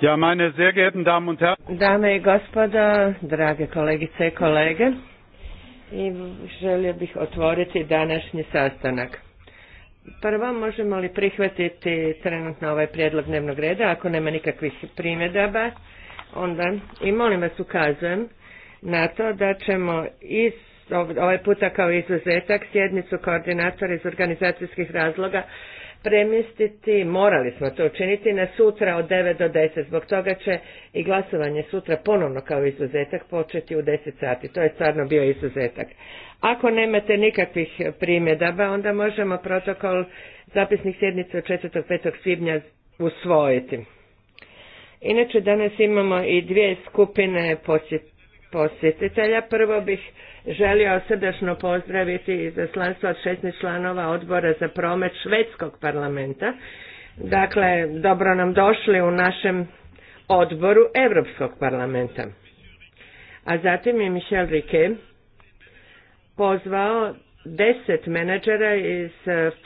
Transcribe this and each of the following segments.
Ja, meine sehr geehrten Damen und Herren. Dame i gospoda, drage kolegice i kolege, i želio bih otvoriti današnji sastanak. Prvo, možemo li prihvatiti trenutno ovaj prijedlog dnevnog reda, ako nema nikakvih primjedaba, onda i molim vas ukazujem na to da ćemo iz ovaj puta kao izuzetak sjednicu koordinatora iz organizacijskih razloga premjestiti, morali smo to učiniti, na sutra od 9 do 10. Zbog toga će i glasovanje sutra ponovno kao izuzetak početi u 10 sati. To je stvarno bio izuzetak. Ako nemate nikakvih primjedaba, onda možemo protokol zapisnih sjednica od 4. 5. svibnja usvojiti. Inače, danas imamo i dvije skupine posjetitelja. Prvo bih želio srdečno pozdraviti izaslanstvo od 16 članova odbora za promet švedskog parlamenta. Dakle, dobro nam došli u našem odboru Europskog parlamenta. A zatim je Michel Riquet pozvao deset menadžera iz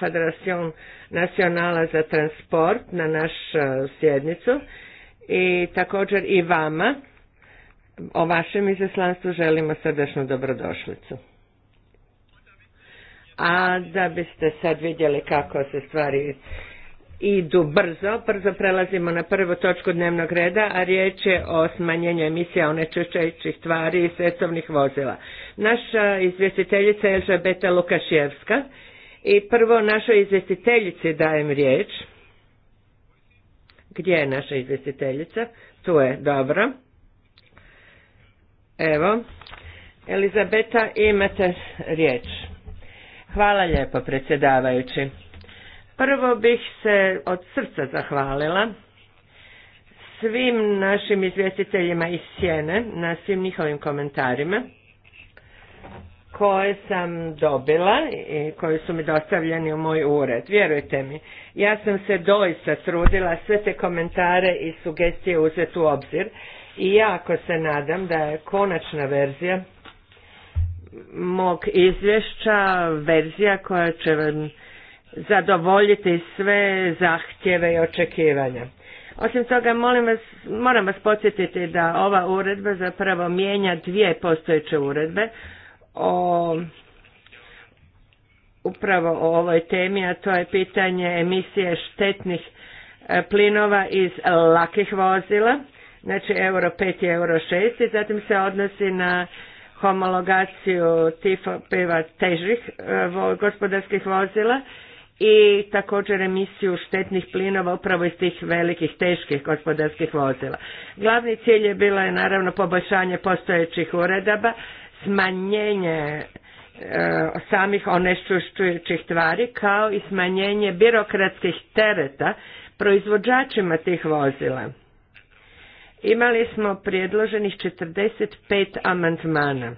Federacion Nacionala za transport na naš e, sjednicu i također i vama o vašem izaslanstvu želimo srdečnu dobrodošlicu. A da biste sad vidjeli kako se stvari idu brzo, brzo prelazimo na prvu točku dnevnog reda, a riječ je o smanjenju emisija onečišćujućih tvari i svjetovnih vozila. Naša izvjestiteljica je Elžabeta Lukaševska i prvo našoj izvjestiteljici dajem riječ. Gdje je naša izvjestiteljica? Tu je, dobro. Evo, Elizabeta, imate riječ. Hvala lijepo, predsjedavajući. Prvo bih se od srca zahvalila svim našim izvjestiteljima iz Sjene na svim njihovim komentarima koje sam dobila i koji su mi dostavljeni u moj ured. Vjerujte mi, ja sam se doista trudila sve te komentare i sugestije uzeti u obzir i jako se nadam da je konačna verzija mog izvješća verzija koja će vam zadovoljiti sve zahtjeve i očekivanja. Osim toga, molim vas, moram vas podsjetiti da ova uredba zapravo mijenja dvije postojeće uredbe o upravo o ovoj temi, a to je pitanje emisije štetnih e, plinova iz lakih vozila znači euro 5 i euro 6 i zatim se odnosi na homologaciju tifo, piva težih e, gospodarskih vozila i također emisiju štetnih plinova upravo iz tih velikih teških gospodarskih vozila. Glavni cilj je bilo je naravno poboljšanje postojećih uredaba, smanjenje e, samih onešćujućih tvari kao i smanjenje birokratskih tereta proizvođačima tih vozila. Imali smo prijedloženih 45 amandmana.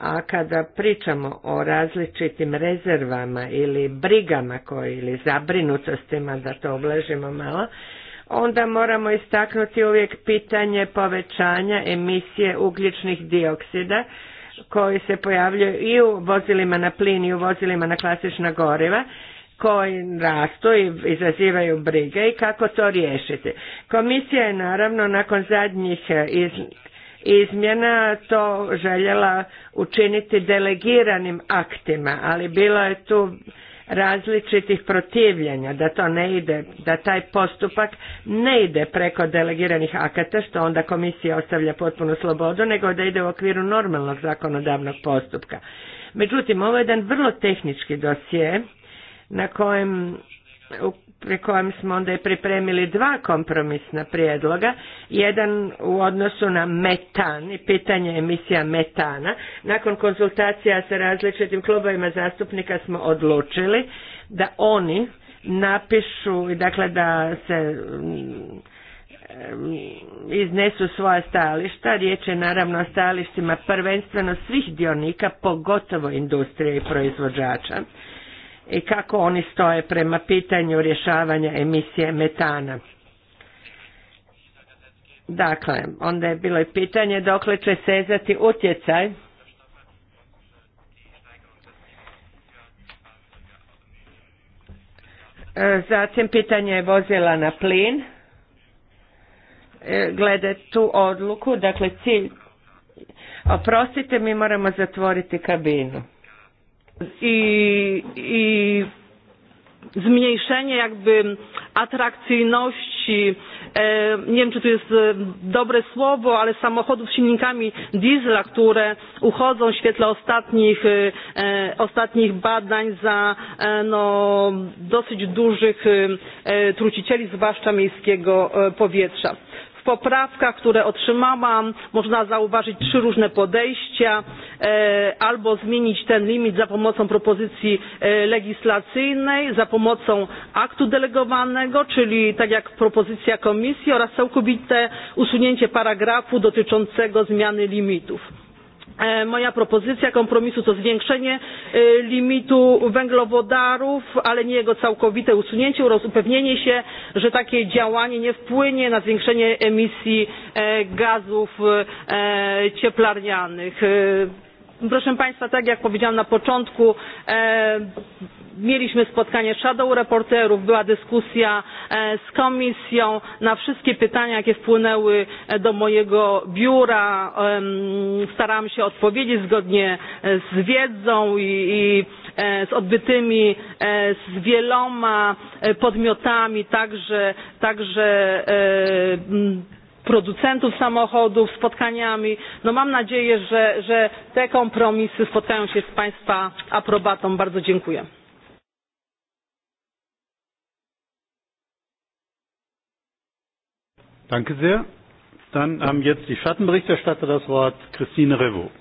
A kada pričamo o različitim rezervama ili brigama koji, ili zabrinutostima, da to oblažimo malo, onda moramo istaknuti uvijek pitanje povećanja emisije ugljičnih dioksida koji se pojavljuju i u vozilima na plin i u vozilima na klasična goriva koji rastu i izazivaju brige i kako to riješiti. Komisija je naravno nakon zadnjih eh, izmjena to željela učiniti delegiranim aktima, ali bilo je tu različitih protivljenja da to ne ide, da taj postupak ne ide preko delegiranih akata što onda komisija ostavlja potpunu slobodu nego da ide u okviru normalnog zakonodavnog postupka. Međutim, ovo je jedan vrlo tehnički dosje na kojem pri kojem smo onda i pripremili dva kompromisna prijedloga, jedan u odnosu na metan i pitanje emisija metana. Nakon konzultacija sa različitim klubovima zastupnika smo odlučili da oni napišu, dakle da se mm, e, iznesu svoja stajališta, riječ je naravno o stajalištima prvenstveno svih dionika, pogotovo industrije i proizvođača i kako oni stoje prema pitanju rješavanja emisije metana. Dakle, onda je bilo i pitanje dokle će sezati utjecaj e, Zatim pitanje je vozila na plin. E, glede tu odluku, dakle cilj. Oprostite, mi moramo zatvoriti kabinu i, i zmniejszenie jakby atrakcyjności e, nie wiem czy to jest e, dobre słowo ale samochodów z silnikami diesla które uchodzą w świetle ostatnich, e, ostatnich badań za no, dosyć dużych trucicieli zwłaszcza miejskiego powietrza W poprawkach, które otrzymałam, można zauważyć trzy różne podejścia e, albo zmienić ten limit za pomocą propozycji e, legislacyjnej, za pomocą aktu delegowanego, czyli tak jak propozycja Komisji oraz całkowite usunięcie paragrafu dotyczącego zmiany limitów E, moja propozycja kompromisu to zwiększenie e, limitu węglowodarów ale nie jego całkowite usunięcie oraz upewnienie się że takie działanie nie wpłynie na zwiększenie emisji e, gazów cieplarnianych. Proszę Państwa, tak jak powiedziałam na początku, e, mieliśmy spotkanie shadow reporterów, była dyskusja e, z komisją. Na wszystkie pytania, jakie wpłynęły e, do mojego biura, starałam się odpowiedzieć zgodnie z wiedzą i, i z odbytymi z wieloma podmiotami, także, także producentów samochodów, spotkaniami. No mam nadzieję, że, że te kompromisy spotkają się z Państwa aprobatą. Bardzo dziękuję. Danke sehr. Dann haben jetzt die Schattenberichterstatter das Wort, Christine Revaux.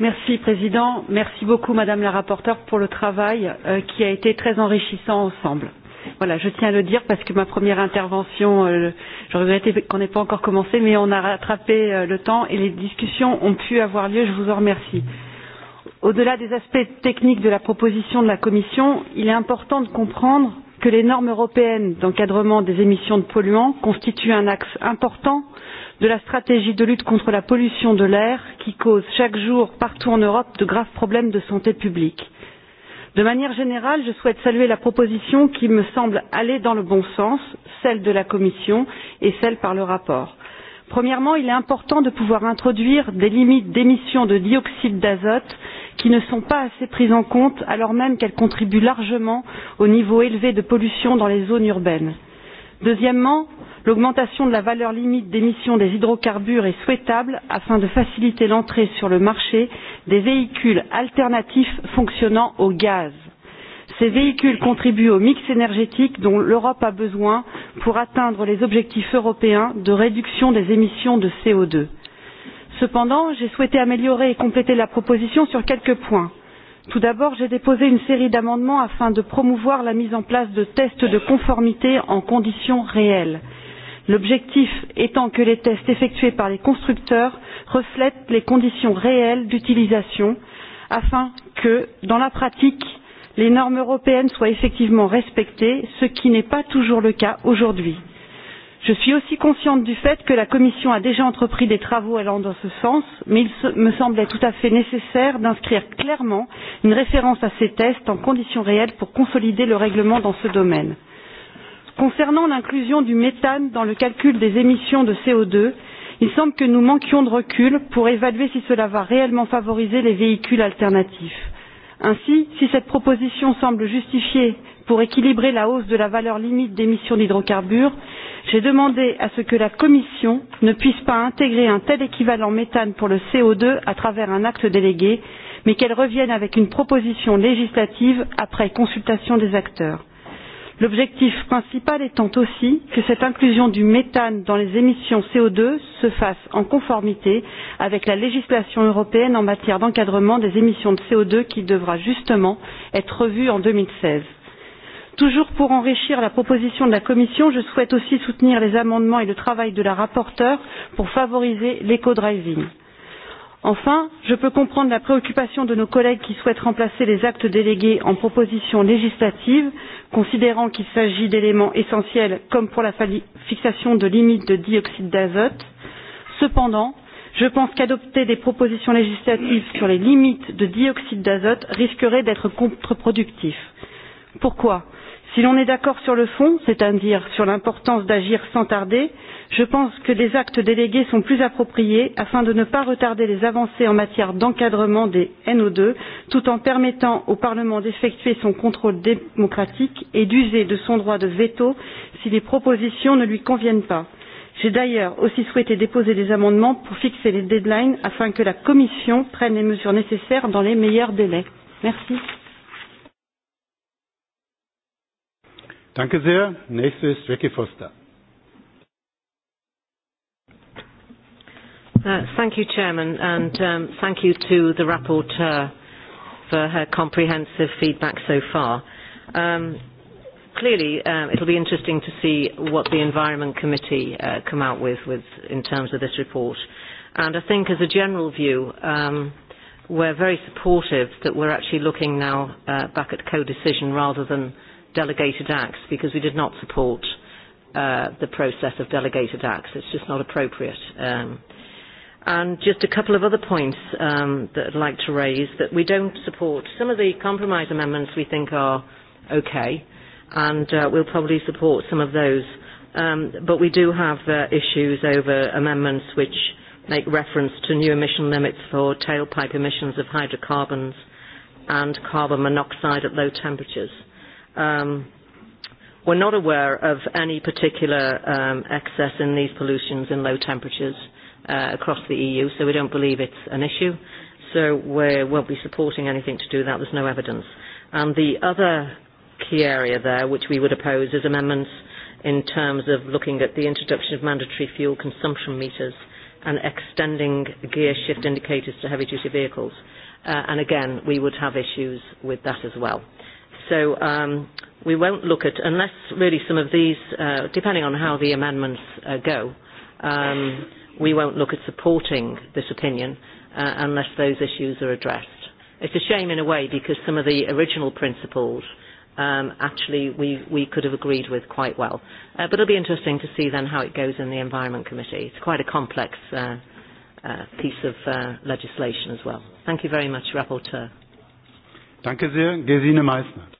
Merci Président, merci beaucoup Madame la rapporteure pour le travail euh, qui a été très enrichissant ensemble. Voilà, je tiens à le dire parce que ma première intervention, euh, je regrettais qu'on n'ait pas encore commencé, mais on a rattrapé euh, le temps et les discussions ont pu avoir lieu. Je vous en remercie. Au-delà des aspects techniques de la proposition de la Commission, il est important de comprendre que les normes européennes d'encadrement des émissions de polluants constituent un axe important de la stratégie de lutte contre la pollution de l'air qui cause chaque jour partout en Europe de graves problèmes de santé publique De manière générale, je souhaite saluer la proposition qui me semble aller dans le bon sens, celle de la Commission et celle par le rapport. Premièrement, il est important de pouvoir introduire des limites d'émission de dioxyde d'azote qui ne sont pas assez prises en compte alors même qu'elles contribuent largement au niveau élevé de pollution dans les zones urbaines. Deuxièmement, l'augmentation de la valeur limite d'émission des hydrocarbures est souhaitable afin de faciliter l'entrée sur le marché des véhicules alternatifs fonctionnant au gaz. Ces véhicules contribuent au mix énergétique dont l'Europe a besoin pour atteindre les objectifs européens de réduction des émissions de CO2. Cependant, j'ai souhaité améliorer et compléter la proposition sur quelques points tout d'abord j'ai déposé une série d'amendements afin de promouvoir la mise en place de tests de conformité en conditions réelles l'objectif étant que les tests effectués par les constructeurs reflètent les conditions réelles d'utilisation afin que dans la pratique les normes européennes soient effectivement respectées ce qui n'est pas toujours le cas aujourd'hui je suis aussi consciente du fait que la commission a déjà entrepris des travaux allant dans ce sens mais il me semblait tout à fait nécessaire d'inscrire clairement une référence à ces tests en conditions réelles pour consolider le règlement dans ce domaine. concernant l'inclusion du méthane dans le calcul des émissions de co deux il semble que nous manquions de recul pour évaluer si cela va réellement favoriser les véhicules alternatifs Ainsi, si cette proposition semble justifiée pour équilibrer la hausse de la valeur limite d'émission d'hydrocarbures, j'ai demandé à ce que la Commission ne puisse pas intégrer un tel équivalent méthane pour le CO2 à travers un acte délégué, mais qu'elle revienne avec une proposition législative après consultation des acteurs. L'objectif principal étant aussi que cette inclusion du méthane dans les émissions CO2 se fasse en conformité avec la législation européenne en matière d'encadrement des émissions de CO2 qui devra justement être revue en 2016. Toujours pour enrichir la proposition de la Commission, je souhaite aussi soutenir les amendements et le travail de la rapporteure pour favoriser l'éco-driving. Enfin, je peux comprendre la préoccupation de nos collègues qui souhaitent remplacer les actes délégués en propositions législatives, considérant qu'il s'agit d'éléments essentiels comme pour la fixation de limites de dioxyde d'azote. Cependant, je pense qu'adopter des propositions législatives sur les limites de dioxyde d'azote risquerait d'être contreproductif. Pourquoi Si l'on est d'accord sur le fond, c'est-à-dire sur l'importance d'agir sans tarder, je pense que des actes délégués sont plus appropriés afin de ne pas retarder les avancées en matière d'encadrement des NO2 tout en permettant au Parlement d'effectuer son contrôle démocratique et d'user de son droit de veto si les propositions ne lui conviennent pas. J'ai d'ailleurs aussi souhaité déposer des amendements pour fixer les deadlines afin que la Commission prenne les mesures nécessaires dans les meilleurs délais. Merci. Danke sehr. ist Foster. Uh, thank you, Chairman, and um, thank you to the rapporteur for her comprehensive feedback so far. Um, clearly, it um, it'll be interesting to see what the Environment Committee uh, come out with, with in terms of this report. And I think, as a general view, um, we're very supportive that we're actually looking now uh, back at co-decision rather than delegated acts, because we did not support uh, the process of delegated acts. It's just not appropriate. Um, And just a couple of other points um, that I'd like to raise that we don't support. Some of the compromise amendments we think are okay, and uh, we'll probably support some of those. Um, but we do have uh, issues over amendments which make reference to new emission limits for tailpipe emissions of hydrocarbons and carbon monoxide at low temperatures. Um, we're not aware of any particular um, excess in these pollutions in low temperatures uh, across the EU, so we don't believe it's an issue. So we won't be supporting anything to do that. There's no evidence. And the other key area there, which we would oppose, is amendments in terms of looking at the introduction of mandatory fuel consumption meters and extending gear shift indicators to heavy-duty vehicles. Uh, and again, we would have issues with that as well. So um, we won't look at, unless really some of these, uh, depending on how the amendments uh, go, um, we won't look at supporting this opinion uh, unless those issues are addressed. It's a shame in a way because some of the original principles um, actually we, we could have agreed with quite well. Uh, but it'll be interesting to see then how it goes in the Environment Committee. It's quite a complex uh, uh, piece of uh, legislation as well. Thank you very much, Rapporteur. Danke sehr, Gesine Meissner.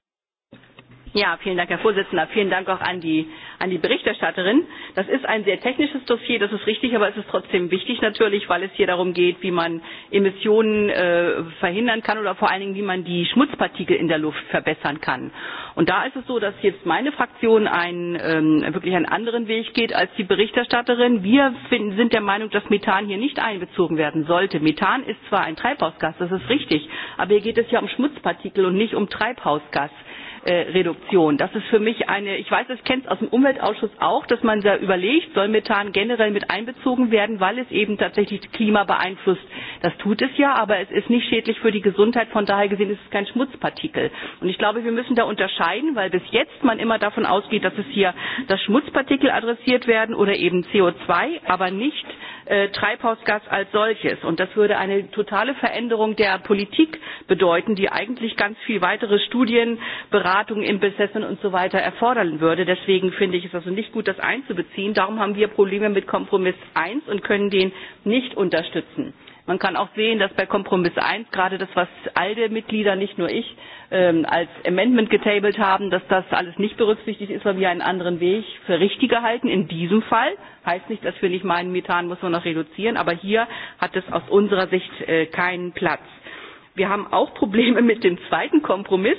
Ja, vielen Dank, Herr Vorsitzender. Vielen Dank auch an die, an die Berichterstatterin. Das ist ein sehr technisches Dossier, das ist richtig, aber es ist trotzdem wichtig natürlich, weil es hier darum geht, wie man Emissionen äh, verhindern kann oder vor allen Dingen, wie man die Schmutzpartikel in der Luft verbessern kann. Und da ist es so, dass jetzt meine Fraktion einen, ähm, wirklich einen anderen Weg geht als die Berichterstatterin. Wir finden, sind der Meinung, dass Methan hier nicht einbezogen werden sollte. Methan ist zwar ein Treibhausgas, das ist richtig, aber hier geht es ja um Schmutzpartikel und nicht um Treibhausgas. Äh, Reduktion. Das ist für mich eine, ich weiß, das kennt es aus dem Umweltausschuss auch, dass man da überlegt, soll Methan generell mit einbezogen werden, weil es eben tatsächlich das Klima beeinflusst. Das tut es ja, aber es ist nicht schädlich für die Gesundheit, von daher gesehen ist es kein Schmutzpartikel. Und ich glaube, wir müssen da unterscheiden, weil bis jetzt man immer davon ausgeht, dass es hier das Schmutzpartikel adressiert werden oder eben CO2, aber nicht Äh, treibhausgas als solches und das würde eine totale veränderung der politik bedeuten die eigentlich ganz viel weitere studien beratungen im assessment und so weiter erfordern würde. deswegen finde ich es also nicht gut das einzubeziehen. darum haben wir probleme mit kompromiss eins und können den nicht unterstützen. Man kann auch sehen, dass bei Kompromiss 1 gerade das, was ALDE Mitglieder, nicht nur ich, ähm, als Amendment getabelt haben, dass das alles nicht berücksichtigt ist, weil wir einen anderen Weg für richtiger halten. In diesem Fall heißt nicht, dass wir nicht meinen, Methan muss man noch reduzieren, aber hier hat es aus unserer Sicht äh, keinen Platz. Wir haben auch Probleme mit dem zweiten Kompromiss,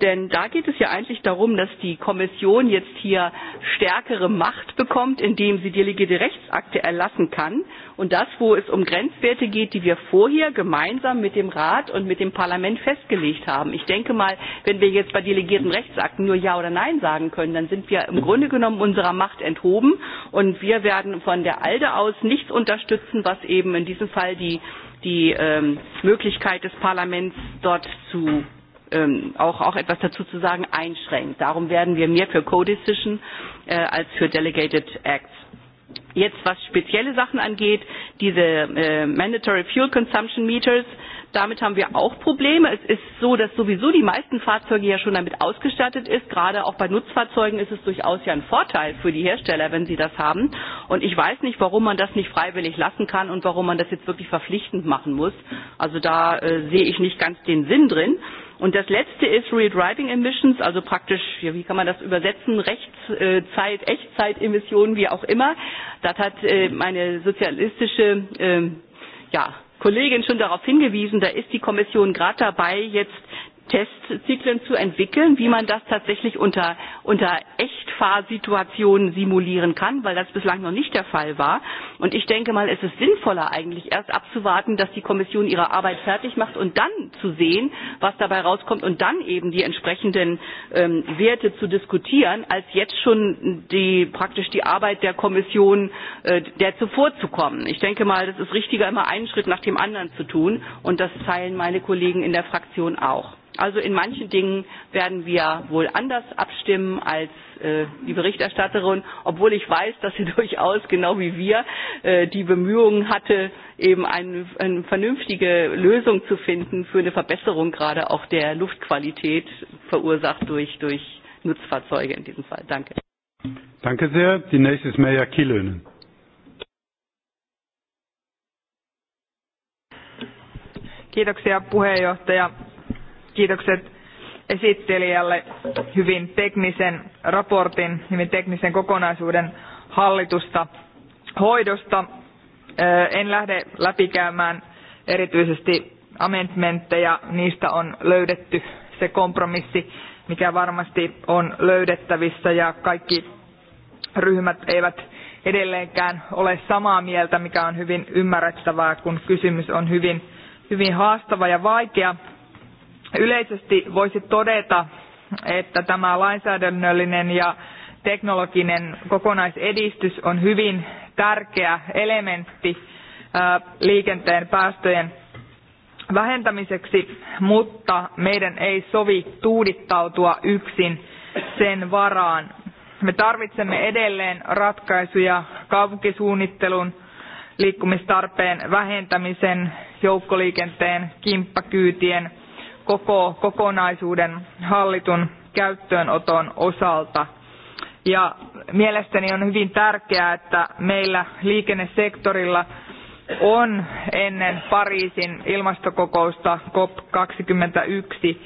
Denn da geht es ja eigentlich darum, dass die Kommission jetzt hier stärkere Macht bekommt, indem sie delegierte Rechtsakte erlassen kann. Und das, wo es um Grenzwerte geht, die wir vorher gemeinsam mit dem Rat und mit dem Parlament festgelegt haben. Ich denke mal, wenn wir jetzt bei delegierten Rechtsakten nur Ja oder Nein sagen können, dann sind wir im Grunde genommen unserer Macht enthoben. Und wir werden von der ALDE aus nichts unterstützen, was eben in diesem Fall die, die ähm, Möglichkeit des Parlaments dort zu Ähm, auch, auch etwas dazu zu sagen, einschränkt. Darum werden wir mehr für Co-Decision äh, als für Delegated Acts. Jetzt, was spezielle Sachen angeht, diese äh, Mandatory Fuel Consumption Meters, damit haben wir auch Probleme. Es ist so, dass sowieso die meisten Fahrzeuge ja schon damit ausgestattet ist. Gerade auch bei Nutzfahrzeugen ist es durchaus ja ein Vorteil für die Hersteller, wenn sie das haben. Und ich weiß nicht, warum man das nicht freiwillig lassen kann und warum man das jetzt wirklich verpflichtend machen muss. Also da äh, sehe ich nicht ganz den Sinn drin. Und das letzte ist Real Driving Emissions, also praktisch, wie kann man das übersetzen, Rechtszeit, äh, Echtzeitemissionen, wie auch immer. Das hat äh, meine sozialistische ähm, ja, Kollegin schon darauf hingewiesen, da ist die Kommission gerade dabei, jetzt Testzyklen zu entwickeln, wie man das tatsächlich unter, unter Echtfahrsituationen simulieren kann, weil das bislang noch nicht der Fall war. Und ich denke mal, es ist sinnvoller eigentlich erst abzuwarten, dass die Kommission ihre Arbeit fertig macht und dann zu sehen, was dabei rauskommt und dann eben die entsprechenden ähm, Werte zu diskutieren, als jetzt schon die, praktisch die Arbeit der Kommission äh, der zuvorzukommen. Ich denke mal, das ist richtiger, immer einen Schritt nach dem anderen zu tun und das teilen meine Kollegen in der Fraktion auch. Also in manchen Dingen werden wir wohl anders abstimmen als äh, die Berichterstatterin, obwohl ich weiß, dass sie durchaus genau wie wir äh, die Bemühungen hatte, eben eine, eine vernünftige Lösung zu finden für eine Verbesserung gerade auch der Luftqualität verursacht durch, durch Nutzfahrzeuge in diesem Fall. Danke. Danke sehr. Die nächste ist Meja Kilönen. Kiitoksia puheenjohtaja kiitokset esittelijälle hyvin teknisen raportin, hyvin teknisen kokonaisuuden hallitusta hoidosta. En lähde läpikäymään erityisesti amendmentteja, niistä on löydetty se kompromissi, mikä varmasti on löydettävissä ja kaikki ryhmät eivät edelleenkään ole samaa mieltä, mikä on hyvin ymmärrettävää, kun kysymys on hyvin, hyvin haastava ja vaikea yleisesti voisi todeta että tämä lainsäädännöllinen ja teknologinen kokonaisedistys on hyvin tärkeä elementti liikenteen päästöjen vähentämiseksi, mutta meidän ei sovi tuudittautua yksin sen varaan. Me tarvitsemme edelleen ratkaisuja kaupunkisuunnittelun, liikkumistarpeen vähentämisen, joukkoliikenteen, kimppakyytien koko kokonaisuuden hallitun käyttöönoton osalta. Ja mielestäni on hyvin tärkeää, että meillä liikennesektorilla on ennen Pariisin ilmastokokousta COP21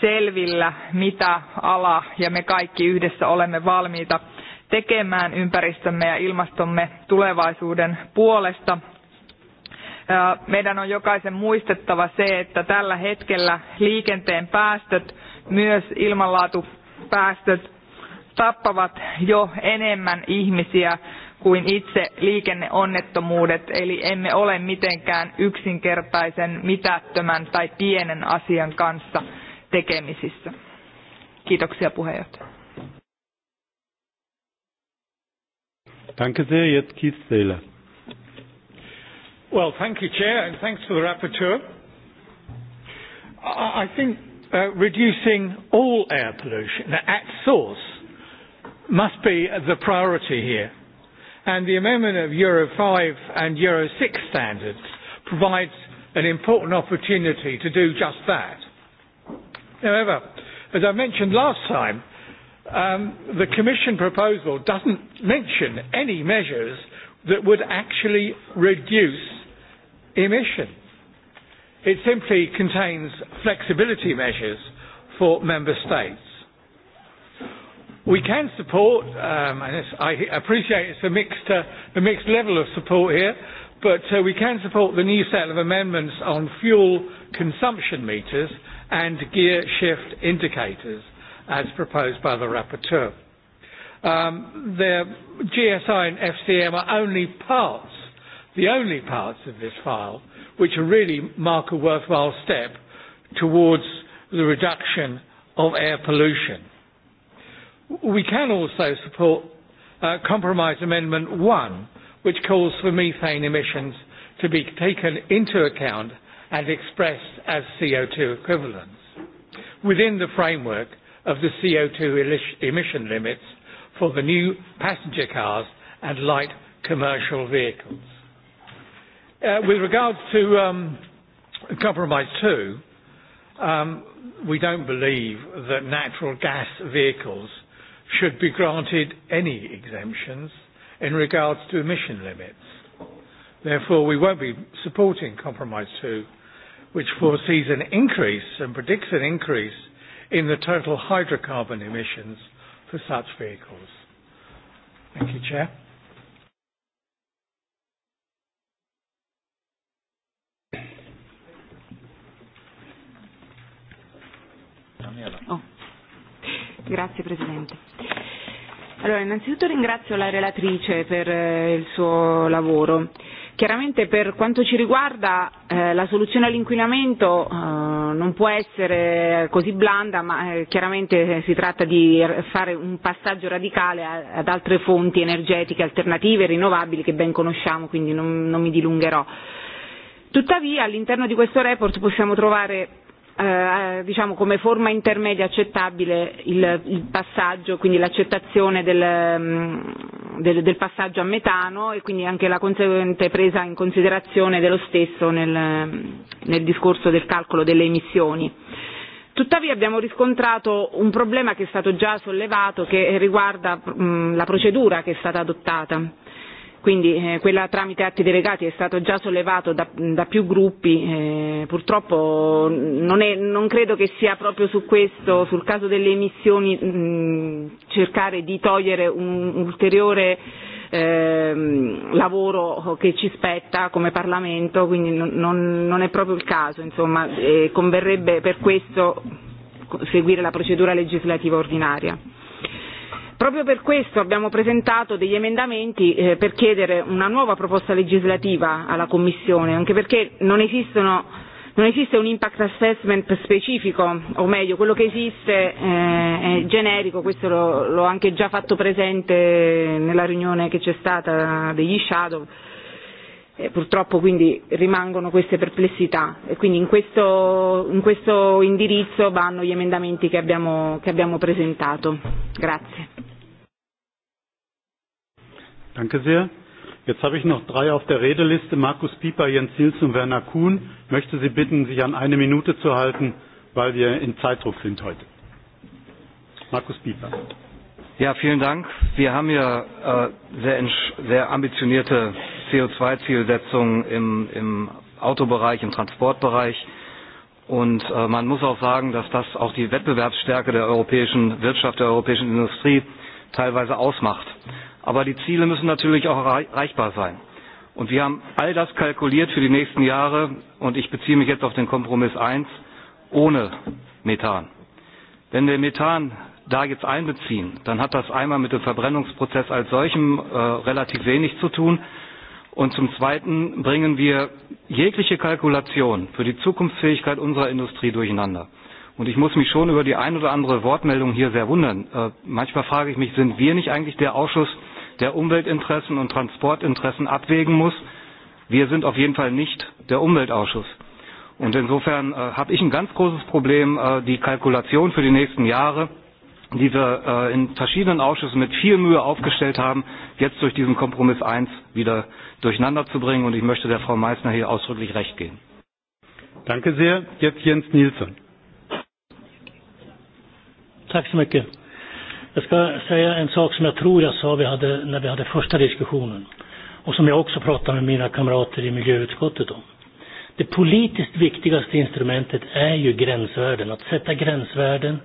selvillä, mitä ala ja me kaikki yhdessä olemme valmiita tekemään ympäristömme ja ilmastomme tulevaisuuden puolesta meidän on jokaisen muistettava se, että tällä hetkellä liikenteen päästöt, myös ilmanlaatupäästöt, tappavat jo enemmän ihmisiä kuin itse liikenneonnettomuudet, eli emme ole mitenkään yksinkertaisen, mitättömän tai pienen asian kanssa tekemisissä. Kiitoksia puheenjohtaja. Danke sehr, jetzt geht's Well, thank you, Chair, and thanks for the rapporteur. I think uh, reducing all air pollution at source must be the priority here. And the amendment of Euro 5 and Euro 6 standards provides an important opportunity to do just that. However, as I mentioned last time, um, the Commission proposal doesn't mention any measures that would actually reduce emission. It simply contains flexibility measures for member states. We can support, um, and I appreciate it's a mixed, uh, a mixed level of support here, but uh, we can support the new set of amendments on fuel consumption meters and gear shift indicators as proposed by the rapporteur. Um, the GSI and FCM are only parts the only parts of this file which really mark a worthwhile step towards the reduction of air pollution. We can also support uh, Compromise Amendment 1, which calls for methane emissions to be taken into account and expressed as CO2 equivalents within the framework of the CO2 emission limits for the new passenger cars and light commercial vehicles. Uh, with regards to um, compromise two, um, we don't believe that natural gas vehicles should be granted any exemptions in regards to emission limits. Therefore, we won't be supporting compromise two, which foresees an increase and predicts an increase in the total hydrocarbon emissions for such vehicles. Thank you, Chair. Daniela. Oh. Grazie Presidente. Allora, innanzitutto ringrazio la relatrice per eh, il suo lavoro. Chiaramente per quanto ci riguarda eh, la soluzione all'inquinamento eh, non può essere così blanda, ma eh, chiaramente si tratta di fare un passaggio radicale a, ad altre fonti energetiche alternative, e rinnovabili che ben conosciamo, quindi non, non mi dilungherò. Tuttavia all'interno di questo report possiamo trovare Eh, eh, diciamo come forma intermedia accettabile il, il passaggio, quindi l'accettazione del, mm, del, del passaggio a metano e quindi anche la conseguente presa in considerazione dello stesso nel, nel discorso del calcolo delle emissioni. Tuttavia abbiamo riscontrato un problema che è stato già sollevato che riguarda mh, mm, la procedura che è stata adottata quindi eh, quella tramite atti delegati è stato già sollevato da, da più gruppi, eh, purtroppo non, è, non credo che sia proprio su questo, sul caso delle emissioni, mm, cercare di togliere un ulteriore ehm, lavoro che ci spetta come Parlamento, quindi non, non, è proprio il caso, insomma, e converrebbe per questo seguire la procedura legislativa ordinaria. Proprio per questo abbiamo presentato degli emendamenti eh, per chiedere una nuova proposta legislativa alla Commissione, anche perché non esistono non esiste un impact assessment specifico, o meglio, quello che esiste eh, è generico, questo l'ho anche già fatto presente nella riunione che c'è stata degli shadow Eh, purtroppo quindi rimangono queste perplessità e quindi in questo, in questo indirizzo vanno gli emendamenti che abbiamo, che abbiamo presentato. Grazie. Danke sehr. Jetzt habe ich noch drei auf der Redeliste, Markus Pieper, Jens Hilz und Werner Kuhn. Möchte Sie bitten, sich an eine Minute zu halten, weil wir in Zeitdruck sind heute. Markus Pieper. Ja, vielen Dank. Wir haben ja äh, sehr, sehr ambitionierte CO2-Zielsetzungen im, im Autobereich, im Transportbereich. Und äh, man muss auch sagen, dass das auch die Wettbewerbsstärke der europäischen Wirtschaft, der europäischen Industrie teilweise ausmacht. Aber die Ziele müssen natürlich auch erreichbar sein. Und wir haben all das kalkuliert für die nächsten Jahre, und ich beziehe mich jetzt auf den Kompromiss 1, ohne Methan. Wenn wir Methan da jetzt einbeziehen, dann hat das einmal mit dem Verbrennungsprozess als solchem äh, relativ wenig zu tun. Und zum Zweiten bringen wir jegliche Kalkulation für die Zukunftsfähigkeit unserer Industrie durcheinander. Und ich muss mich schon über die ein oder andere Wortmeldung hier sehr wundern. Äh, manchmal frage ich mich, sind wir nicht eigentlich der Ausschuss, der Umweltinteressen und Transportinteressen abwägen muss? Wir sind auf jeden Fall nicht der Umweltausschuss. Und insofern äh, habe ich ein ganz großes Problem, äh, die Kalkulation für die nächsten Jahre die wir äh, in verschiedenen Ausschüssen mit viel Mühe aufgestellt haben, jetzt durch diesen Kompromiss 1 wieder durcheinander zu bringen. Und ich möchte der Frau Meissner hier ausdrücklich recht geben. Danke sehr. Jetzt Jens Nielsen. Tack så mycket. Jag ska säga en sak som jag tror jag sa vi hade, när vi hade första diskussionen och som jag också pratade med mina kamrater i miljöutskottet om. Det politiskt viktigaste instrumentet är ju gränsvärden, att sätta gränsvärden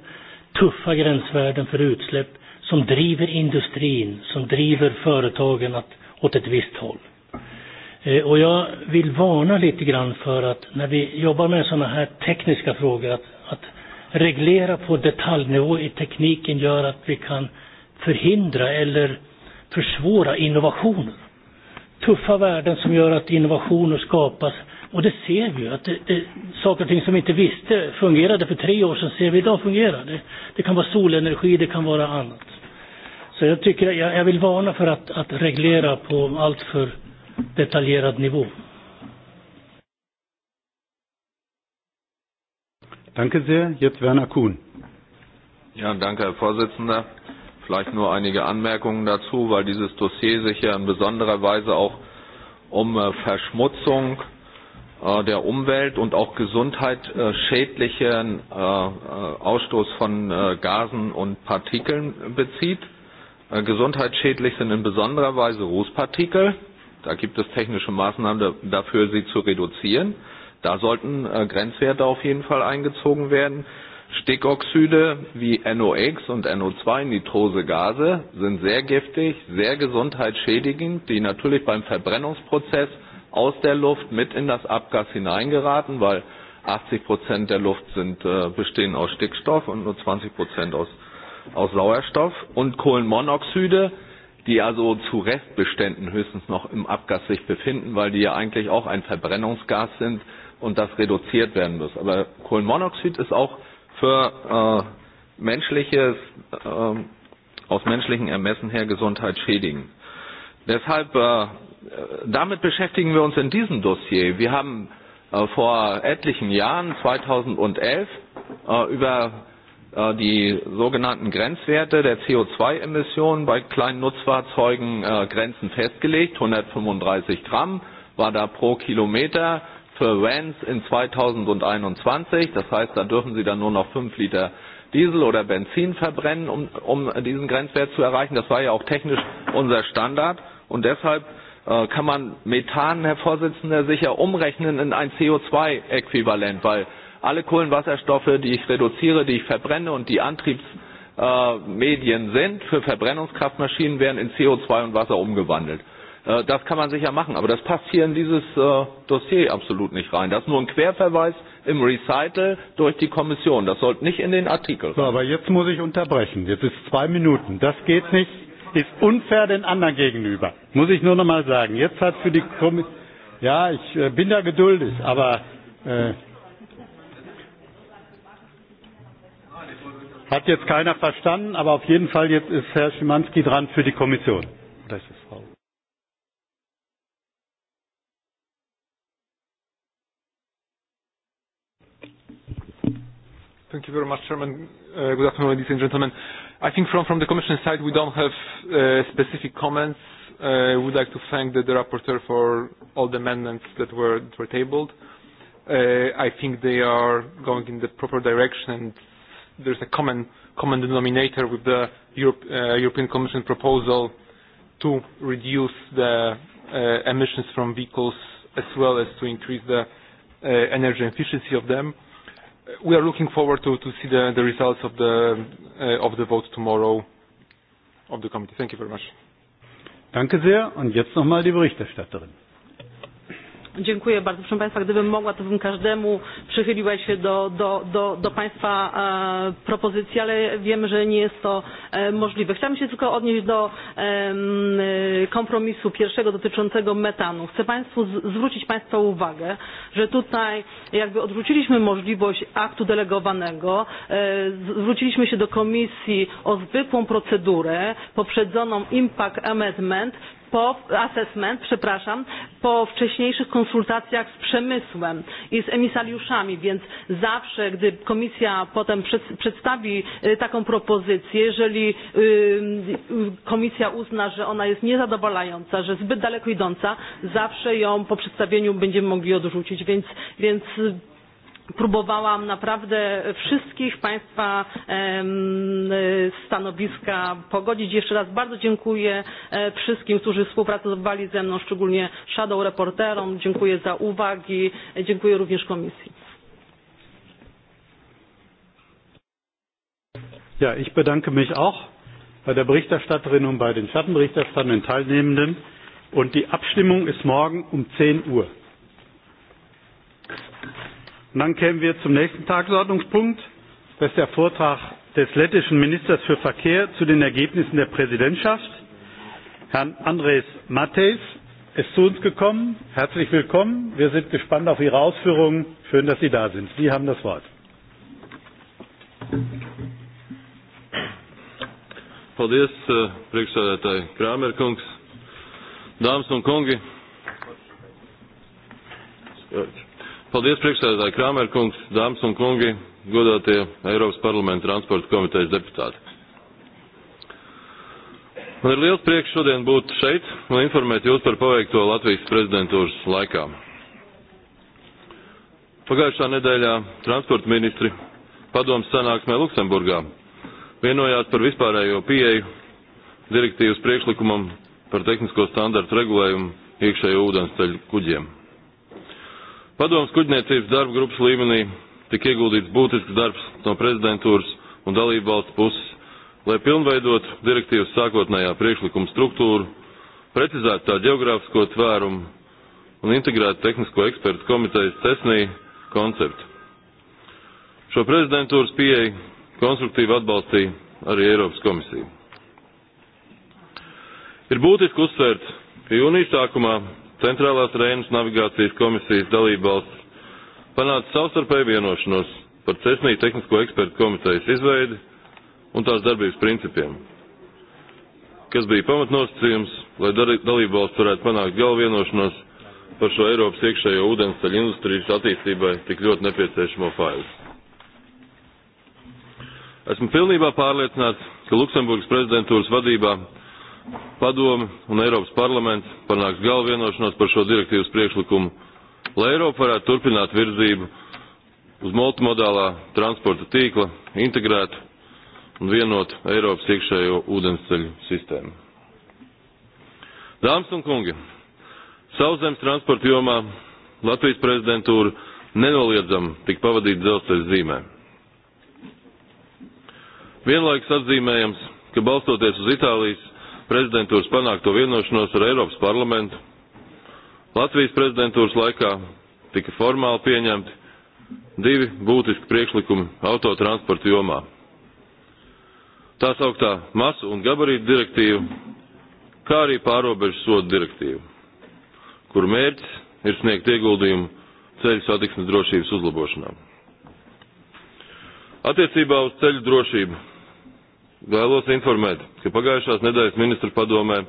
tuffa gränsvärden för utsläpp som driver industrin, som driver företagen att, åt ett visst håll. Eh, och jag vill varna lite grann för att när vi jobbar med sådana här tekniska frågor att, att reglera på detaljnivå i tekniken gör att vi kan förhindra eller försvåra innovationer. Tuffa värden som gör att innovationer skapas Och det ser vi ju, att det, det, saker och ting som vi inte visste fungerade för tre år sedan ser vi idag fungerar. Det, det kan vara solenergi, det kan vara annat. Så jag tycker, jag, jag vill varna för att, att reglera på allt för detaljerad nivå. Danke sehr. Jetzt Werner Kuhn. Ja, danke, Herr Vorsitzender. Vielleicht nur einige Anmerkungen dazu, weil dieses Dossier sich ja in besonderer Weise auch um äh, Verschmutzung Äh, der Umwelt und auch Gesundheit äh, schädlichen äh, Ausstoß von Gasen und Partikeln bezieht. Gesundheitsschädlich sind in besonderer Weise Rußpartikel. Da gibt es technische Maßnahmen dafür, sie zu reduzieren. Da sollten Grenzwerte auf jeden Fall eingezogen werden. Stickoxide wie NOx und NO2 Nitrosegase sind sehr giftig, sehr gesundheitsschädigend, die natürlich beim Verbrennungsprozess aus der Luft mit in das Abgas hineingeraten, weil 80 Prozent der Luft sind, äh, bestehen aus Stickstoff und nur 20 Prozent aus, aus Sauerstoff. Und Kohlenmonoxide, die also zu Restbeständen höchstens noch im Abgas sich befinden, weil die ja eigentlich auch ein Verbrennungsgas sind und das reduziert werden muss. Aber Kohlenmonoxid ist auch für äh, menschliches, äh, aus menschlichen Ermessen her gesundheitsschädigend. Deshalb äh, damit beschäftigen wir uns in diesem Dossier. Wir haben äh, vor etlichen Jahren, 2011, äh, über äh, die sogenannten Grenzwerte der CO2-Emissionen bei kleinen Nutzfahrzeugen Grenzen festgelegt. 135 Gramm war da pro Kilometer für Vans in 2021. Das heißt, da dürfen Sie dann nur noch 5 Liter Diesel oder Benzin verbrennen, um, um diesen Grenzwert zu erreichen. Das war ja auch technisch unser Standard. Und deshalb Äh, kann man Methan, Herr Vorsitzender, sicher umrechnen in ein CO2-Äquivalent, weil alle Kohlenwasserstoffe, die ich reduziere, die ich verbrenne und die Antriebsmedien sind für Verbrennungskraftmaschinen, werden in CO2 und Wasser umgewandelt. Äh, das kann man sicher machen, aber das passt hier in dieses äh, Dossier absolut nicht rein. Das ist nur ein Querverweis im Recital durch die Kommission. Das sollte nicht in den Artikel rein. So, aber jetzt muss ich unterbrechen. Jetzt ist zwei Minuten. Das geht nicht ist unfair den anderen gegenüber. Muss ich nur noch mal sagen. Jetzt hat für die Kommission, ja, ich äh, bin da geduldig, aber äh, hat jetzt keiner verstanden, aber auf jeden Fall jetzt ist Herr Schimanski dran für die Kommission. Oder ist Frau? Thank you very much, Chairman. Uh, good afternoon, ladies and gentlemen. I think from, from the Commission side, we don't have uh, specific comments. I uh, would like to thank the, rapporteur for all the amendments that were, were tabled. Uh, I think they are going in the proper direction and there's a common, common denominator with the European Commission proposal to reduce the emissions from vehicles as well as to increase the energy efficiency of them we are looking forward to, to see the, the results of the, uh, of the vote tomorrow of the committee. Thank you very much. Danke sehr. Und jetzt nochmal die Berichterstatterin. Dziękuję bardzo. Proszę Państwa, gdybym mogła, to bym każdemu przychyliła się do, do, do, do Państwa e, propozycji, ale wiem, że nie jest to e, możliwe. Chciałabym się tylko odnieść do e, kompromisu pierwszego dotyczącego metanu. Chcę Państwu z, zwrócić Państwa uwagę, że tutaj jakby odwróciliśmy możliwość aktu delegowanego, e, zwróciliśmy się do Komisji o zwykłą procedurę poprzedzoną impact amendment, po assessment, przepraszam, po wcześniejszych konsultacjach z przemysłem i z emisariuszami, więc zawsze, gdy komisja potem przedstawi taką propozycję, jeżeli komisja uzna, że ona jest niezadowalająca, że zbyt daleko idąca, zawsze ją po przedstawieniu będziemy mogli odrzucić, więc, więc próbowałam naprawdę wszystkich Państwa e, stanowiska pogodzić. Jeszcze raz bardzo dziękuję e, wszystkim, którzy współpracowali ze mną, szczególnie shadow reporterom. Dziękuję za uwagi. Dziękuję również Komisji. Ja, ich bedanke mich auch bei der Berichterstatterin und bei den Schattenberichterstattern, und Teilnehmenden. Und die Abstimmung ist morgen um 10 Uhr dann kämen wir zum nächsten Tagesordnungspunkt. Das ist der Vortrag des lettischen Ministers für Verkehr zu den Ergebnissen der Präsidentschaft. Herrn Andres Mattes ist zu uns gekommen. Herzlich willkommen. Wir sind gespannt auf Ihre Ausführungen. Schön, dass Sie da sind. Sie haben das Wort. Paldies, eh, priekšsēdētāji kungs, dāmas un kungi. Paldies, Kramer kungs, dāms un kungi, godate Eiropas parlamenta transporta komitejas deputāti. Man ir liels prieks šodien būt šeit un informēt jūs par paveikto Latvijas prezidentūras laikā. Pagājušā nedēļā transporta ministri padomas sanāksmē Luksemburgā vienojās par vispārējo pieeju direktīvas priekšlikumam par tehnisko standartu regulējumu iekšējo ūdensceļu kuģiem. Padomas kuģniecības darba grupas līmenī tika ieguldīts būtisks darbs no prezidentūras un dalību valsts puses, lai pilnveidot direktīvas sākotnējā priekšlikuma struktūru, precizētu tā geogrāfisko tvērumu un integrētu tehnisko ekspertu komitejas cesnī konceptu. Šo prezidentūras pieeju konstruktīvi atbalstīja arī Eiropas komisija. Ir būtiski uzsvērt, ka jūnijas sākumā Centrālās Rēnas navigācijas komisijas dalībvalsts panāca savstarpēju vienošanos par cesnīju tehnisko ekspertu komitejas izveidi un tās darbības principiem, kas bija pamatnosacījums, lai dalībvalsts varētu panākt galvu vienošanos par šo Eiropas iekšējo ceļu industrijas attīstībai tik ļoti nepieciešamo failu. Esmu pilnībā pārliecināts, ka Luksemburgas prezidentūras vadībā padomi un Eiropas parlaments panāks galvu vienošanos par šo direktīvas priekšlikumu, lai Eiropa varētu turpināt virzību uz multimodālā transporta tīkla, integrētu un vienotu Eiropas iekšējo ūdensceļu sistēmu. Dāmas un kungi, sauszemes transporta jomā Latvijas prezidentūra nenoliedzam tik pavadīt dzelzceļa zīmē. Vienlaiks atzīmējams, ka balstoties uz Itālijas prezidentūras panākto vienošanos ar Eiropas parlamentu. Latvijas prezidentūras laikā tika formāli pieņemti divi būtiski priekšlikumi autotransporta jomā. Tā sauktā masu un gabarītu direktīva, kā arī pārobežu sodu direktīva, kur mērķis ir sniegt ieguldījumu ceļu satiksmes drošības uzlabošanā. Attiecībā uz ceļu drošību vēlos informēt, ka pagājušās nedēļas ministru padomē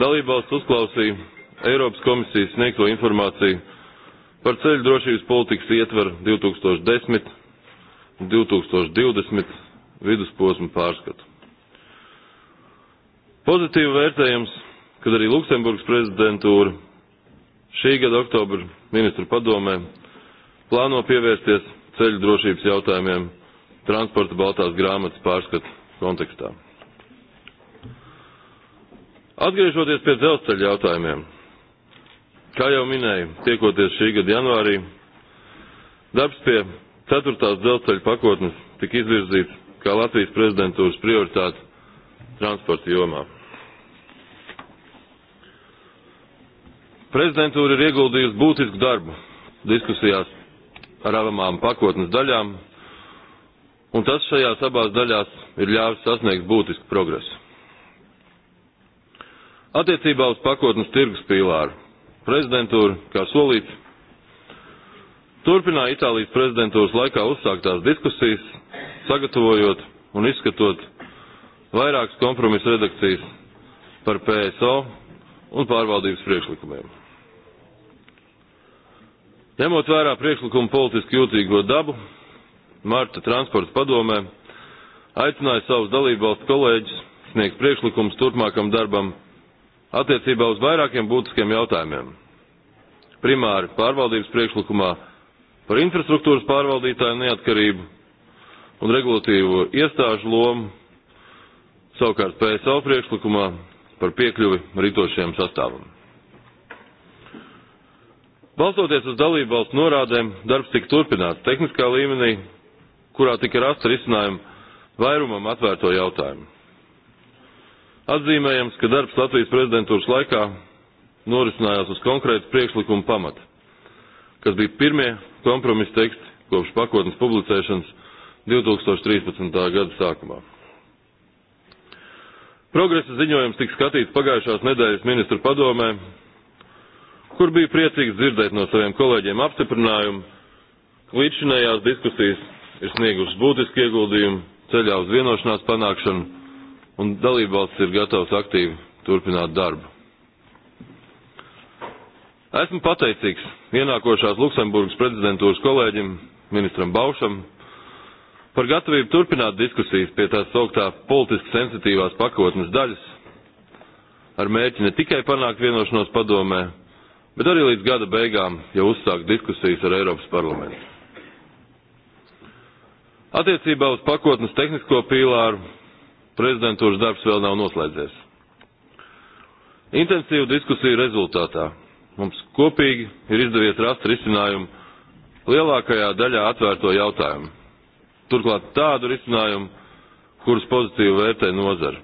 dalībvalsts uzklausīja Eiropas komisijas sniegto informāciju par ceļu drošības politikas ietvaru 2010, 2020 vidusposmu pārskatu. Pozitīvu vērtējams, kad arī Luksemburgas prezidentūra šī gada oktobra ministru padomē plāno pievērsties ceļu drošības jautājumiem transporta Baltās grāmatas pārskatu kontekstā. Atgriežoties pie dzelzceļa jautājumiem, kā jau minēju, tiekoties šī gada janvārī, darbs pie ceturtās dzelzceļa pakotnes tika izvirzīts kā Latvijas prezidentūras prioritāte transporta jomā. Prezidentūra ir ieguldījusi būtisku darbu diskusijās ar avamām pakotnes daļām un tas šajā sabās daļās ir ļāvis sasniegt būtisku progresu. Attiecībā uz pakotnes tirgus pīlāru prezidentūra, kā solīts, turpināja Itālijas prezidentūras laikā uzsāktās diskusijas, sagatavojot un izskatot vairākas kompromisa redakcijas par PSO un pārvaldības priekšlikumiem. Ņemot vērā priekšlikumu politiski jūtīgo dabu, marta transports padomē aicināja savus dalībvalstu kolēģus sniegt priekšlikumus turpmākam darbam attiecībā uz vairākiem būtiskiem jautājumiem. Primāri pārvaldības priekšlikumā par infrastruktūras pārvaldītāju neatkarību un regulatīvo iestāžu lomu, savukārt PSO priekšlikumā par piekļuvi rītošajam sastāvam. Balstoties uz dalībvalstu norādēm, darbs tika turpināts tehniskā līmenī kurā tika rasta risinājuma vairumam atvērto jautājumu. Atzīmējams, ka darbs Latvijas prezidentūras laikā norisinājās uz konkrētu priekšlikumu pamata, kas bija pirmie kompromisa teksti kopš pakotnes publicēšanas 2013. gada sākumā. Progresa ziņojums tika skatīts pagājušās nedēļas ministru padomē, kur bija priecīgs dzirdēt no saviem kolēģiem apstiprinājumu, ka līdzinējās diskusijas ir sniegusi būtiski ieguldījumu ceļā uz vienošanās panākšanu, un dalībvalsts ir gatavs aktīvi turpināt darbu. Esmu pateicīgs ienākošās Luksemburgas prezidentūras kolēģim, ministram Baušam, par gatavību turpināt diskusijas pie tās sauktā politiski sensitīvās pakotnes daļas, ar mērķi ne tikai panākt vienošanos padomē, bet arī līdz gada beigām jau uzsākt diskusijas ar Eiropas parlamentu. Attiecībā uz pakotnes tehnisko pīlāru prezidentūras darbs vēl nav noslēdzies. Intensīvu diskusiju rezultātā mums kopīgi ir izdevies rast risinājumu lielākajā daļā atvērto jautājumu. Turklāt tādu risinājumu, kurus pozitīvi vērtē nozara.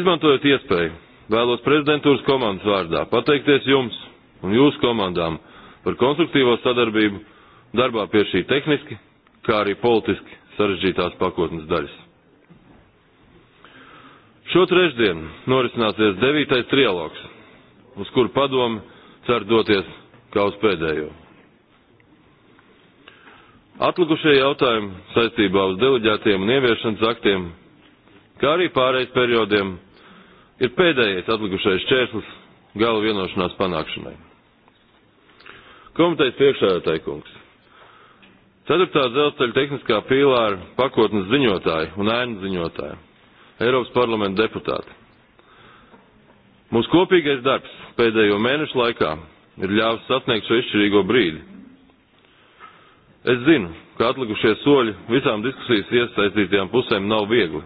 Izmantojot iespēju, vēlos prezidentūras komandas vārdā pateikties jums un jūsu komandām par konstruktīvo sadarbību darbā pie šī tehniski, kā arī politiski sarežģītās pakotnes daļas. Šo trešdienu norisināsies devītais trialogs, uz kuru padomu cer doties kā uz pēdējo. Atlikušie jautājumi saistībā uz deleģētiem un ieviešanas aktiem, kā arī pārējais periodiem, ir pēdējais atlikušais čērslis gala vienošanās panākšanai. Komitejas priekšsēdētājs, Ceturtā dzelzceļa tehniskā pīlāra pakotnes ziņotāji un ēnu ziņotāji, Eiropas parlamenta deputāti. Mūsu kopīgais darbs pēdējo mēnešu laikā ir ļāvis sasniegt šo izšķirīgo brīdi. Es zinu, ka atlikušie soļi visām diskusijas iesaistītajām pusēm nav viegli.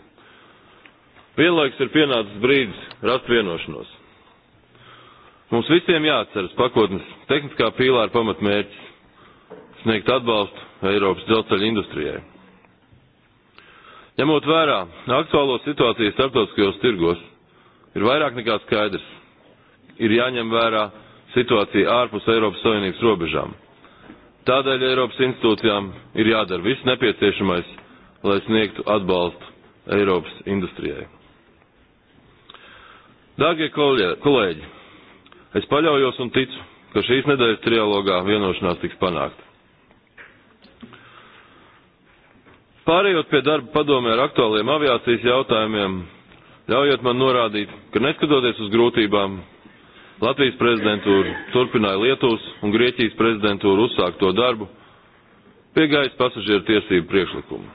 Vienlaiks ir pienācis brīdis rast vienošanos. Mums visiem jāatceras pakotnes tehniskā pīlāra pamatmērķis sniegt atbalstu Eiropas dzelzceļa industrijai. Ņemot vērā aktuālo situāciju starptautiskajos tirgos, ir vairāk nekā skaidrs. Ir jāņem vērā situācija ārpus Eiropas Savienības robežām. Tādēļ Eiropas institūcijām ir jādara viss nepieciešamais, lai sniegtu atbalstu Eiropas industrijai. Dārgie kolēģi, es paļaujos un ticu, ka šīs nedēļas trialogā vienošanās tiks panākta. Pārējot pie darba padomē ar aktuāliem aviācijas jautājumiem, ļaujot man norādīt, ka neskatoties uz grūtībām, Latvijas prezidentūra turpināja Lietuvas un Grieķijas uzsākt to darbu pie gaisa pasažieru tiesību priekšlikuma.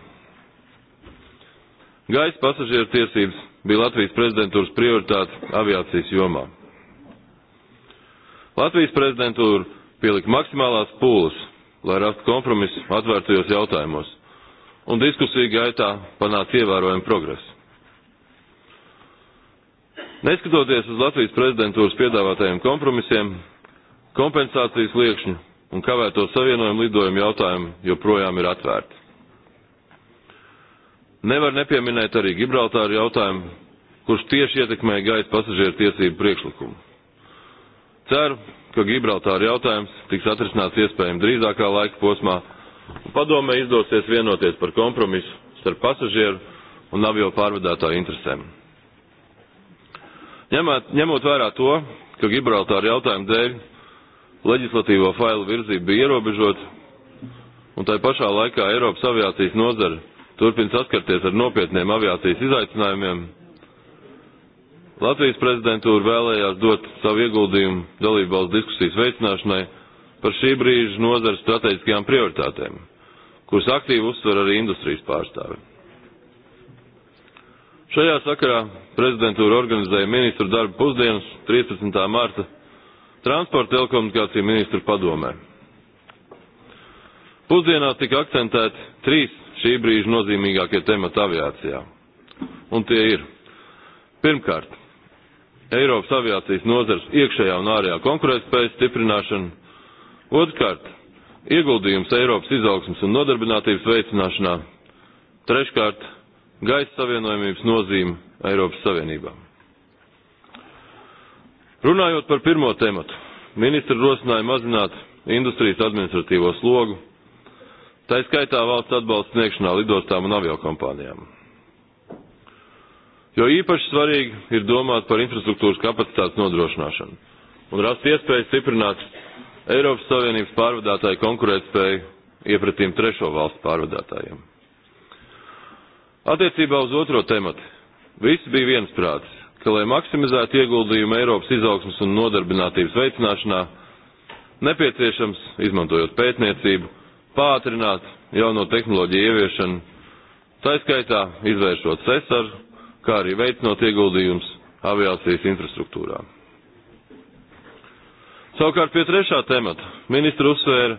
Gaisa pasažieru tiesības bija Latvijas prezidentūras prioritāte aviācijas jomā. Latvijas prezidentūra pielika maksimālās pūles, lai rastu kompromisu atvērtajos jautājumos – pa un diskusiju gaitā panāca ievērojami progresu. Neskatoties uz Latvijas prezidentūras piedāvātajiem kompromisiem, kompensācijas liekšņu un kavēto savienojumu lidojumu jautājumu joprojām ir atvērti. Nevar nepieminēt arī Gibraltāru jautājumu, kurš tieši ietekmē gaisa pasažieru tiesību priekšlikumu. Ceru, ka Gibraltāra jautājums tiks atrisināts iespējami drīzākā laika posmā, Padome izdosies vienoties par kompromisu starp pasažieru un avio pārvadātāju interesēm. Ņemot, ņemot vērā to, ka Gibraltāra jautājuma dēļ leģislatīvo failu virzība bija ierobežota, un tai pašā laikā Eiropas aviācijas nozara turpina saskarties ar nopietniem aviācijas izaicinājumiem, Latvijas prezidentūra vēlējās dot savu ieguldījumu dalībvalsts diskusijas veicināšanai par šī brīža nozares strateģiskajām prioritātēm, kuras aktīvi uztver arī industrijas pārstāvi. Šajā sakarā prezidentūra organizēja ministru darbu pusdienas 13. marta transporta telekomunikāciju ministru padomē. Pusdienās tika akcentēti trīs šī brīža nozīmīgākie temati aviācijā. Un tie ir pirmkārt Eiropas aviācijas nozars iekšējā un ārējā konkurētspējas stiprināšana, Otkārt, ieguldījums Eiropas izaugsmas un nodarbinātības veicināšanā. Treškārt, gaisa savienojumības nozīme Eiropas Savienībā. Runājot par pirmo tematu, ministri rosināja mazināt industrijas administratīvo slogu, tā skaitā valsts atbalsts sniegšanā lidostām un aviokompānijām. Jo īpaši svarīgi ir domāt par infrastruktūras kapacitātes nodrošināšanu un rast iespēju stiprināt Eiropas Savienības pārvadātāja konkurētspēja iepratīm trešo valstu pārvadātājiem. Attiecībā uz otro tematu visi bija viensprāts, ka, lai maksimizētu ieguldījumu Eiropas izaugsmas un nodarbinātības veicināšanā, nepieciešams, izmantojot pētniecību, pātrināt jauno tehnoloģiju ieviešanu, taiskaitā izvēršot sesaru, kā arī veicinot ieguldījumus aviācijas infrastruktūrām. Savukārt pie trešā temata ministra uzsvēra,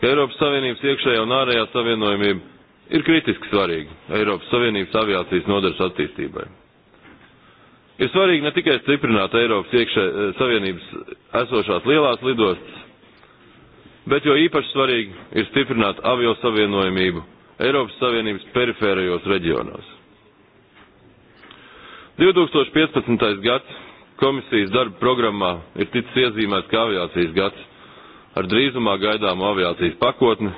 ka Eiropas Savienības iekšējā un ārējā savienojumība ir kritiski svarīga Eiropas Savienības aviācijas nodaras attīstībai. Ir svarīgi ne tikai stiprināt Eiropas iekšē, e, Savienības esošās lielās lidostas, bet jo īpaši svarīgi ir stiprināt avio savienojumību Eiropas Savienības perifērajos reģionos. 2015. gads komisijas darba programmā ir ticis iezīmēts kā aviācijas gads. Ar drīzumā gaidāmu aviācijas pakotni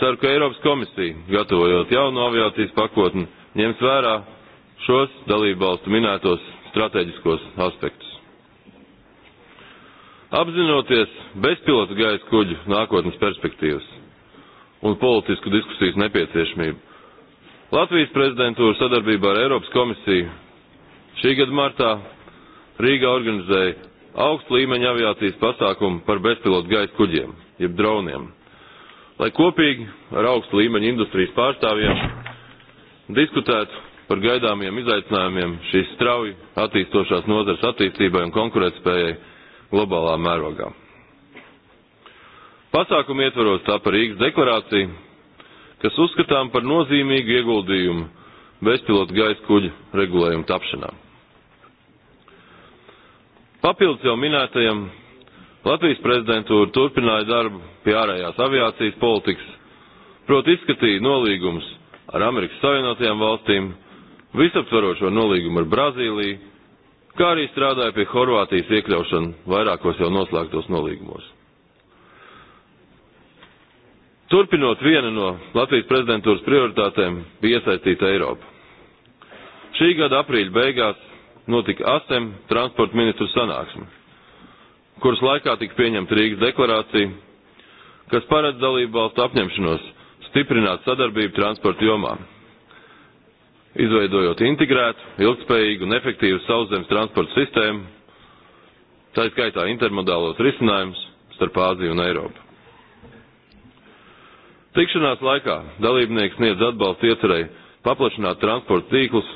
ceru, ka Eiropas komisija, gatavojot jaunu aviācijas pakotni, ņems vērā šos dalībvalstu minētos strateģiskos aspektus. Apzinoties bezpilotu gaisa kuģu nākotnes perspektīvas un politisku diskusijas nepieciešamību, Latvijas prezidentūra sadarbībā ar Eiropas komisiju šī gada martā Rīga organizēja augstu līmeņa aviācijas pasākumu par bezpilotu gaisa kuģiem, jeb droniem, lai kopīgi ar augstu līmeņa industrijas pārstāvjiem diskutētu par gaidāmiem izaicinājumiem šīs strauji attīstošās nozares attīstībai un konkurētspējai globālā mērogā. Pasākumu ietvaros tā par Rīgas deklarāciju, kas uzskatām par nozīmīgu ieguldījumu bezpilotu gaisa kuģu regulējumu tapšanām. Papildus jau minētajam Latvijas prezidentūra turpināja darbu pie ārējās aviācijas politikas, proti izskatīja nolīgumus ar Amerikas Savienotajām valstīm, visaptvarošo nolīgumu ar Brazīliju, kā arī strādāja pie Horvātijas iekļaušana vairākos jau noslēgtos nolīgumos. Turpinot vienu no Latvijas prezidentūras prioritātēm bija iesaistīta Eiropa. Šī gada aprīļa beigās notika ASEM transport ministru sanāksme, kuras laikā tika pieņemta Rīgas deklarācija, kas paredz dalību valstu apņemšanos stiprināt sadarbību transporta jomā, izveidojot integrētu, ilgspējīgu un efektīvu sauszemes transporta sistēmu, tā skaitā intermodālos risinājumus starp Āziju un Eiropu. Tikšanās laikā dalībnieks sniedz atbalstu iecerēji paplašināt transport tīklus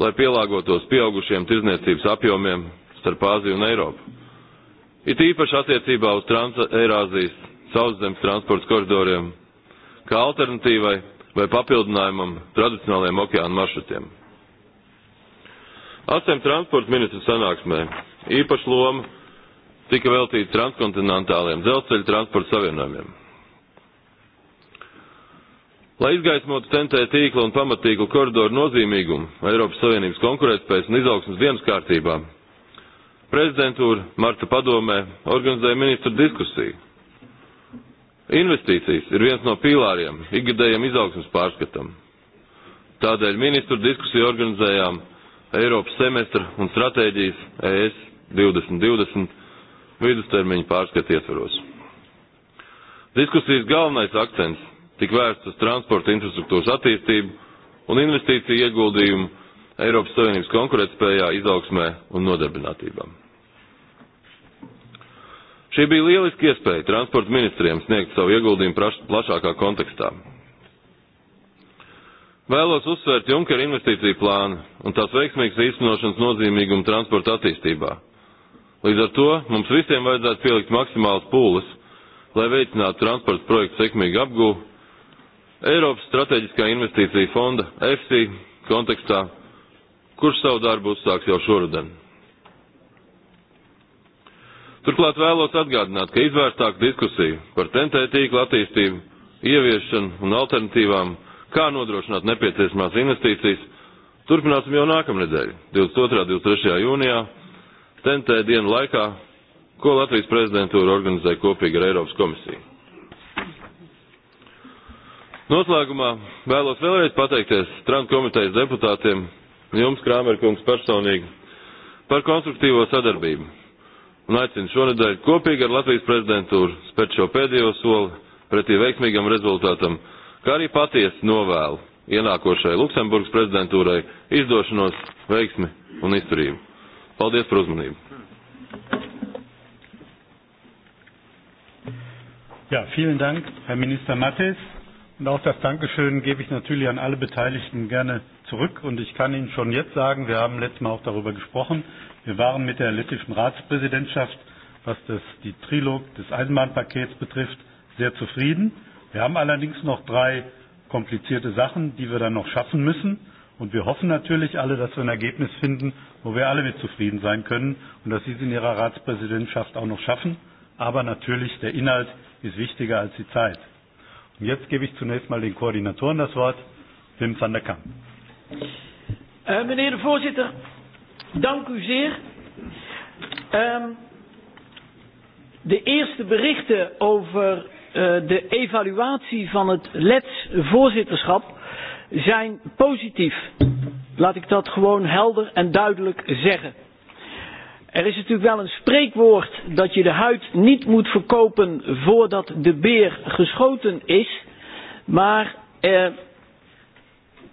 lai pielāgotos pieaugušiem tirzniecības apjomiem starp Āziju un Eiropu. It īpaši attiecībā uz Trans-Eirāzijas sauszemes transports koridoriem, kā alternatīvai vai papildinājumam tradicionālajiem okeāna maršrutiem. ASEM transporta ministru sanāksmē īpaši loma tika veltīta transkontinentāliem dzelzceļa transporta savienojumiem. Lai izgaismotu Centē tīkla un pamatīgu koridoru nozīmīgumu Eiropas Savienības konkurētspējas un izaugsmas dienas kārtībā, prezidentūra Marta padomē organizēja ministru diskusiju. Investīcijas ir viens no pīlāriem ikgadējiem izaugsmas pārskatam. Tādēļ ministru diskusiju organizējām Eiropas semestra un stratēģijas e ES 2020 vidustermiņu pārskatu ietvaros. Diskusijas galvenais akcents tik vērsts uz transporta infrastruktūras attīstību un investīciju ieguldījumu Eiropas Savienības konkurētspējā, izaugsmē un nodarbinātībā. Šī bija lieliski iespēja transporta ministriem sniegt savu ieguldījumu plašākā kontekstā. Vēlos uzsvērt Junkera investīciju plānu un tās veiksmīgas īstenošanas nozīmīgumu transporta attīstībā. Līdz ar to mums visiem vajadzētu pielikt maksimālas pūles, lai veicinātu transporta projektu sekmīgu apgūvu Eiropas Strateģiskā investīcija fonda EFSI kontekstā, kurš savu darbu uzsāks jau šoruden. Turklāt vēlos atgādināt, ka izvērstāka diskusija par TNT tīkla attīstību, ieviešanu un alternatīvām, kā nodrošināt nepieciešamās investīcijas, turpināsim jau nākamnedēļ, 22. un 23. jūnijā, TNT dienu laikā, ko Latvijas prezidentūra organizē kopīgi ar Eiropas komisiju. Noslēgumā vēlos vēlreiz pateikties Trump komitejas deputātiem un jums, kungs personīgi par konstruktīvo sadarbību. Un aicinu šonedēļ kopīgi ar Latvijas prezidentūru spēt šo pēdējo soli pretī veiksmīgam rezultātam, kā arī patiesi novēlu ienākošai Luksemburgas prezidentūrai izdošanos, veiksmi un izturību. Paldies par uzmanību! Ja, vielen Dank, Herr Minister Mattes. Und auch das Dankeschön gebe ich natürlich an alle Beteiligten gerne zurück. Und ich kann Ihnen schon jetzt sagen, wir haben letztes Mal auch darüber gesprochen. Wir waren mit der lettischen Ratspräsidentschaft, was das, die Trilog des Eisenbahnpakets betrifft, sehr zufrieden. Wir haben allerdings noch drei komplizierte Sachen, die wir dann noch schaffen müssen. Und wir hoffen natürlich alle, dass wir ein Ergebnis finden, wo wir alle mit zufrieden sein können und dass Sie es in Ihrer Ratspräsidentschaft auch noch schaffen. Aber natürlich, der Inhalt ist wichtiger als die Zeit. Und jetzt gebe ich zunächst mal den Koordinatoren das Wort, Wim van der Kamp. Uh, meneer de voorzitter, dank u zeer. Um, de eerste berichten over uh, de evaluatie van het led voorzitterschap zijn positief. Laat ik dat gewoon helder en duidelijk zeggen. Er is natuurlijk wel een spreekwoord dat je de huid niet moet verkopen voordat de beer geschoten is. Maar eh,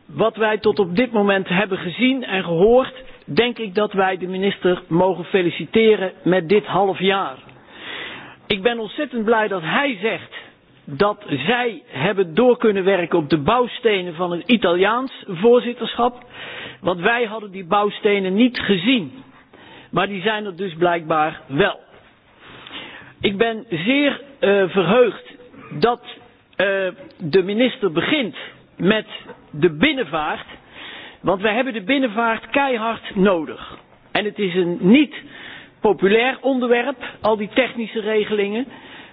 wat wij tot op dit moment hebben gezien en gehoord, denk ik dat wij de minister mogen feliciteren met dit half jaar. Ik ben ontzettend blij dat hij zegt dat zij hebben door kunnen werken op de bouwstenen van het Italiaans voorzitterschap. Want wij hadden die bouwstenen niet gezien maar die zijn er dus blijkbaar wel. Ik ben zeer uh, verheugd dat uh, de minister begint met de binnenvaart, want wij hebben de binnenvaart keihard nodig. En het is een niet populair onderwerp, al die technische regelingen.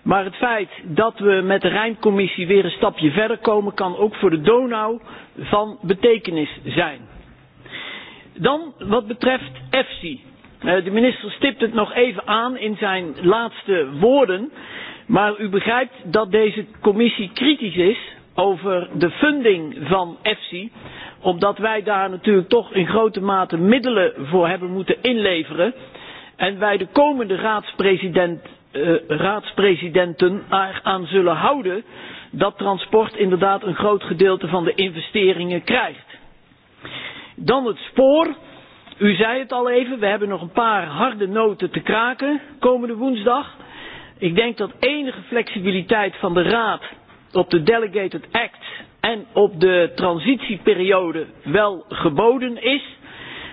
Maar het feit dat we met de Rijncommissie weer een stapje verder komen, kan ook voor de Donau van betekenis zijn. Dan wat betreft EFSI. Eh, de minister stipt het nog even aan in zijn laatste woorden. Maar u begrijpt dat deze commissie kritisch is over de funding van EFSI. Omdat wij daar natuurlijk toch in grote mate middelen voor hebben moeten inleveren. En wij de komende raadspresident, eh, raadspresidenten aan zullen houden dat transport inderdaad een groot gedeelte van de investeringen krijgt. Dan het spoor u zei het al even, we hebben nog een paar harde noten te kraken komende woensdag. Ik denk dat enige flexibiliteit van de Raad op de Delegated Act en op de transitieperiode wel geboden is.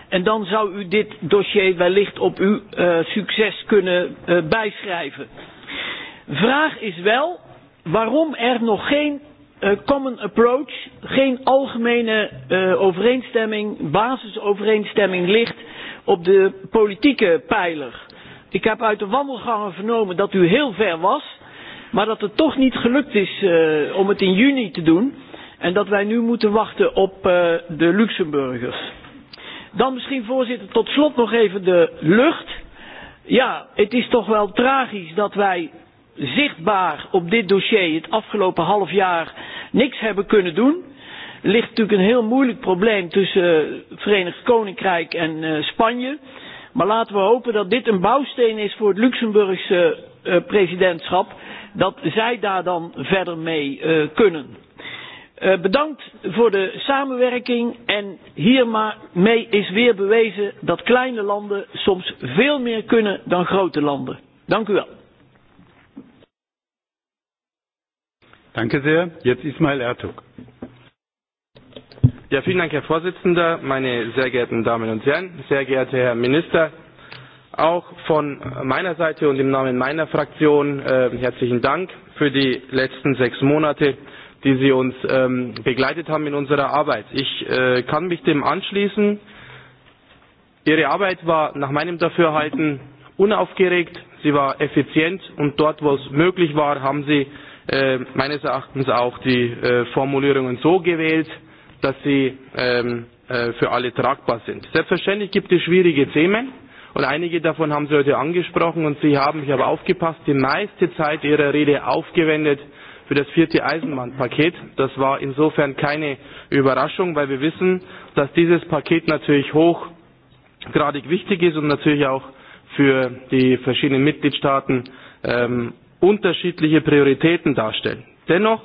En dan zou u dit dossier wellicht op uw uh, succes kunnen uh, bijschrijven. Vraag is wel waarom er nog geen Eh, common approach, geen algemene uh, overeenstemming, basisovereenstemming ligt op de politieke pijler. Ik heb uit de wandelgangen vernomen dat u heel ver was, maar dat het toch niet gelukt is uh, om het in juni te doen en dat wij nu moeten wachten op uh, de Luxemburgers. Dan misschien, voorzitter, tot slot nog even de lucht. Ja, het is toch wel tragisch dat wij zichtbaar op dit dossier het afgelopen half jaar niks hebben kunnen doen. Er ligt natuurlijk een heel moeilijk probleem tussen het eh, Verenigd Koninkrijk en eh, Spanje. Maar laten we hopen dat dit een bouwsteen is voor het Luxemburgse eh, presidentschap. Dat zij daar dan verder mee kunnen. Bedankt voor de samenwerking en hiermee is weer bewezen dat kleine landen soms veel meer kunnen dan grote landen. Dank u wel. Danke sehr. Jetzt Ismail Ertug. Ja, vielen Dank, Herr Vorsitzender, meine sehr geehrten Damen und Herren, sehr geehrter Herr Minister. Auch von meiner Seite und im Namen meiner Fraktion äh, herzlichen Dank für die letzten sechs Monate, die Sie uns ähm, begleitet haben in unserer Arbeit. Ich äh, kann mich dem anschließen. Ihre Arbeit war nach meinem Dafürhalten unaufgeregt, sie war effizient und dort, wo es möglich war, haben Sie Äh, meines Erachtens auch die äh, Formulierungen so gewählt, dass sie ähm, äh, für alle tragbar sind. Selbstverständlich gibt es schwierige Themen und einige davon haben Sie heute angesprochen und Sie haben, ich habe aufgepasst, die meiste Zeit Ihrer Rede aufgewendet für das vierte Eisenbahnpaket. Das war insofern keine Überraschung, weil wir wissen, dass dieses Paket natürlich hochgradig wichtig ist und natürlich auch für die verschiedenen Mitgliedstaaten ähm, unterschiedliche Prioritäten darstellen. Dennoch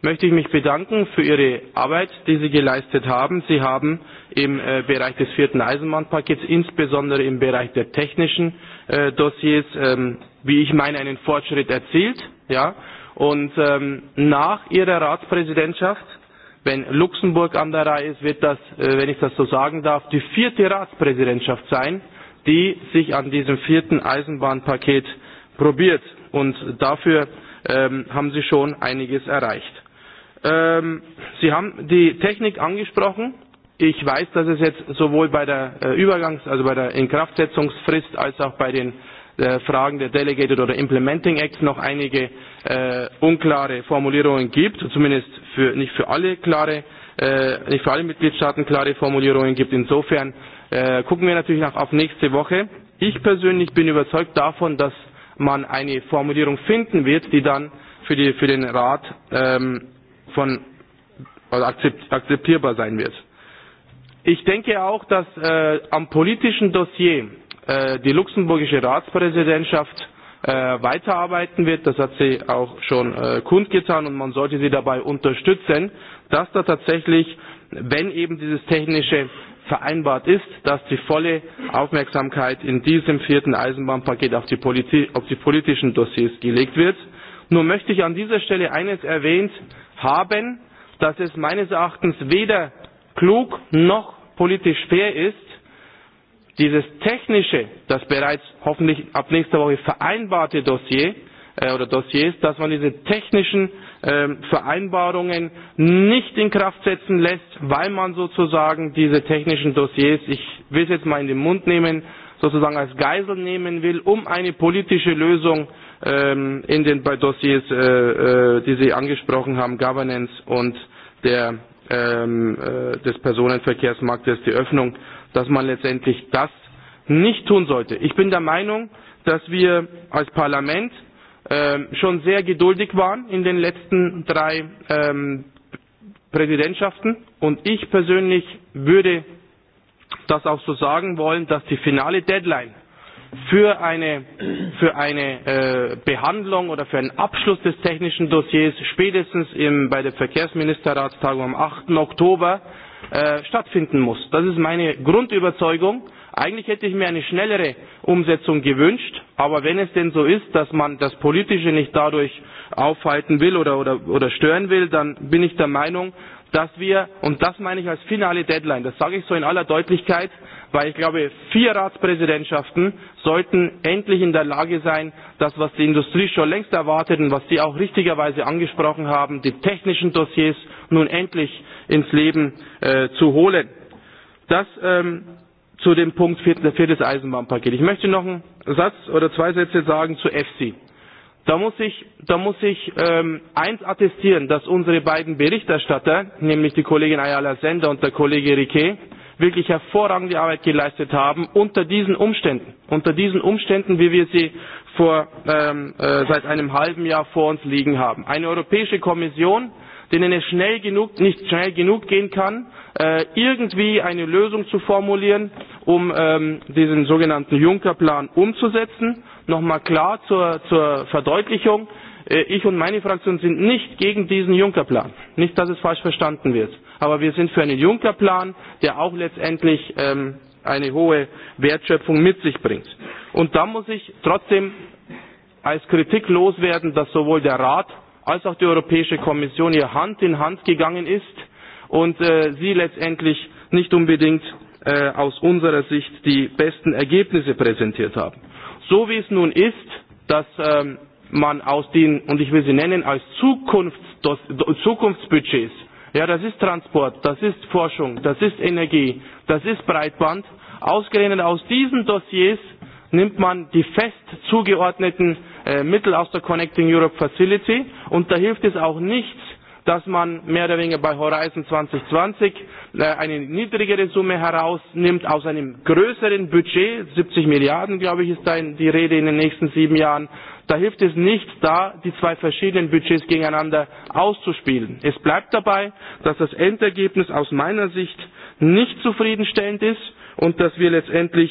möchte ich mich bedanken für Ihre Arbeit, die Sie geleistet haben. Sie haben im äh, Bereich des vierten Eisenbahnpakets, insbesondere im Bereich der technischen äh, Dossiers, ähm, wie ich meine, einen Fortschritt erzielt. Ja? Und ähm, nach Ihrer Ratspräsidentschaft, wenn Luxemburg an der Reihe ist, wird das, äh, wenn ich das so sagen darf, die vierte Ratspräsidentschaft sein, die sich an diesem vierten Eisenbahnpaket probiert und dafür ähm, haben Sie schon einiges erreicht. Ähm, Sie haben die Technik angesprochen. Ich weiß, dass es jetzt sowohl bei der äh, Übergangs-, also bei der Inkraftsetzungsfrist als auch bei den äh, Fragen der Delegated oder Implementing Acts noch einige äh, unklare Formulierungen gibt, zumindest für, nicht für alle klare, äh, nicht für alle Mitgliedstaaten klare Formulierungen gibt. Insofern gucken wir natürlich noch auf nächste Woche. Ich persönlich bin überzeugt davon, dass man eine Formulierung finden wird, die dann für, die, für den Rat ähm, von, also akzeptierbar sein wird. Ich denke auch, dass äh, am politischen Dossier äh, die luxemburgische Ratspräsidentschaft äh, weiterarbeiten wird. Das hat sie auch schon äh, kundgetan und man sollte sie dabei unterstützen, dass da tatsächlich, wenn eben dieses technische vereinbart ist, dass die volle Aufmerksamkeit in diesem vierten Eisenbahnpaket auf die, auf die politischen Dossiers gelegt wird. Nur möchte ich an dieser Stelle eines erwähnt haben, dass es meines Erachtens weder klug noch politisch fair ist, dieses technische, das bereits hoffentlich ab nächster Woche vereinbarte Dossier äh, oder Dossiers, dass man diese technischen Ähm, Vereinbarungen nicht in Kraft setzen lässt, weil man sozusagen diese technischen Dossiers, ich will es jetzt mal in den Mund nehmen, sozusagen als Geisel nehmen will, um eine politische Lösung ähm, in den bei Dossiers, äh, äh, die Sie angesprochen haben, Governance und der, ähm, äh, des Personenverkehrsmarktes, die Öffnung, dass man letztendlich das nicht tun sollte. Ich bin der Meinung, dass wir als Parlament Ähm, schon sehr geduldig waren in den letzten drei ähm, Präsidentschaften. Und ich persönlich würde das auch so sagen wollen, dass die finale Deadline für eine, für eine äh, Behandlung oder für einen Abschluss des technischen Dossiers spätestens im, bei der Verkehrsministerratstagung am 8. Oktober äh, stattfinden muss. Das ist meine Grundüberzeugung Eigentlich hätte ich mir eine schnellere Umsetzung gewünscht, aber wenn es denn so ist, dass man das Politische nicht dadurch aufhalten will oder, oder, oder stören will, dann bin ich der Meinung, dass wir, und das meine ich als finale Deadline, das sage ich so in aller Deutlichkeit, weil ich glaube, vier Ratspräsidentschaften sollten endlich in der Lage sein, das, was die Industrie schon längst erwartet und was Sie auch richtigerweise angesprochen haben, die technischen Dossiers nun endlich ins Leben äh, zu holen. Das ähm, zu dem Punkt viertes Eisenbahnpaket. Ich möchte noch einen Satz oder zwei Sätze sagen zu EFSI. Da muss ich, da muss ich ähm, eins attestieren, dass unsere beiden Berichterstatter, nämlich die Kollegin Ayala Sender und der Kollege Riquet, wirklich hervorragende Arbeit geleistet haben unter diesen Umständen, unter diesen Umständen, wie wir sie vor, ähm, äh, seit einem halben Jahr vor uns liegen haben. Eine Europäische Kommission, denen es schnell genug, nicht schnell genug gehen kann, äh, irgendwie eine Lösung zu formulieren, um ähm, diesen sogenannten Juncker-Plan umzusetzen. Nochmal klar zur, zur Verdeutlichung. Äh, ich und meine Fraktion sind nicht gegen diesen Juncker-Plan. Nicht, dass es falsch verstanden wird. Aber wir sind für einen Juncker-Plan, der auch letztendlich ähm, eine hohe Wertschöpfung mit sich bringt. Und da muss ich trotzdem als Kritik loswerden, dass sowohl der Rat als auch die Europäische Kommission hier Hand in Hand gegangen ist und äh, sie letztendlich nicht unbedingt äh, aus unserer Sicht die besten Ergebnisse präsentiert haben. So wie es nun ist, dass ähm, man aus den, und ich will sie nennen, als Zukunfts, das, Zukunftsbudgets, ja, das ist Transport, das ist Forschung, das ist Energie, das ist Breitband, ausgerechnet aus diesen Dossiers nimmt man die fest zugeordneten Äh, Mittel aus der Connecting Europe Facility. Und da hilft es auch nichts, dass man mehr oder weniger bei Horizon 2020 äh, eine niedrigere Summe herausnimmt aus einem größeren Budget, 70 Milliarden, glaube ich, ist da die Rede in den nächsten sieben Jahren. Da hilft es nicht, da die zwei verschiedenen Budgets gegeneinander auszuspielen. Es bleibt dabei, dass das Endergebnis aus meiner Sicht nicht zufriedenstellend ist und dass wir letztendlich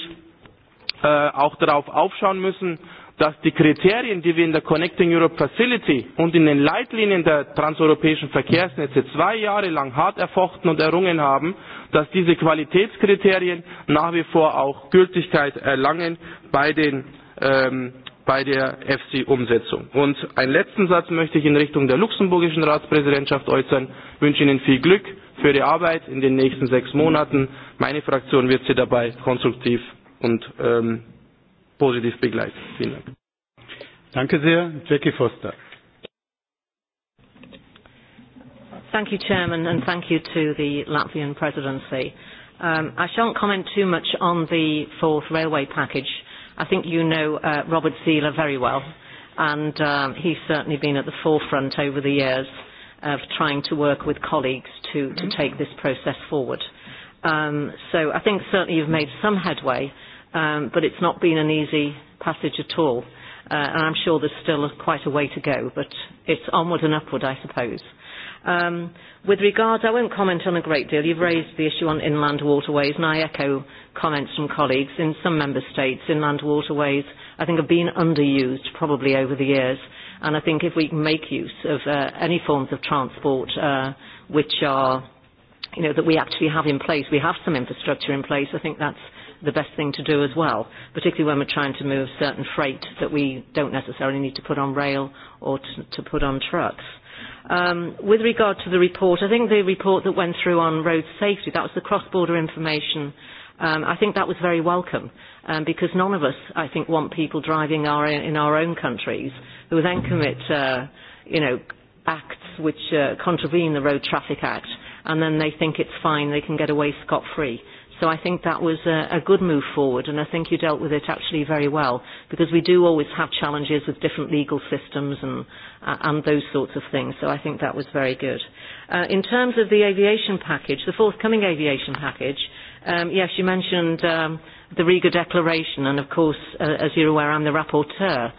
äh, auch darauf aufschauen müssen, dass die Kriterien, die wir in der Connecting Europe Facility und in den Leitlinien der transeuropäischen Verkehrsnetze zwei Jahre lang hart erfochten und errungen haben, dass diese Qualitätskriterien nach wie vor auch Gültigkeit erlangen bei, den, ähm, bei der EFSI-Umsetzung. Und einen letzten Satz möchte ich in Richtung der luxemburgischen Ratspräsidentschaft äußern. Ich wünsche Ihnen viel Glück für die Arbeit in den nächsten sechs Monaten. Meine Fraktion wird Sie dabei konstruktiv und ähm, positiv begleitet. Vielen Dank. Danke sehr. Jackie Foster. Thank you, Chairman, and thank you to the Latvian presidency. Um, I shan't comment too much on the fourth railway package. I think you know uh, Robert Seeler very well, and um, he's certainly been at the forefront over the years of trying to work with colleagues to, to take this process forward. Um, so I think certainly you've made some headway, um, but it's not been an easy passage at all. Uh, and I'm sure there's still quite a way to go, but it's onward and upward, I suppose. Um, with regards, I won't comment on a great deal. You've raised the issue on inland waterways, and I echo comments from colleagues. In some member states, inland waterways, I think, have been underused probably over the years. And I think if we can make use of uh, any forms of transport uh, which are, you know, that we actually have in place, we have some infrastructure in place, I think that's the best thing to do as well, particularly when we're trying to move certain freight that we don't necessarily need to put on rail or to, to put on trucks. Um, with regard to the report, I think the report that went through on road safety, that was the cross-border information um, I think that was very welcome um, because none of us, I think, want people driving our, in our own countries who then commit, uh, you know, acts which uh, contravene the Road Traffic Act and then they think it's fine, they can get away scot-free. So I think that was a, a good move forward, and I think you dealt with it actually very well, because we do always have challenges with different legal systems and, uh, and those sorts of things. So I think that was very good. Uh, in terms of the aviation package, the forthcoming aviation package, um, yes, you mentioned um, the Riga Declaration, and of course, uh, as you're aware, I'm the rapporteur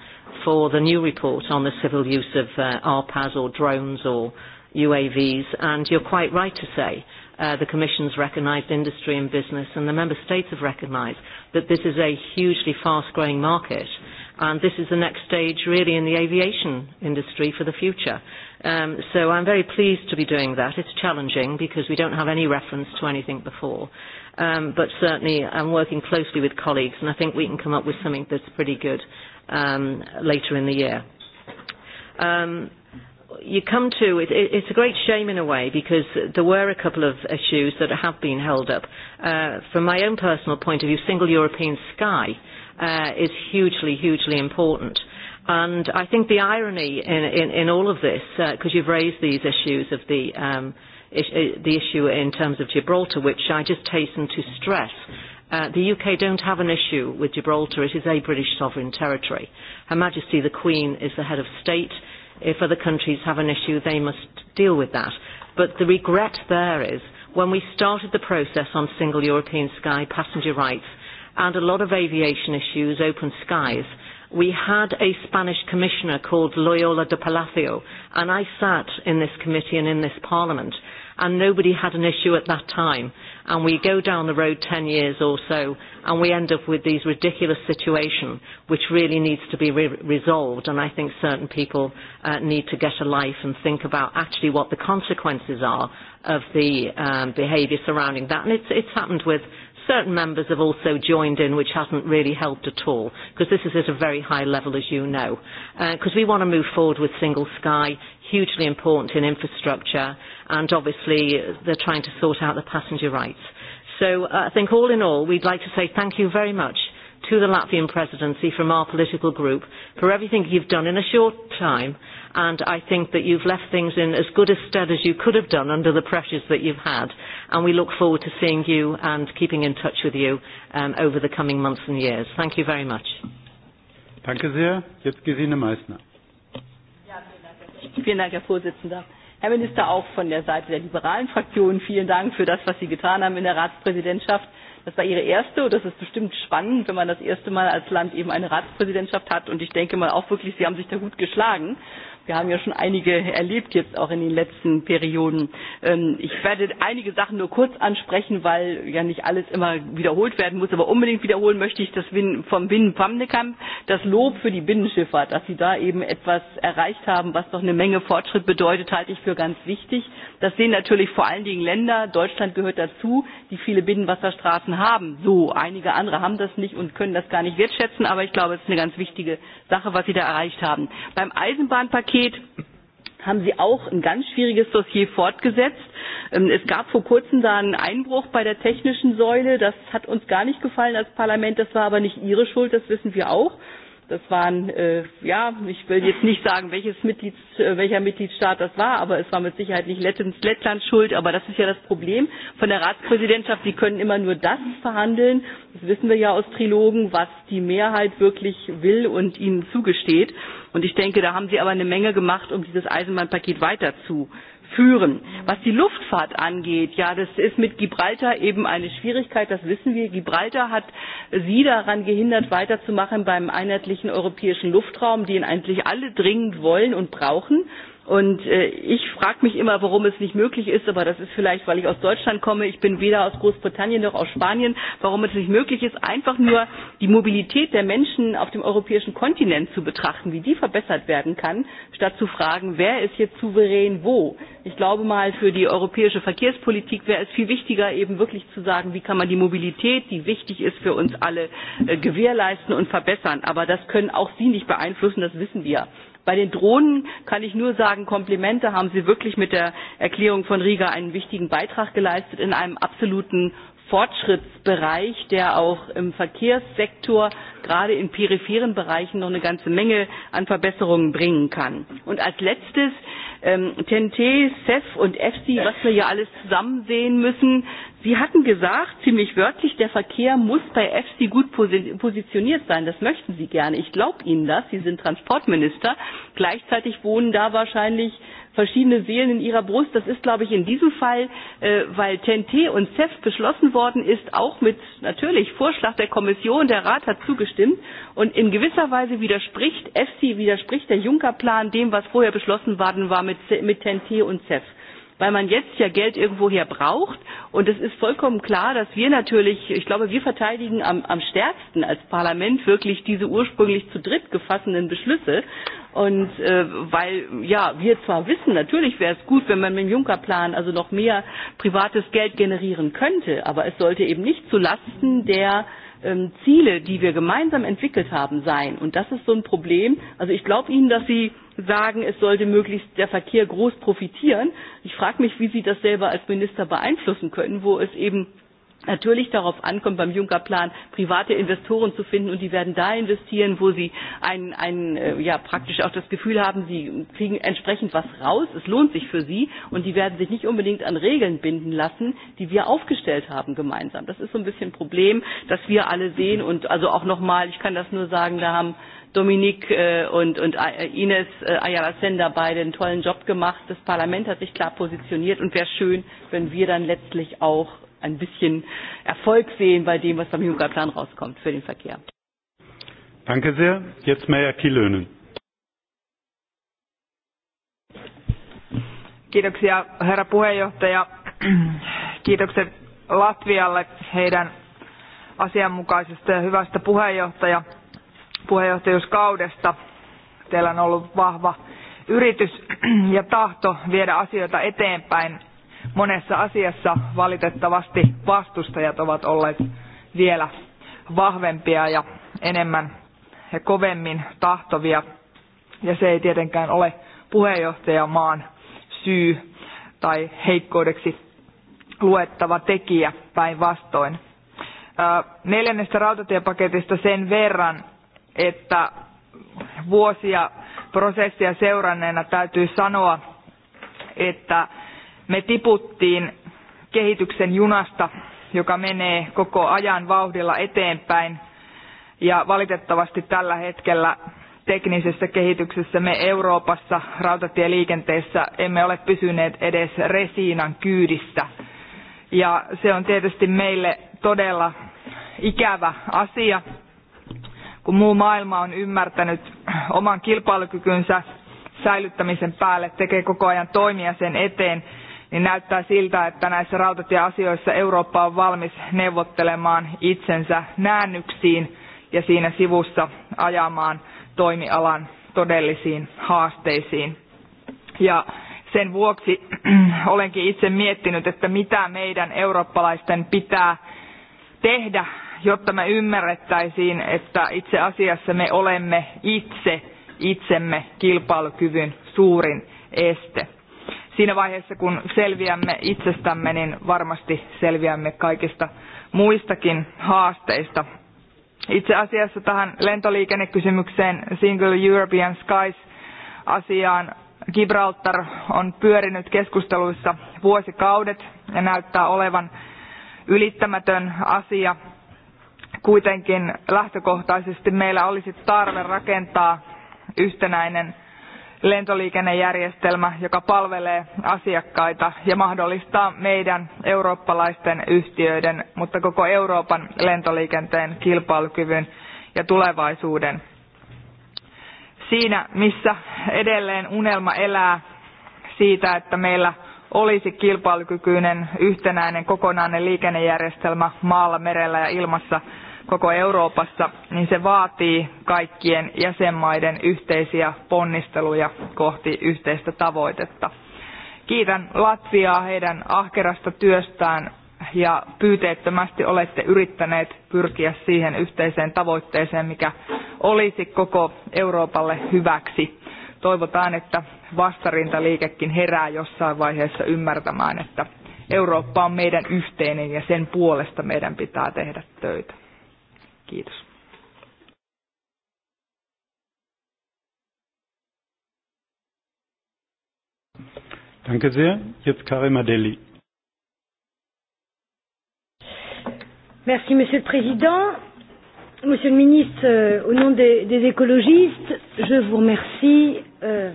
for the new report on the civil use of uh, RPAS or drones or UAVs, and you're quite right to say Uh, the Commission's recognised industry and business, and the Member States have recognised that this is a hugely fast-growing market, and this is the next stage really in the aviation industry for the future. Um, so I'm very pleased to be doing that. It's challenging because we don't have any reference to anything before. Um, but certainly I'm working closely with colleagues and I think we can come up with something that's pretty good um, later in the year. Um, you come to it, it, it's a great shame in a way because there were a couple of issues that have been held up. Uh, from my own personal point of view, single European sky uh, is hugely, hugely important. And I think the irony in, in, in all of this, because uh, you've raised these issues of the, um, is, uh, the issue in terms of Gibraltar, which I just hasten to stress, Uh, the UK don't have an issue with Gibraltar. It is a British sovereign territory. Her Majesty the Queen is the head of state if other countries have an issue, they must deal with that. But the regret there is when we started the process on single European sky passenger rights and a lot of aviation issues, open skies, we had a Spanish commissioner called Loyola de Palacio, and I sat in this committee and in this parliament, and nobody had an issue at that time and we go down the road 10 years or so and we end up with these ridiculous situation which really needs to be re resolved and I think certain people uh, need to get a life and think about actually what the consequences are of the um, behaviour surrounding that and it's, it's happened with certain members have also joined in which hasn't really helped at all because this is at a very high level as you know because uh, we want to move forward with single sky hugely important in infrastructure, and obviously they're trying to sort out the passenger rights. So uh, I think all in all, we'd like to say thank you very much to the Latvian presidency from our political group for everything you've done in a short time, and I think that you've left things in as good a stead as you could have done under the pressures that you've had, and we look forward to seeing you and keeping in touch with you um, over the coming months and years. Thank you very much. Danke sehr. Jetzt Vielen Dank, Herr Vorsitzender. Herr Minister, auch von der Seite der liberalen Fraktion vielen Dank für das, was Sie getan haben in der Ratspräsidentschaft. Das war Ihre erste und das ist bestimmt spannend, wenn man das erste Mal als Land eben eine Ratspräsidentschaft hat. Und ich denke mal auch wirklich, Sie haben sich da gut geschlagen wir haben ja schon einige erlebt jetzt auch in den letzten Perioden. Ähm, ich werde einige Sachen nur kurz ansprechen, weil ja nicht alles immer wiederholt werden muss, aber unbedingt wiederholen möchte ich das vom Binnen das Lob für die Binnenschifffahrt, dass Sie da eben etwas erreicht haben, was doch eine Menge Fortschritt bedeutet, halte ich für ganz wichtig. Das sehen natürlich vor allen Dingen Länder, Deutschland gehört dazu, die viele Binnenwasserstraßen haben. So, einige andere haben das nicht und können das gar nicht wertschätzen, aber ich glaube, es ist eine ganz wichtige Sache, was Sie da erreicht haben. Beim Eisenbahnpaket haben Sie auch ein ganz schwieriges Dossier fortgesetzt. Ähm, es gab vor kurzem da einen Einbruch bei der technischen Säule. Das hat uns gar nicht gefallen als Parlament. Das war aber nicht Ihre Schuld, das wissen wir auch. Das waren, äh, ja, ich will jetzt nicht sagen, welches Mitglieds, äh, welcher Mitgliedstaat das war, aber es war mit Sicherheit nicht Lettens, Lettland schuld. Aber das ist ja das Problem von der Ratspräsidentschaft. Die können immer nur das verhandeln, das wissen wir ja aus Trilogen, was die Mehrheit wirklich will und ihnen zugesteht. Und ich denke, da haben sie aber eine Menge gemacht, um dieses Eisenbahnpaket weiter zu äh, führen. Was die Luftfahrt angeht, ja, das ist mit Gibraltar eben eine Schwierigkeit, das wissen wir. Gibraltar hat sie daran gehindert, weiterzumachen beim einheitlichen europäischen Luftraum, den eigentlich alle dringend wollen und brauchen Und äh, ich frage mich immer, warum es nicht möglich ist, aber das ist vielleicht, weil ich aus Deutschland komme, ich bin weder aus Großbritannien noch aus Spanien, warum es nicht möglich ist, einfach nur die Mobilität der Menschen auf dem europäischen Kontinent zu betrachten, wie die verbessert werden kann, statt zu fragen, wer ist jetzt souverän wo. Ich glaube mal, für die europäische Verkehrspolitik wäre es viel wichtiger, eben wirklich zu sagen, wie kann man die Mobilität, die wichtig ist für uns alle, äh, gewährleisten und verbessern. Aber das können auch Sie nicht beeinflussen, das wissen wir Bei den Drohnen kann ich nur sagen, Komplimente haben Sie wirklich mit der Erklärung von Riga einen wichtigen Beitrag geleistet in einem absoluten Fortschrittsbereich, der auch im Verkehrssektor gerade in peripheren Bereichen noch eine ganze Menge an Verbesserungen bringen kann. Und als letztes ähm, TNT, CEF und EFSI, was wir hier alles zusammen sehen müssen. Sie hatten gesagt, ziemlich wörtlich, der Verkehr muss bei EFSI gut positioniert sein. Das möchten Sie gerne. Ich glaube Ihnen das. Sie sind Transportminister. Gleichzeitig wohnen da wahrscheinlich verschiedene Seelen in ihrer Brust. Das ist, glaube ich, in diesem Fall, äh, weil TNT und CEF beschlossen worden ist, auch mit natürlich Vorschlag der Kommission, der Rat hat zugestimmt und in gewisser Weise widerspricht EFSI, widerspricht der Juncker-Plan dem, was vorher beschlossen worden war mit, mit TNT und CEF weil man jetzt ja Geld irgendwoher braucht. Und es ist vollkommen klar, dass wir natürlich, ich glaube, wir verteidigen am, am stärksten als Parlament wirklich diese ursprünglich zu dritt gefassenen Beschlüsse. Und äh, weil, ja, wir zwar wissen, natürlich wäre es gut, wenn man mit dem Juncker-Plan also noch mehr privates Geld generieren könnte, aber es sollte eben nicht zulasten der ähm, Ziele, die wir gemeinsam entwickelt haben, sein. Und das ist so ein Problem. Also ich glaube Ihnen, dass Sie sagen, es sollte möglichst der Verkehr groß profitieren. Ich frage mich, wie Sie das selber als Minister beeinflussen können, wo es eben natürlich darauf ankommt, beim Juncker-Plan private Investoren zu finden und die werden da investieren, wo sie ein, ein, äh, ja, praktisch auch das Gefühl haben, sie kriegen entsprechend was raus, es lohnt sich für sie und die werden sich nicht unbedingt an Regeln binden lassen, die wir aufgestellt haben gemeinsam. Das ist so ein bisschen ein Problem, das wir alle sehen mhm. und also auch nochmal, ich kann das nur sagen, da haben Dominik äh, und, und äh, Ines Ayala Sender beide einen tollen Job gemacht. Das Parlament hat sich klar positioniert und wäre schön, wenn wir dann letztlich auch ein bisschen Erfolg sehen bei dem, was beim Juncker Plan rauskommt für den Verkehr. Danke sehr. Jetzt Meyer Kilönen. Kiitoksia herra puheenjohtaja. Kiitokset Latvialle heidän asianmukaisesta ja hyvästä puheenjohtaja, puheenjohtajuuskaudesta. Teillä on ollut vahva yritys ja tahto viedä asioita eteenpäin monessa asiassa valitettavasti vastustajat ovat olleet vielä vahvempia ja enemmän ja kovemmin tahtovia ja se ei tietenkään ole puheenjohtajamaan syy tai heikkoudeksi luettava tekijä päinvastoin. Neljännestä rautatiepaketista sen verran, että vuosia prosessia seuranneena täytyy sanoa, että me tiputtiin kehityksen junasta, joka menee koko ajan vauhdilla eteenpäin. Ja valitettavasti tällä hetkellä teknisessä kehityksessä me Euroopassa rautatieliikenteessä emme ole pysyneet edes resiinan kyydissä. Ja se on tietysti meille todella ikävä asia, kun muu maailma on ymmärtänyt oman kilpailukykynsä säilyttämisen päälle, tekee koko ajan toimia sen eteen, niin näyttää siltä, että näissä rautatieasioissa Eurooppa on valmis neuvottelemaan itsensä näännyksiin ja siinä sivussa ajamaan toimialan todellisiin haasteisiin. Ja sen vuoksi olenkin itse miettinyt, että mitä meidän eurooppalaisten pitää tehdä, jotta me ymmärrettäisiin, että itse asiassa me olemme itse itsemme kilpailukyvyn suurin este siinä vaiheessa, kun selviämme itsestämme, niin varmasti selviämme kaikista muistakin haasteista. Itse asiassa tähän lentoliikennekysymykseen Single European Skies asiaan Gibraltar on pyörinyt keskusteluissa vuosikaudet ja näyttää olevan ylittämätön asia. Kuitenkin lähtökohtaisesti meillä olisi tarve rakentaa yhtenäinen lentoliikennejärjestelmä, joka palvelee asiakkaita ja mahdollistaa meidän eurooppalaisten yhtiöiden, mutta koko Euroopan lentoliikenteen kilpailukyvyn ja tulevaisuuden. Siinä, missä edelleen unelma elää siitä, että meillä olisi kilpailukykyinen, yhtenäinen, kokonainen liikennejärjestelmä maalla, merellä ja ilmassa – koko Euroopassa, niin se vaatii kaikkien jäsenmaiden yhteisiä ponnisteluja kohti yhteistä tavoitetta. Kiitän Latviaa heidän ahkerasta työstään ja pyyteettömästi olette yrittäneet pyrkiä siihen yhteiseen tavoitteeseen, mikä olisi koko Euroopalle hyväksi. Toivotaan, että vastarintaliikekin herää jossain vaiheessa ymmärtämään, että Eurooppa on meidän yhteinen ja sen puolesta meidän pitää tehdä töitä. Kiitos. Danke sehr. Jetzt Karim Adeli. Merci, Monsieur le Président. Monsieur le Ministre, euh, au nom des, des écologistes, je vous remercie euh,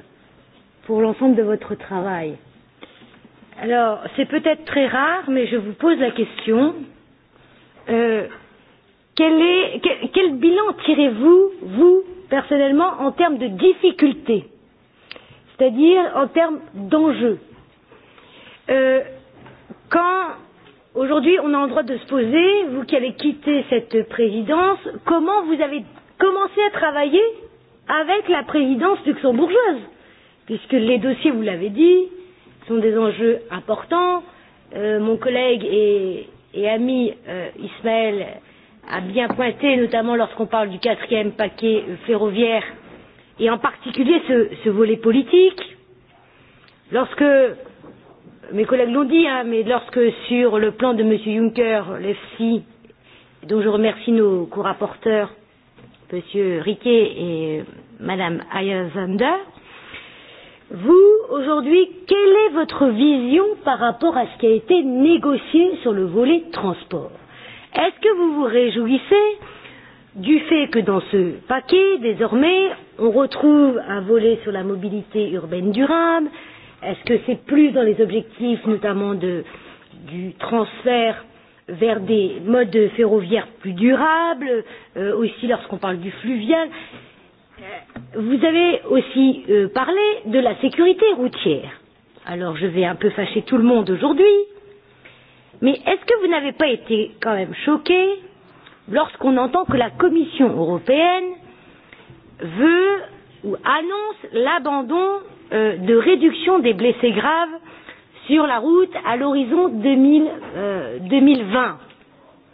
pour l'ensemble de votre travail. Alors, c'est peut-être très rare, mais je vous pose la question. Euh, Quel, est, quel, quel bilan tirez-vous, vous, personnellement, en termes de difficultés C'est-à-dire en termes d'enjeux euh, Quand, aujourd'hui, on a le droit de se poser, vous qui avez quitté cette présidence, comment vous avez commencé à travailler avec la présidence luxembourgeoise Puisque les dossiers, vous l'avez dit, sont des enjeux importants. Euh, mon collègue et, et ami euh, Ismaël a bien pointé, notamment lorsqu'on parle du quatrième paquet ferroviaire, et en particulier ce, ce volet politique. Lorsque, mes collègues l'ont dit, hein, mais lorsque sur le plan de M. Juncker, l'EFSI, dont je remercie nos co-rapporteurs, M. Riquet et euh, Mme Ayazander, vous, aujourd'hui, quelle est votre vision par rapport à ce qui a été négocié sur le volet transport Est-ce que vous vous réjouissez du fait que dans ce paquet, désormais, on retrouve un volet sur la mobilité urbaine durable Est-ce que c'est plus dans les objectifs notamment de, du transfert vers des modes ferroviaires plus durables, euh, aussi lorsqu'on parle du fluvial euh, Vous avez aussi euh, parlé de la sécurité routière. Alors je vais un peu fâcher tout le monde aujourd'hui, Mais est-ce que vous n'avez pas été quand même choqué lorsqu'on entend que la Commission européenne veut ou annonce l'abandon euh, de réduction des blessés graves sur la route à l'horizon euh, 2020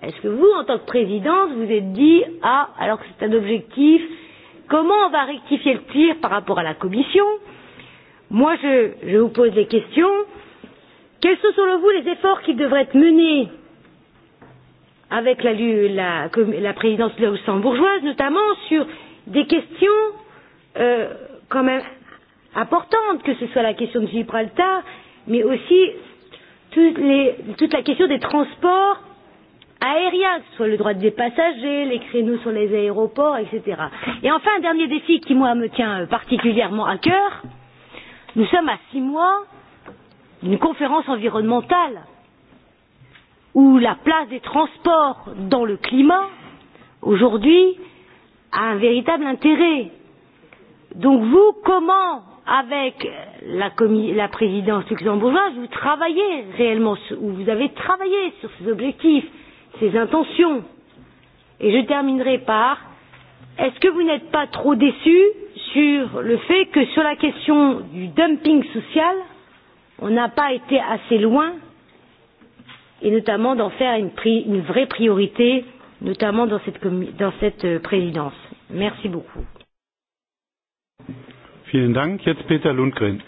Est-ce que vous, en tant que présidente, vous êtes dit Ah, alors que c'est un objectif, comment on va rectifier le tir par rapport à la Commission Moi, je, je vous pose des questions. Quels sont selon vous les efforts qui devraient être menés avec la, la, la présidence luxembourgeoise, notamment sur des questions euh, quand même importantes, que ce soit la question de Gibraltar, mais aussi toutes les, toute la question des transports aériens, que ce soit le droit des passagers, les créneaux sur les aéroports, etc. Et enfin, un dernier défi qui, moi, me tient euh, particulièrement à cœur. Nous sommes à six mois Une conférence environnementale où la place des transports dans le climat aujourd'hui a un véritable intérêt. Donc vous, comment, avec la, la présidence luxembourgeoise, vous travaillez réellement, ou vous avez travaillé sur ces objectifs, ces intentions Et je terminerai par, est-ce que vous n'êtes pas trop déçu sur le fait que sur la question du dumping social, on n'a pas été assez loin, et notamment d'en faire une, pri une vraie priorité, notamment dans cette, dans cette euh, présidence. Merci beaucoup. Vielen Dank. Jetzt Peter Lundgren.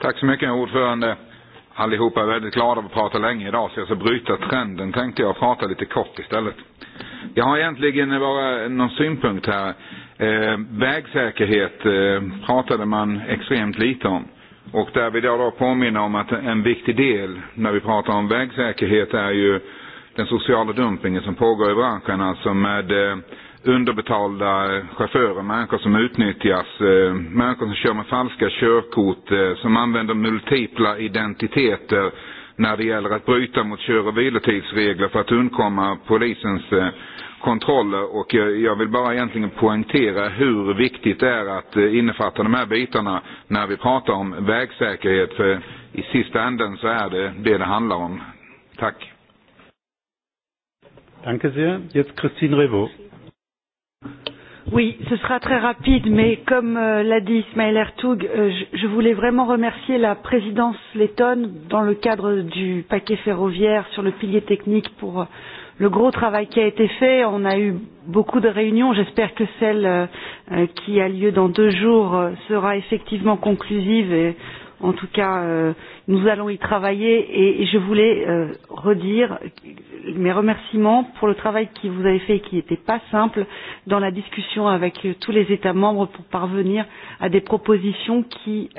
Tack så mycket, ordförande. Allihopa är väldigt glada att prata länge idag, så jag ska bryta trenden tänkte jag prata lite kort istället. Jag har egentligen bara någon synpunkt här. Eh, vägsäkerhet eh, pratade man extremt lite om. Och där vill jag då påminna om att en viktig del när vi pratar om vägsäkerhet är ju den sociala dumpningen som pågår i branschen, alltså med eh, underbetalda chaufförer, människor som utnyttjas, eh, människor som kör med falska körkort, eh, som använder multipla identiteter när det gäller att bryta mot kör och vilotidsregler för att undkomma polisens kontroller och jag vill bara egentligen poängtera hur viktigt det är att eh, innefatta de här bitarna när vi pratar om vägsäkerhet för i sista änden så är det det det handlar om. Tack. Danke sehr. Jetzt Christine Revo. Oui, ce sera très rapide, mais comme euh, l'a dit Ismaël Ertug, euh, je, je voulais vraiment remercier la présidence lettonne dans le cadre du paquet ferroviaire sur le pilier technique pour euh, le gros travail qui a été fait. On a eu beaucoup de réunions. J'espère que celle euh, euh, qui a lieu dans deux jours euh, sera effectivement conclusive. Et en tout cas, nous allons y travailler. Et je voulais redire mes remerciements pour le travail que vous avez fait et qui n'était pas simple dans la discussion avec tous les États membres pour parvenir à des propositions qui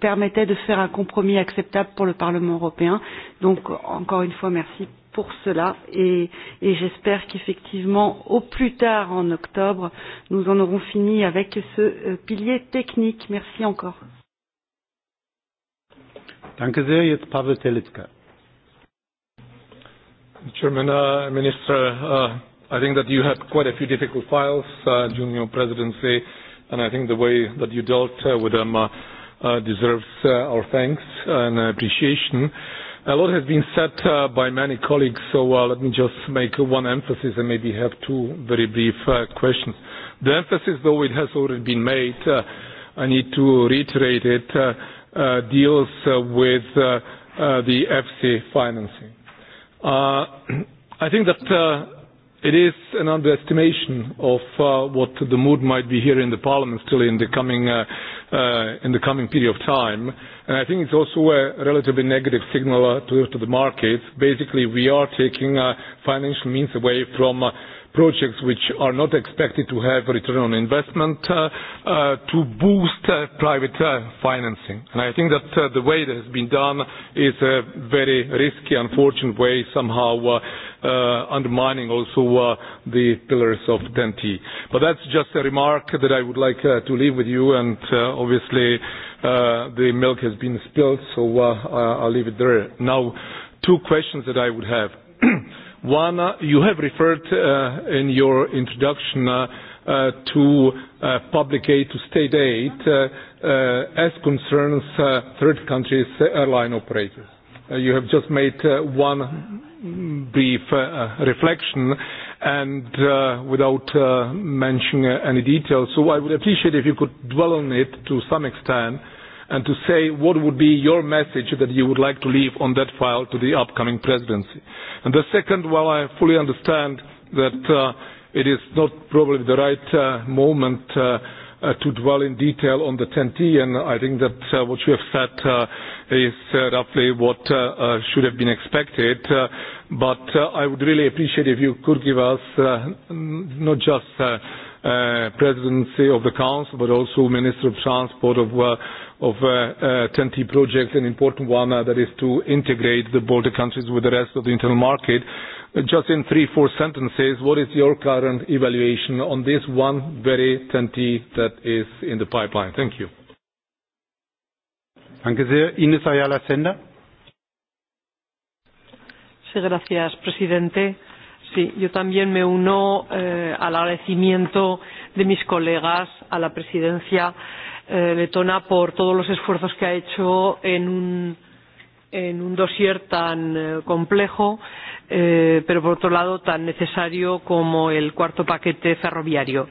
permettaient de faire un compromis acceptable pour le Parlement européen. Donc, encore une fois, merci pour cela et, et j'espère qu'effectivement au plus tard en octobre nous en aurons fini avec ce euh, pilier technique. Merci encore. Danke sehr. Jetzt Pavel Telitska. Chairman, uh, Minister, uh, I think that you had quite a few difficult files uh, during your presidency, and I think the way that you dealt uh, with them uh, uh, deserves uh, our thanks and appreciation. Uh, a lot has been said uh, by many colleagues, so uh, let me just make one emphasis and maybe have two very brief uh, questions. The emphasis, though it has already been made, uh, I need to reiterate it, uh, uh deals uh, with uh, the FC financing. Uh, I think that uh, it is an underestimation of uh, what the mood might be here in the Parliament still in the coming, uh, uh, in the coming period of time And I think it's also a relatively negative signal uh, to, to the markets. Basically, we are taking uh, financial means away from uh, projects which are not expected to have a return on investment uh, to boost uh, private financing. And I think that the way that has been done is a very risky, unfortunate way, somehow undermining also the pillars of TEN-T. But that's just a remark that I would like to leave with you, and obviously Uh, the milk has been spilled, so uh, uh, I'll leave it there. Now, two questions that I would have. One, uh, you have referred in your introduction to public aid to state aid as concerns third countries airline operators. you have just made one brief reflection and without mentioning any details. So I would appreciate if you could dwell on it to some extent and to say what would be your message that you would like to leave on that file to the upcoming presidency. And the second, while I fully understand that uh, it is not probably the right uh, moment uh, uh, to dwell in detail on the 10T, and I think that uh, what you have said uh, is uh, roughly what uh, uh, should have been expected. Uh, but uh, I would really appreciate if you could give us uh, not just uh, uh, presidency of the council but also minister of transport of uh, of uh, uh, 10T project, an important one uh, that is to integrate the Baltic countries with the rest of the internal market. Uh, just in three, four sentences, what is your current evaluation on this one very 10T that is in the pipeline? Thank you. you, gracias, presidente. Sí, yo también me uno eh, al agradecimiento de mis colegas a la presidencia eh, letona por todos los esfuerzos que ha hecho en un, en un dossier tan eh, complejo, eh, pero por otro lado tan necesario como el cuarto paquete ferroviario.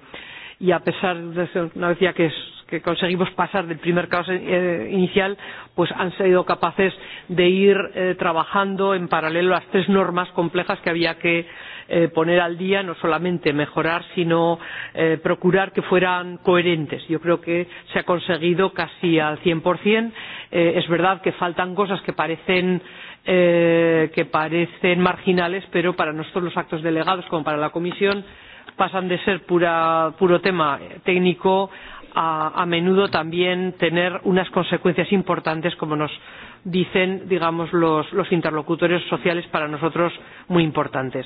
Y a pesar de una vez ya que, es, que conseguimos pasar del primer caos eh, inicial, pues han sido capaces de ir eh, trabajando en paralelo las tres normas complejas que había que Eh, poner al día no solamente mejorar sino eh, procurar que fueran coherentes. yo creo que se ha conseguido casi al cien eh, es verdad que faltan cosas que parecen eh, que parecen marginales pero para nosotros los actos delegados como para la comisión pasan de ser puro tema técnico a, a menudo también tener unas consecuencias importantes como nos dicen digamos los, los interlocutores sociales para nosotros muy importantes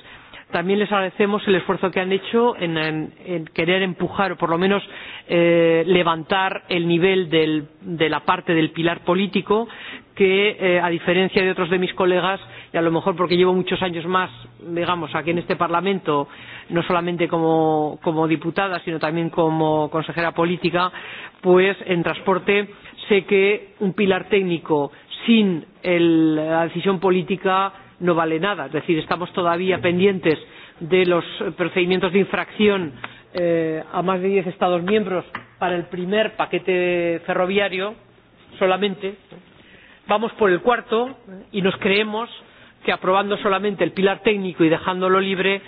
también les agradecemos el esfuerzo que han hecho en, en, querer empujar o por lo menos eh, levantar el nivel del, de la parte del pilar político que eh, a diferencia de otros de mis colegas y a lo mejor porque llevo muchos años más digamos aquí en este parlamento no solamente como, como diputada sino también como consejera política pues en transporte sé que un pilar técnico sin el, la decisión política no vale nada. Es decir, estamos todavía pendientes de los procedimientos de infracción eh, a más de diez Estados miembros para el primer paquete ferroviario solamente. Vamos por el cuarto y nos creemos que aprobando solamente el pilar técnico y dejándolo libre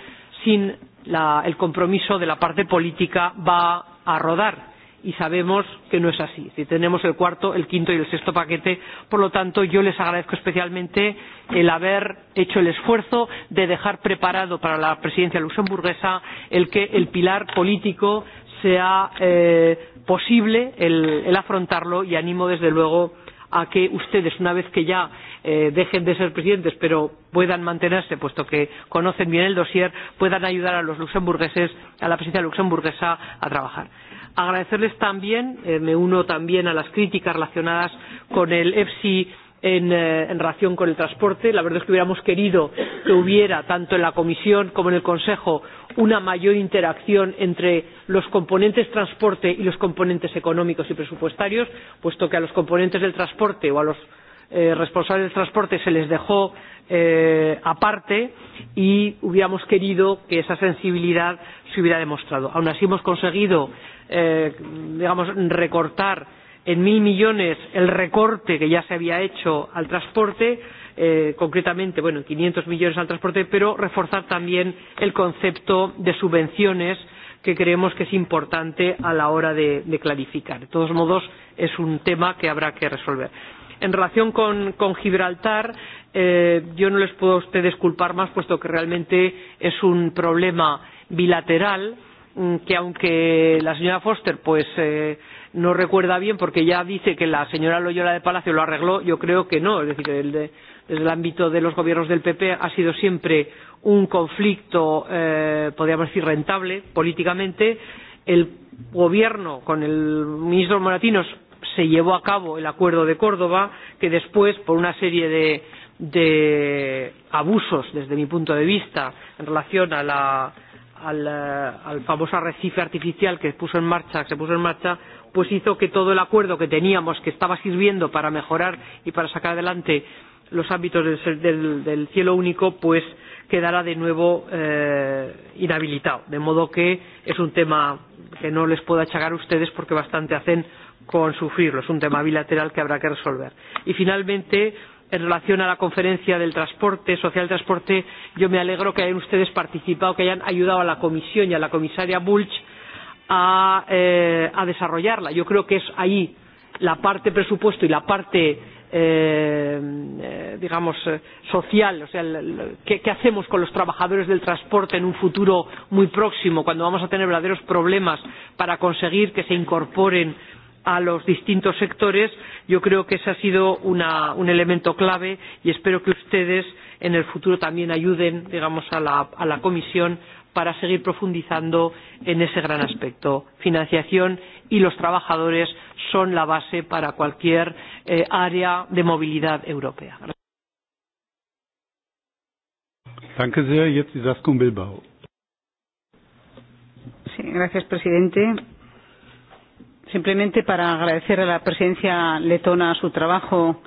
sin la, el compromiso de la parte política va a rodar y sabemos que no es así. Si tenemos el cuarto, el quinto y el sexto paquete, por lo tanto, yo les agradezco especialmente el haber hecho el esfuerzo de dejar preparado para la presidencia luxemburguesa el que el pilar político sea eh, posible el, el afrontarlo y animo desde luego a que ustedes una vez que ya eh, dejen de ser presidentes pero puedan mantenerse puesto que conocen bien el dossier puedan ayudar a los luxemburgueses a la presidencia luxemburguesa a trabajar Agradecerles también, eh, me uno también a las críticas relacionadas con el EFSI en, eh, en relación con el transporte. La verdad es que hubiéramos querido que hubiera, tanto en la Comisión como en el Consejo, una mayor interacción entre los componentes transporte y los componentes económicos y presupuestarios, puesto que a los componentes del transporte o a los eh, responsables del transporte se les dejó eh, aparte y hubiéramos querido que esa sensibilidad se hubiera demostrado. Aun así hemos conseguido eh, digamos, recortar en mil millones el recorte que ya se había hecho al transporte, eh, concretamente, bueno, 500 millones al transporte, pero reforzar también el concepto de subvenciones que creemos que es importante a la hora de, de clarificar. De todos modos, es un tema que habrá que resolver. En relación con, con Gibraltar, eh, yo no les puedo a ustedes culpar más, puesto que realmente es un problema bilateral Mm, que aunque la señora Foster pues eh, no recuerda bien porque ya dice que la señora Loyola de Palacio lo arregló, yo creo que no, es decir, el de, desde el ámbito de los gobiernos del PP ha sido siempre un conflicto, eh, podríamos decir, rentable políticamente. El gobierno con el ministro Moratinos se llevó a cabo el acuerdo de Córdoba, que después, por una serie de, de abusos, desde mi punto de vista, en relación a la al, al famoso arrecife artificial que puso en marcha, que se puso en marcha, pues hizo que todo el acuerdo que teníamos, que estaba sirviendo para mejorar y para sacar adelante los ámbitos del, del, del cielo único, pues quedara de nuevo eh, inhabilitado. De modo que es un tema que no les puedo achacar a ustedes porque bastante hacen con sufrirlo. Es un tema bilateral que habrá que resolver. Y finalmente, en relación a la conferencia del transporte social transporte yo me alegro que hayan ustedes participado que hayan ayudado a la comisión y a la comisaria bulc a, eh, a desarrollarla yo creo que es ahí la parte presupuesto y la parte eh, eh digamos eh, social o sea qué hacemos con los trabajadores del transporte en un futuro muy próximo cuando vamos a tener verdaderos problemas para conseguir que se incorporen a los distintos sectores yo creo que ese ha sido una, un elemento clave y espero que ustedes en el futuro también ayuden digamos a la, a la comisión para seguir profundizando en ese gran aspecto financiación y los trabajadores son la base para cualquier eh, área de movilidad europea. Danke sehr. Jetzt Bilbao. Sí, gracias, presidente simplemente para agradecer a la presidencia letona su trabajo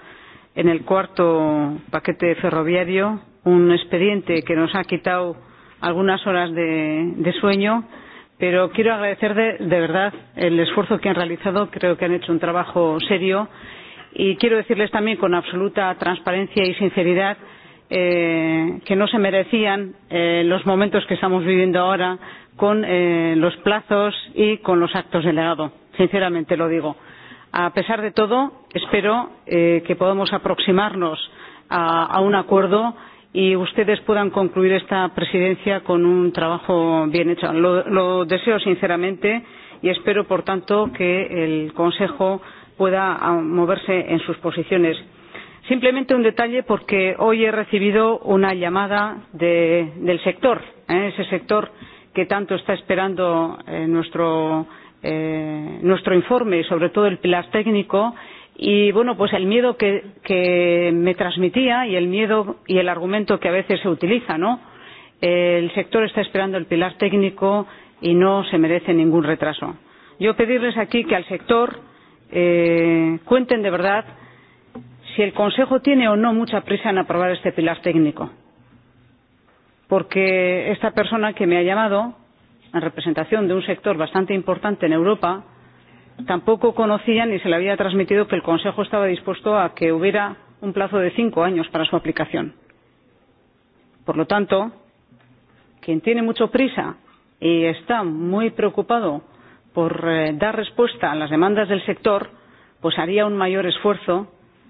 en el cuarto paquete ferroviario, un expediente que nos ha quitado algunas horas de, de sueño, pero quiero agradecer de, de verdad el esfuerzo que han realizado. Creo que han hecho un trabajo serio y quiero decirles también con absoluta transparencia y sinceridad eh, que no se merecían eh, los momentos que estamos viviendo ahora con eh, los plazos y con los actos delegados sinceramente lo digo. A pesar de todo, espero eh, que podamos aproximarnos a, a un acuerdo y ustedes puedan concluir esta presidencia con un trabajo bien hecho. Lo, lo deseo sinceramente y espero, por tanto, que el Consejo pueda ah, moverse en sus posiciones. Simplemente un detalle porque hoy he recibido una llamada de, del sector, ¿eh? ese sector que tanto está esperando eh, nuestro eh, nuestro informe, sobre todo el pilar técnico, y bueno, pues el miedo que, que me transmitía y el miedo y el argumento que a veces se utiliza, ¿no? El sector está esperando el pilar técnico y no se merece ningún retraso. Yo pedirles aquí que al sector eh, cuenten de verdad si el Consejo tiene o no mucha prisa en aprobar este pilar técnico. Porque esta persona que me ha llamado en representación de un sector bastante importante en Europa, tampoco conocía ni se le había transmitido que el Consejo estaba dispuesto a que hubiera un plazo de cinco años para su aplicación. Por lo tanto, quien tiene mucha prisa y está muy preocupado por eh, dar respuesta a las demandas del sector, pues haría un mayor esfuerzo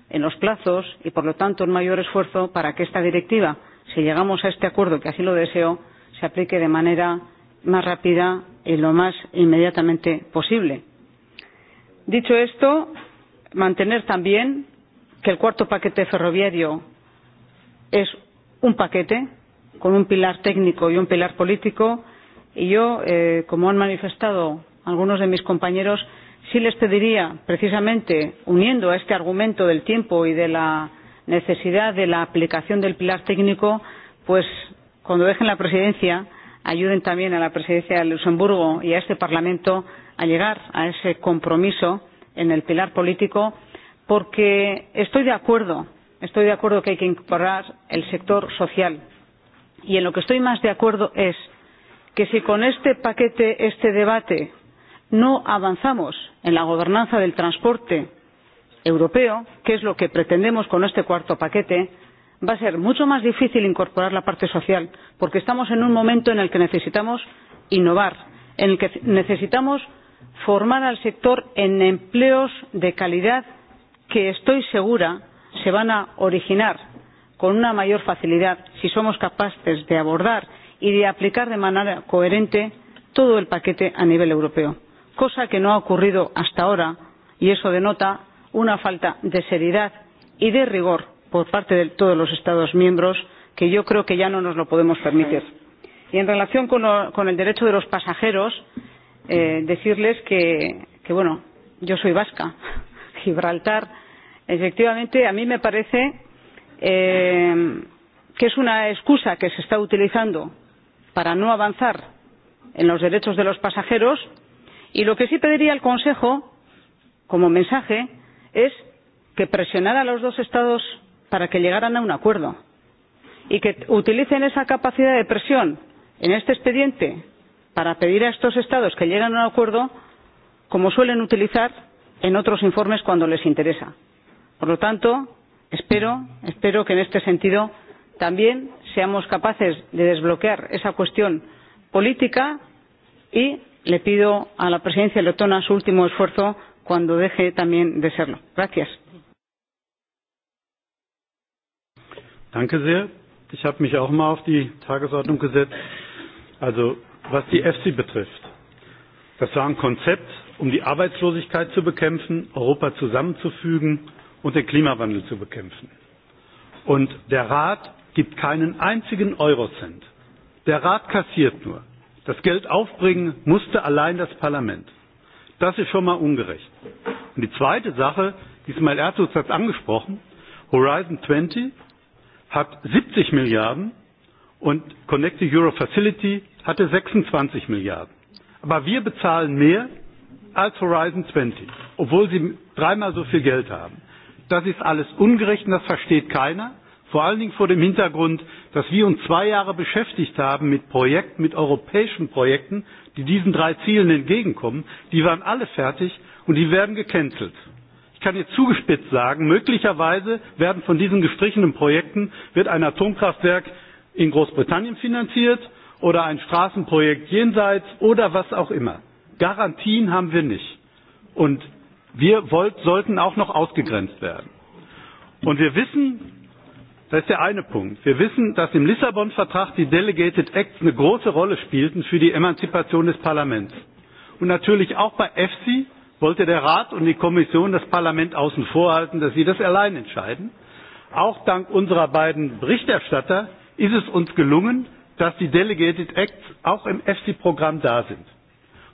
en los plazos y, por lo tanto, un mayor esfuerzo para que esta directiva, si llegamos a este acuerdo, que así lo deseo, se aplique de manera más rápida y lo más inmediatamente posible. Dicho esto, mantener también que el cuarto paquete ferroviario es un paquete con un pilar técnico y un pilar político y yo, eh, como han manifestado algunos de mis compañeros, sí les pediría, precisamente uniendo a este argumento del tiempo y de la necesidad de la aplicación del pilar técnico, pues cuando dejen la presidencia ayuden también a la presidencia de Luxemburgo y a este Parlamento a llegar a ese compromiso en el pilar político porque estoy de acuerdo estoy de acuerdo que hay que incorporar el sector social y en lo que estoy más de acuerdo es que si con este paquete este debate no avanzamos en la gobernanza del transporte europeo que es lo que pretendemos con este cuarto paquete va a ser mucho más difícil incorporar la parte social porque estamos en un momento en el que necesitamos innovar en el que necesitamos formar al sector en empleos de calidad que estoy segura se van a originar con una mayor facilidad si somos capaces de abordar y de aplicar de manera coherente todo el paquete a nivel europeo cosa que no ha ocurrido hasta ahora y eso denota una falta de seriedad y de rigor por parte de todos los Estados miembros que yo creo que ya no nos lo podemos permitir. Y en relación con, lo, con el derecho de los pasajeros, eh, decirles que, que, bueno, yo soy vasca. Gibraltar, efectivamente, a mí me parece eh, que es una excusa que se está utilizando para no avanzar en los derechos de los pasajeros. Y lo que sí pediría al Consejo, como mensaje, es que presionara a los dos Estados para que llegaran a un acuerdo y que utilicen esa capacidad de presión en este expediente para pedir a estos estados que lleguen a un acuerdo como suelen utilizar en otros informes cuando les interesa. Por lo tanto, espero, espero que en este sentido también seamos capaces de desbloquear esa cuestión política y le pido a la presidencia letona su último esfuerzo cuando deje también de serlo. Gracias. Danke sehr. Ich habe mich auch mal auf die Tagesordnung gesetzt. Also was die EFSI betrifft. Das war ein Konzept, um die Arbeitslosigkeit zu bekämpfen, Europa zusammenzufügen und den Klimawandel zu bekämpfen. Und der Rat gibt keinen einzigen Eurocent. Der Rat kassiert nur. Das Geld aufbringen musste allein das Parlament. Das ist schon mal ungerecht. Und die zweite Sache, Ismail Ertug hat es angesprochen, Horizon 20 hat 70 Milliarden und Connected Euro Facility hatte 26 Milliarden. Aber wir bezahlen mehr als Horizon 20, obwohl sie dreimal so viel Geld haben. Das ist alles ungerecht und das versteht keiner. Vor allen Dingen vor dem Hintergrund, dass wir uns zwei Jahre beschäftigt haben mit Projekten, mit europäischen Projekten, die diesen drei Zielen entgegenkommen. Die waren alle fertig und die werden gecancelt. Ich kann jetzt zugespitzt sagen, möglicherweise werden von diesen gestrichenen Projekten wird ein Atomkraftwerk in Großbritannien finanziert oder ein Straßenprojekt jenseits oder was auch immer. Garantien haben wir nicht. Und wir wollt, sollten auch noch ausgegrenzt werden. Und wir wissen, das ist der eine Punkt, wir wissen, dass im Lissabon-Vertrag die Delegated Acts eine große Rolle spielten für die Emanzipation des Parlaments. Und natürlich auch bei EFSI wollte der Rat und die Kommission das Parlament außen vor halten, dass sie das allein entscheiden. Auch dank unserer beiden Berichterstatter ist es uns gelungen, dass die Delegated Acts auch im EFSI-Programm da sind.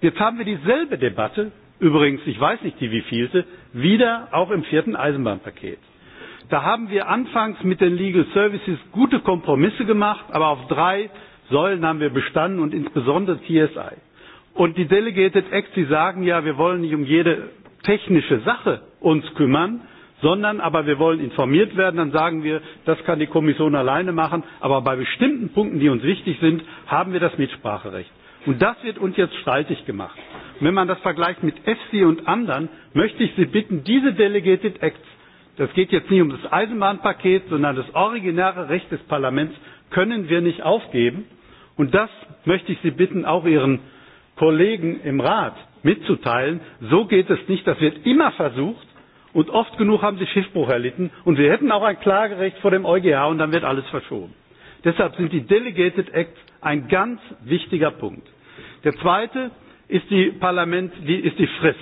Jetzt haben wir dieselbe Debatte, übrigens, ich weiß nicht die wievielte, wieder auch im vierten Eisenbahnpaket. Da haben wir anfangs mit den Legal Services gute Kompromisse gemacht, aber auf drei Säulen haben wir bestanden und insbesondere TSI. Und die Delegated Acts, die sagen ja, wir wollen nicht um jede technische Sache uns kümmern, sondern aber wir wollen informiert werden, dann sagen wir, das kann die Kommission alleine machen, aber bei bestimmten Punkten, die uns wichtig sind, haben wir das Mitspracherecht. Und das wird uns jetzt streitig gemacht. Und wenn man das vergleicht mit EFSI und anderen, möchte ich Sie bitten, diese Delegated Acts, das geht jetzt nicht um das Eisenbahnpaket, sondern das originäre Recht des Parlaments können wir nicht aufgeben. Und das möchte ich Sie bitten, auch Ihren Kollegen im Rat mitzuteilen, so geht es nicht, das wird immer versucht und oft genug haben sie Schiffbruch erlitten und wir hätten auch ein Klagerecht vor dem EuGH und dann wird alles verschoben. Deshalb sind die Delegated Acts ein ganz wichtiger Punkt. Der zweite ist die Parlament, die ist die Frist.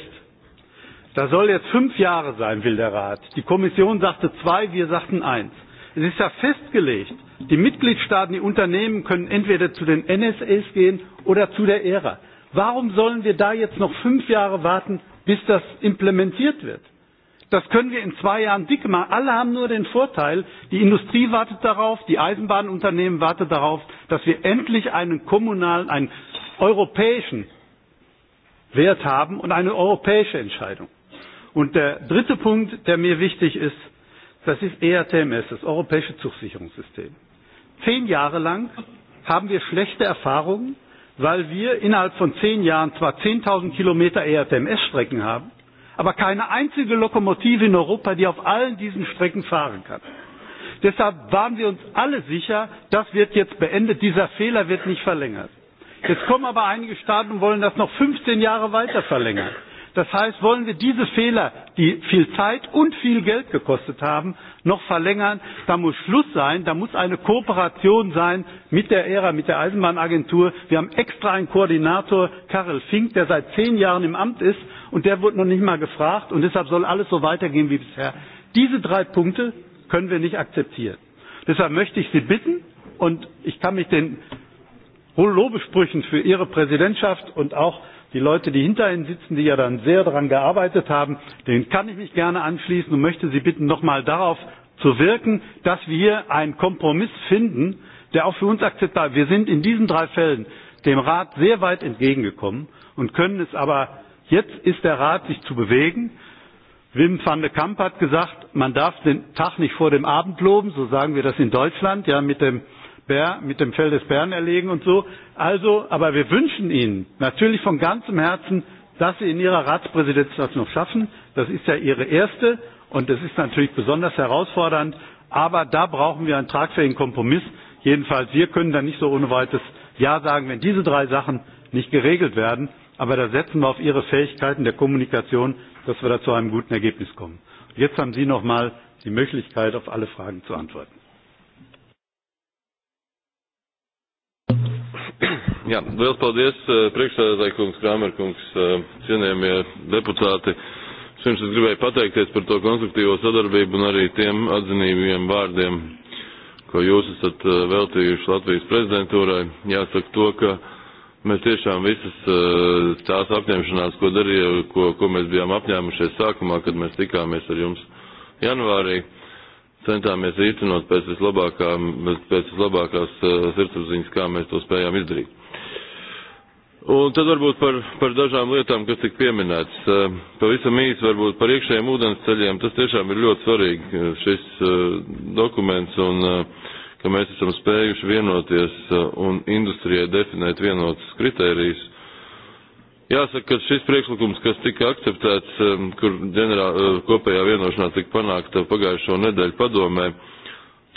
Da soll jetzt fünf Jahre sein, will der Rat. Die Kommission sagte zwei, wir sagten eins. Es ist ja festgelegt, die Mitgliedstaaten, die Unternehmen können entweder zu den NSAs gehen oder zu der ERA. Warum sollen wir da jetzt noch fünf Jahre warten, bis das implementiert wird? Das können wir in zwei Jahren dick machen. Alle haben nur den Vorteil, die Industrie wartet darauf, die Eisenbahnunternehmen wartet darauf, dass wir endlich einen kommunalen, einen europäischen Wert haben und eine europäische Entscheidung. Und der dritte Punkt, der mir wichtig ist, das ist ERTMS, das europäische Zugsicherungssystem. Zehn Jahre lang haben wir schlechte Erfahrungen weil wir innerhalb von zehn Jahren zwar 10.000 Kilometer ERTMS-Strecken haben, aber keine einzige Lokomotive in Europa, die auf allen diesen Strecken fahren kann. Deshalb waren wir uns alle sicher, das wird jetzt beendet, dieser Fehler wird nicht verlängert. Jetzt kommen aber einige Staaten und wollen das noch 15 Jahre weiter verlängern. Das heißt, wollen wir diese Fehler, die viel Zeit und viel Geld gekostet haben, noch verlängern, da muss Schluss sein, da muss eine Kooperation sein mit der ERA, mit der Eisenbahnagentur. Wir haben extra einen Koordinator, Karel Fink, der seit zehn Jahren im Amt ist und der wurde noch nicht mal gefragt und deshalb soll alles so weitergehen wie bisher. Diese drei Punkte können wir nicht akzeptieren. Deshalb möchte ich Sie bitten und ich kann mich den Lobesprüchen für Ihre Präsidentschaft und auch die Leute, die hinter Ihnen sitzen, die ja dann sehr daran gearbeitet haben, denen kann ich mich gerne anschließen und möchte Sie bitten, nochmal darauf zu wirken, dass wir einen Kompromiss finden, der auch für uns akzeptabel ist. Wir sind in diesen drei Fällen dem Rat sehr weit entgegengekommen und können es aber, jetzt ist der Rat, sich zu bewegen. Wim van de Kamp hat gesagt, man darf den Tag nicht vor dem Abend loben, so sagen wir das in Deutschland, ja, mit dem mit dem Fell des Bären erlegen und so. Also, aber wir wünschen Ihnen natürlich von ganzem Herzen, dass Sie in Ihrer Ratspräsidentschaft das noch schaffen. Das ist ja Ihre erste und das ist natürlich besonders herausfordernd. Aber da brauchen wir einen tragfähigen Kompromiss. Jedenfalls, wir können da nicht so ohne weites Ja sagen, wenn diese drei Sachen nicht geregelt werden. Aber da setzen wir auf Ihre Fähigkeiten der Kommunikation, dass wir da zu einem guten Ergebnis kommen. Jetzt haben Sie noch mal die Möglichkeit, auf alle Fragen zu antworten. Ja, liels paldies eh, priekšsēdētāji kungs, kungs eh, cienējamie deputāti. Šim es gribēju pateikties par to konstruktīvo sadarbību un arī tiem atzinīgiem vārdiem, ko jūs esat eh, veltījuši Latvijas prezidentūrai. Jāsaka to, ka mēs tiešām visas tās apņemšanās, ko darīja, ko, ko mēs bijām apņēmušies sākumā, kad mēs tikāmies ar jums janvārī, centāmies īstenot pēc vislabākās, pēc vislabākās sirdsapziņas, kā mēs to spējām izdarīt. Un tad varbūt par, par dažām lietām, kas tika pieminēts. Eh, pavisam īsi varbūt par iekšējiem ceļiem, Tas tiešām ir ļoti svarīgi eh, šis eh, dokuments un ka mēs esam spējuši vienoties un industrijai definēt vienotas kritērijus. Jāsaka, ka šis priekšlikums, kas tika akceptēts, kur ģenerā, kopējā vienošanā tika panākta pagājušo nedēļu padomē,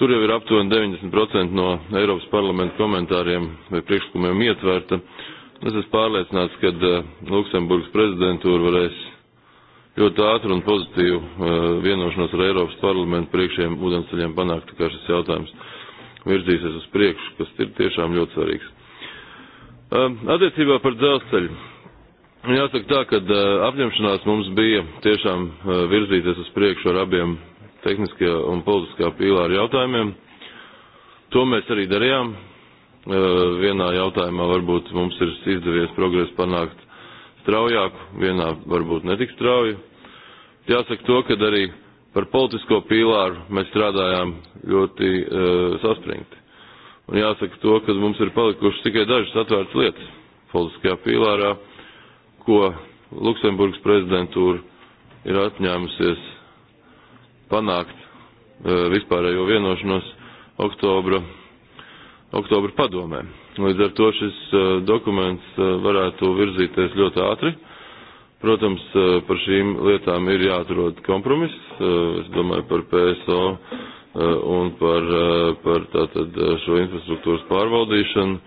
tur jau ir aptuveni 90% no Eiropas parlamenta komentāriem vai priekšlikumiem ietverta. Es esmu pārliecināts, ka eh, Luksemburgas prezidentūra varēs ļoti ātri un pozitīvu eh, vienošanos ar Eiropas parlamentu priekšējiem ūdensceļiem panākt, ka šis jautājums virzīsies uz priekšu, kas ir tiešām ļoti svarīgs. Eh, attiecībā par dzelzceļu. Jāsaka tā, ka apņemšanās mums bija tiešām virzīties uz priekšu ar abiem tehniskajā un politiskā pīlāru jautājumiem. To mēs arī darījām. E, vienā jautājumā varbūt mums ir izdevies progresu panākt straujāk, vienā varbūt netik strauju Jāsaka to, ka arī par politisko pīlāru mēs strādājām ļoti e, saspringti. Un jāsaka to, ka mums ir palikušas tikai dažas atvērtas lietas politiskajā pīlārā, ko Luksemburgas prezidentūra ir atņēmusies panākt e, vispārējo vienošanos oktobra oktobra padomē. Līdz ar to šis eh, dokuments eh, varētu virzīties ļoti ātri. Protams, eh, par šīm lietām ir jāatrod kompromis. Es domāju par PSO un par, par tātad šo infrastruktūras pārvaldīšanu,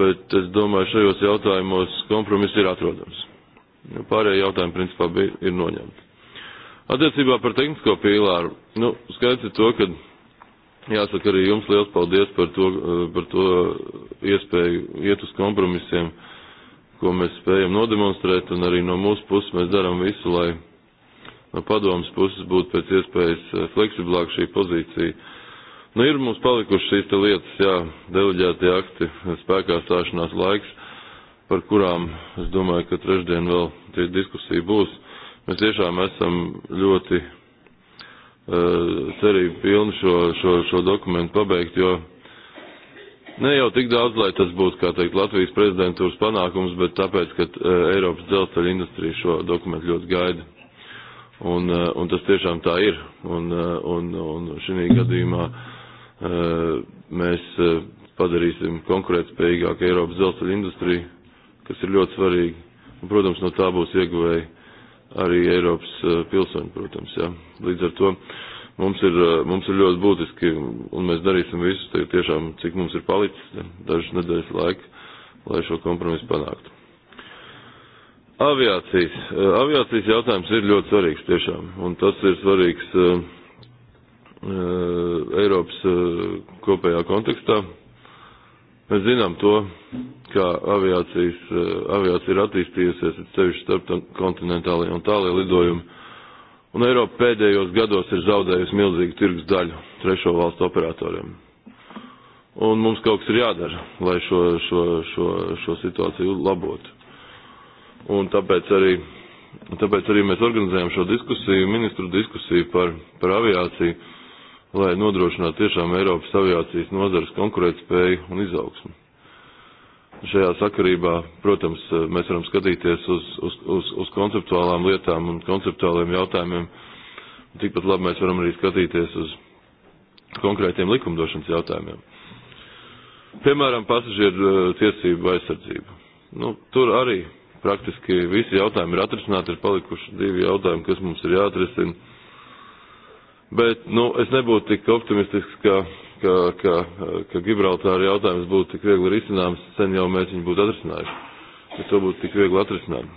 bet es domāju, šajos jautājumos kompromis ir atrodams. Pārējie jautājumi, principā, bija, ir noņemti. Attiecībā par tehnisko pīlāru, nu, skaidrs ir to, ka Jāsaka arī jums liels paldies par to, eh, par to iespēju iet uz kompromisiem, ko mēs spējam nodemonstrēt, un arī no mūsu puses mēs darām visu, lai no padomas puses būtu pēc iespējas eh, fleksiblāk šī pozīcija. Nu, ir mums palikušas šīs te lietas, jā, deliģēti akti, spēkā stāšanās laiks, par kurām es domāju, ka trešdien vēl tie diskusija būs. Mēs tiešām esam ļoti cerību e, pilnu šo, šo, šo dokumentu pabeigt, jo ne jau tik daudz, lai tas būtu, kā teikt, Latvijas prezidentūras panākums, bet tāpēc, ka e, Eiropas dzelzceļa industrija šo dokumentu ļoti gaida. Un, e, un tas tiešām tā ir. Un, un, un šī gadījumā mēs padarīsim konkurētspējīgāku Eiropas dzelzceļa industriju, kas ir ļoti svarīgi. Un, protams, no tā būs ieguvēji arī Eiropas eh, pilsoņi, protams, jā. Līdz ar to mums ir, eh, mums ir ļoti būtiski, un mēs darīsim visu, tagad tiešām, cik mums ir palicis, dažas nedēļas laika, lai šo kompromisu panāktu. Aviācijas. Eh, aviācijas jautājums ir ļoti svarīgs tiešām, un tas ir svarīgs uh, Eiropas kopējā kontekstā. Mēs zinām to, ka aviācijas, eh, aviācija ir attīstījusies, sevišķi starp kontinentālajie un tālie lidojumiem, un Eiropa pēdējos gados ir zaudējusi milzīgu tirgus daļu trešo valstu operatoriem. Un mums kaut kas ir jādara, lai šo, šo, šo, šo situāciju labotu. Un tāpēc arī, tāpēc arī mēs organizējam šo diskusiju, ministru diskusiju par, par aviāciju lai nodrošinātu tiešām Eiropas aviācijas nozares konkurētspēju un izaugsmu. Šajā sakarībā, protams, mēs varam skatīties uz, uz, uz, uz konceptuālām lietām un konceptuāliem jautājumiem. Tikpat labi mēs varam arī skatīties uz konkrētiem likumdošanas jautājumiem. Piemēram, pasažieru eh, tiesību aizsardzību. Nu, tur arī praktiski visi jautājumi ir atrisināti, ir palikuši divi jautājumi, kas mums ir jāatrisina. Bet, nu, es nebūtu tik optimistisks, ka, ka, ka, ka Gibraltāra jautājums būtu tik viegli risināms, sen jau mēs viņu būtu atrisinājuši. Bet to būtu tik viegli atrisināt.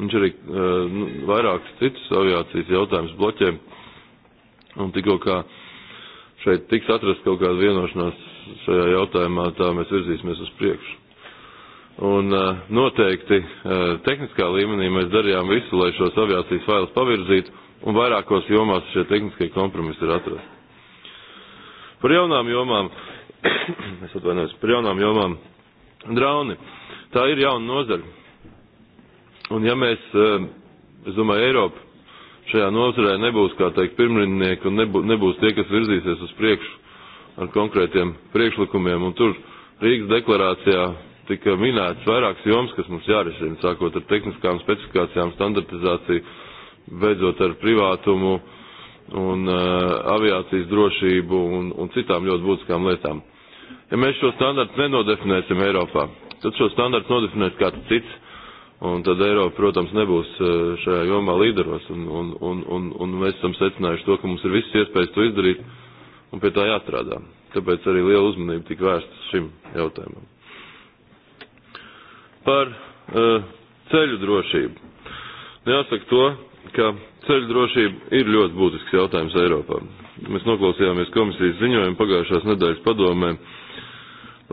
Viņš arī e, nu, vairākas citas aviācijas jautājumus bloķē. Un tikko kā šeit tiks atrast kaut kāda vienošanās šajā jautājumā, tā mēs virzīsimies uz priekšu. Un e, noteikti e, tehniskā līmenī mēs darījām visu, lai šos aviācijas failus pavirzītu un vairākos jomās šie tehniskie kompromisi ir atrasti. Par jomām, es atvainojos, par jaunām jomām drauni. Tā ir jauna eh, nozara. Un ja mēs, es domāju, Eiropa šajā nozarē nebūs, kā teikt, pirmrindnieki un nebūs tie, kas virzīsies uz priekšu ar konkrētiem priekšlikumiem. Un tur Rīgas deklarācijā tika mināts vairākas joms... kas mums jārisina, sākot ar tehniskām specifikācijām, standartizāciju, beidzot ar privātumu un e, aviācijas drošību un, un citām ļoti būtiskām lietām. Ja mēs šo standartu nenodefinēsim Eiropā, tad šo standartu nodefinēs kāds cits, un tad Eiropa, protams, nebūs e, šajā jomā līderos, un, un, un, un, un mēs esam secinājuši to, ka mums ir visas iespējas to izdarīt, un pie tā jāstrādā. Tāpēc arī liela uzmanība tika vērsta šim jautājumam. Par uh, ceļu drošību. Jāsaka to, ka ceļu drošība ir ļoti būtisks jautājums Eiropā. Mēs noklausījāmies komisijas ziņojumu pagājušās nedēļas padomē.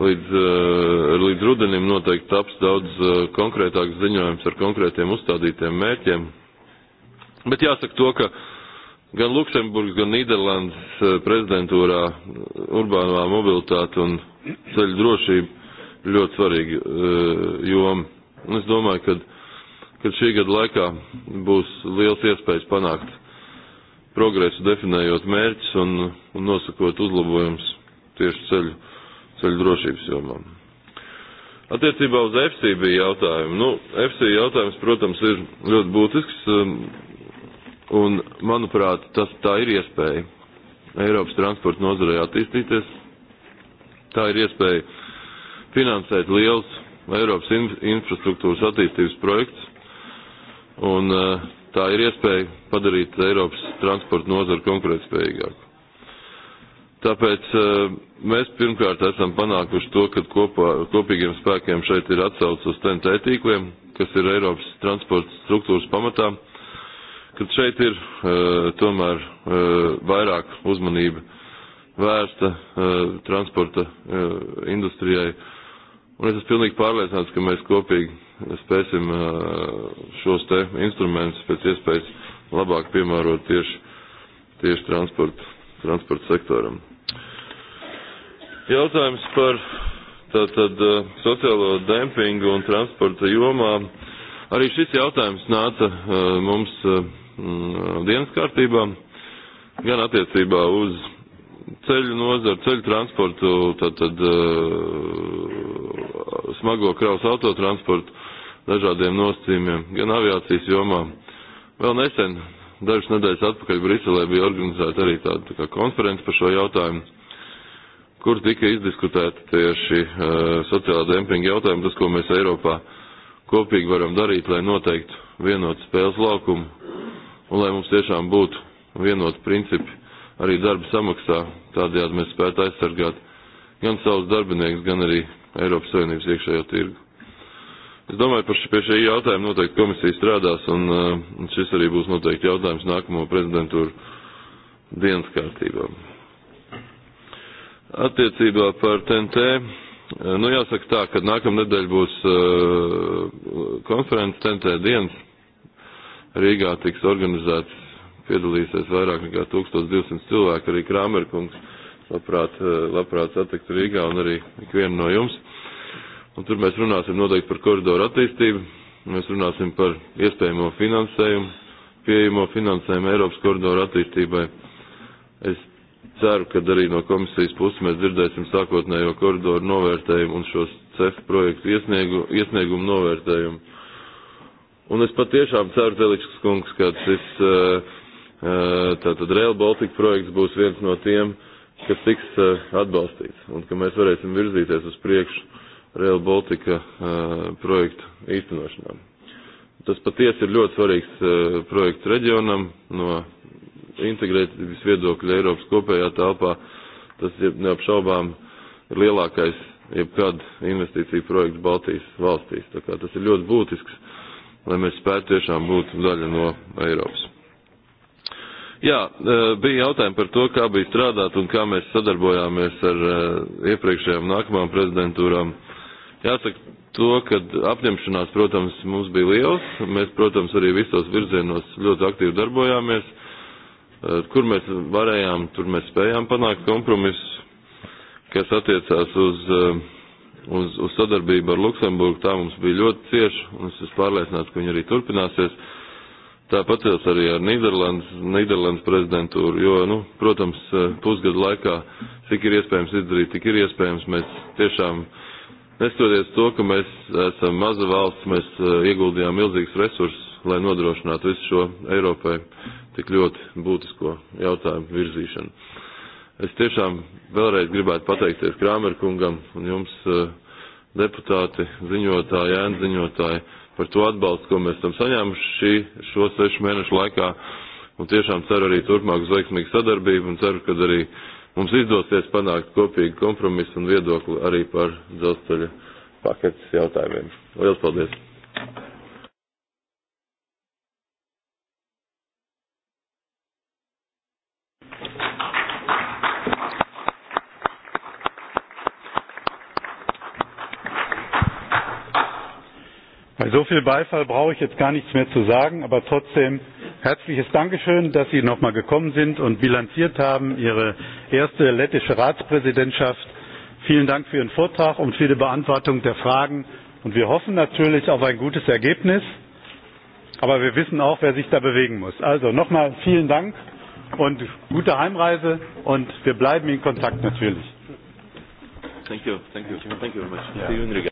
Līdz, eh, līdz rudenim noteikti taps daudz eh, konkrētāks ziņojums ar konkrētiem uzstādītiem mērķiem. Bet jāsaka to, ka gan Luksemburgas, gan Nīderlandes eh, prezidentūrā urbānā mobilitāte un ceļu drošība ļoti svarīgi joma. Es domāju, ka kad šī gada laikā būs liels iespējas panākt progresu, definējot mērķus un, un nosakot uzlabojumus tieši ceļu, ceļu drošības jomā. Attiecībā uz FC bija jautājumi. Nu, FC jautājums, protams, ir ļoti būtisks, um, un, manuprāt, tas, tā ir iespēja Eiropas transporta nozarei attīstīties. Tā ir iespēja finansēt liels Eiropas infrastruktūras attīstības projekts, un e, tā ir iespēja padarīt Eiropas transportu nozaru konkurētspējīgāku. Tāpēc e, mēs pirmkārt esam panākuši to, ka kopīgiem spēkiem šeit ir atsaucis uz TNT tīkliem, kas ir Eiropas transporta struktūras pamatā, kad šeit ir e, tomēr vairāk uzmanība vērsta transporta industrijai Un es esmu pilnīgi pārliecināts, ka mēs kopīgi spēsim eh, šos te instrumentus pēc iespējas labāk piemērot tieši, tieši transporta, transport sektoram. Jautājums par tad eh, sociālo dempingu un transporta jomā. Arī šis jautājums nāca eh, mums mm, dienas kārtībā, gan attiecībā uz ceļu nozaru, ceļu transportu, tātad smago kraus autotransport dažādiem nosacījumiem, gan aviācijas jomā. Vel nesen, dažas nedēļas atpakaļ Briselē bija organizēta arī tāda tā par šo jautājumu, kur tika izdiskutēta tieši uh, e, sociālā dempinga jautājumu, tas, ko mēs Eiropā kopīgi varam darīt, lai noteiktu vienotu spēles laukumu un lai mums tiešām būtu vienoti principi arī darba samaksā, tādējādi mēs spētu aizsargāt gan savus darbiniekus, gan arī Eiropas Savienības iekšējo tirgu. Es domāju, par šie, šie jautājumi jautājuma noteikti komisija strādās, un, eh, un šis arī būs noteikti jautājums nākamo prezidentūru dienas kārtībā. Attiecībā par TNT, eh, nu jāsaka tā, ka nākamā nedēļa būs eh, konference TNT dienas. Rīgā tiks organizēts, piedalīsies vairāk nekā 1200 cilvēku, arī Krāmerkungs labprāt, eh, labprāt satikt Rīgā un arī ikvienu no jums. Un tur mēs runāsim noteikti par koridoru attīstību, mēs runāsim par iespējamo finansējumu, pieejamo finansējumu Eiropas koridoru attīstībai. Es ceru, ka arī no komisijas puses mēs dzirdēsim sākotnējo koridoru novērtējumu un šos CEF projektu iesniegu, iesniegumu novērtējumu. Un es patiešām ceru, Teličs kungs, ka šis eh, eh, tātad Rail Baltica projekts būs viens no tiem, kas tiks e, atbalstīts un ka mēs varēsim virzīties uz priekšu Real Baltica e, projektu īstenošanām. Tas paties ir ļoti svarīgs e, projekts reģionam no integrētības viedokļa Eiropas kopējā telpā. Tas ir neapšaubām lielākais jebkad investīciju projekts Baltijas valstīs. Tā kā tas ir ļoti būtisks, lai mēs spētu tiešām būt daļa no Eiropas. Jā, e, bija jautājumi par to, kā bija strādāt un kā mēs sadarbojāmies ar e, iepriekšējām nākamām prezidentūrām. Jāsaka to, kad apņemšanās, protams, mums bija liels. Mēs, protams, arī visos virzienos ļoti aktīvi darbojāmies. E, kur mēs varējām, tur mēs spējām panākt kompromisu, kas attiecās uz, uz, uz sadarbību ar Luksemburgu. Tā mums bija ļoti cieša un es esmu pārliecināts, ka viņi arī turpināsies. Tāpat arī ar Nīderlandes, Nīderlandes prezidentūru, jo, nu, protams, eh, pusgadu laikā, cik ir iespējams izdarīt, tik ir iespējams. Mēs tiešām, neskatoties to, ka mēs esam maza valsts, mēs eh, ieguldījām milzīgs resursus, lai nodrošinātu visu šo Eiropai tik ļoti būtisko jautājumu virzīšanu. Es tiešām vēlreiz gribētu pateikties Krāmerkungam un jums eh, deputāti, ziņotāji, ēnziņotāji par to atbalstu, ko mēs tam saņēmuši šī, šo sešu mēnešu laikā. Un tiešām ceru arī turpmāk uz veiksmīgu sadarbību un ceru, ka arī mums izdosies panākt kopīgu kompromisu un viedokli arī par dzelzceļa paketes jautājumiem. Lielas paldies! Bei so viel Beifall brauche ich jetzt gar nichts mehr zu sagen, aber trotzdem herzliches Dankeschön, dass Sie noch mal gekommen sind und bilanziert haben, Ihre erste lettische Ratspräsidentschaft. Vielen Dank für Ihren Vortrag und für die Beantwortung der Fragen. Und wir hoffen natürlich auf ein gutes Ergebnis, aber wir wissen auch, wer sich da bewegen muss. Also nochmal vielen Dank und gute Heimreise und wir bleiben in Kontakt natürlich. Thank you. Thank you. Thank you very much. Yeah. See you in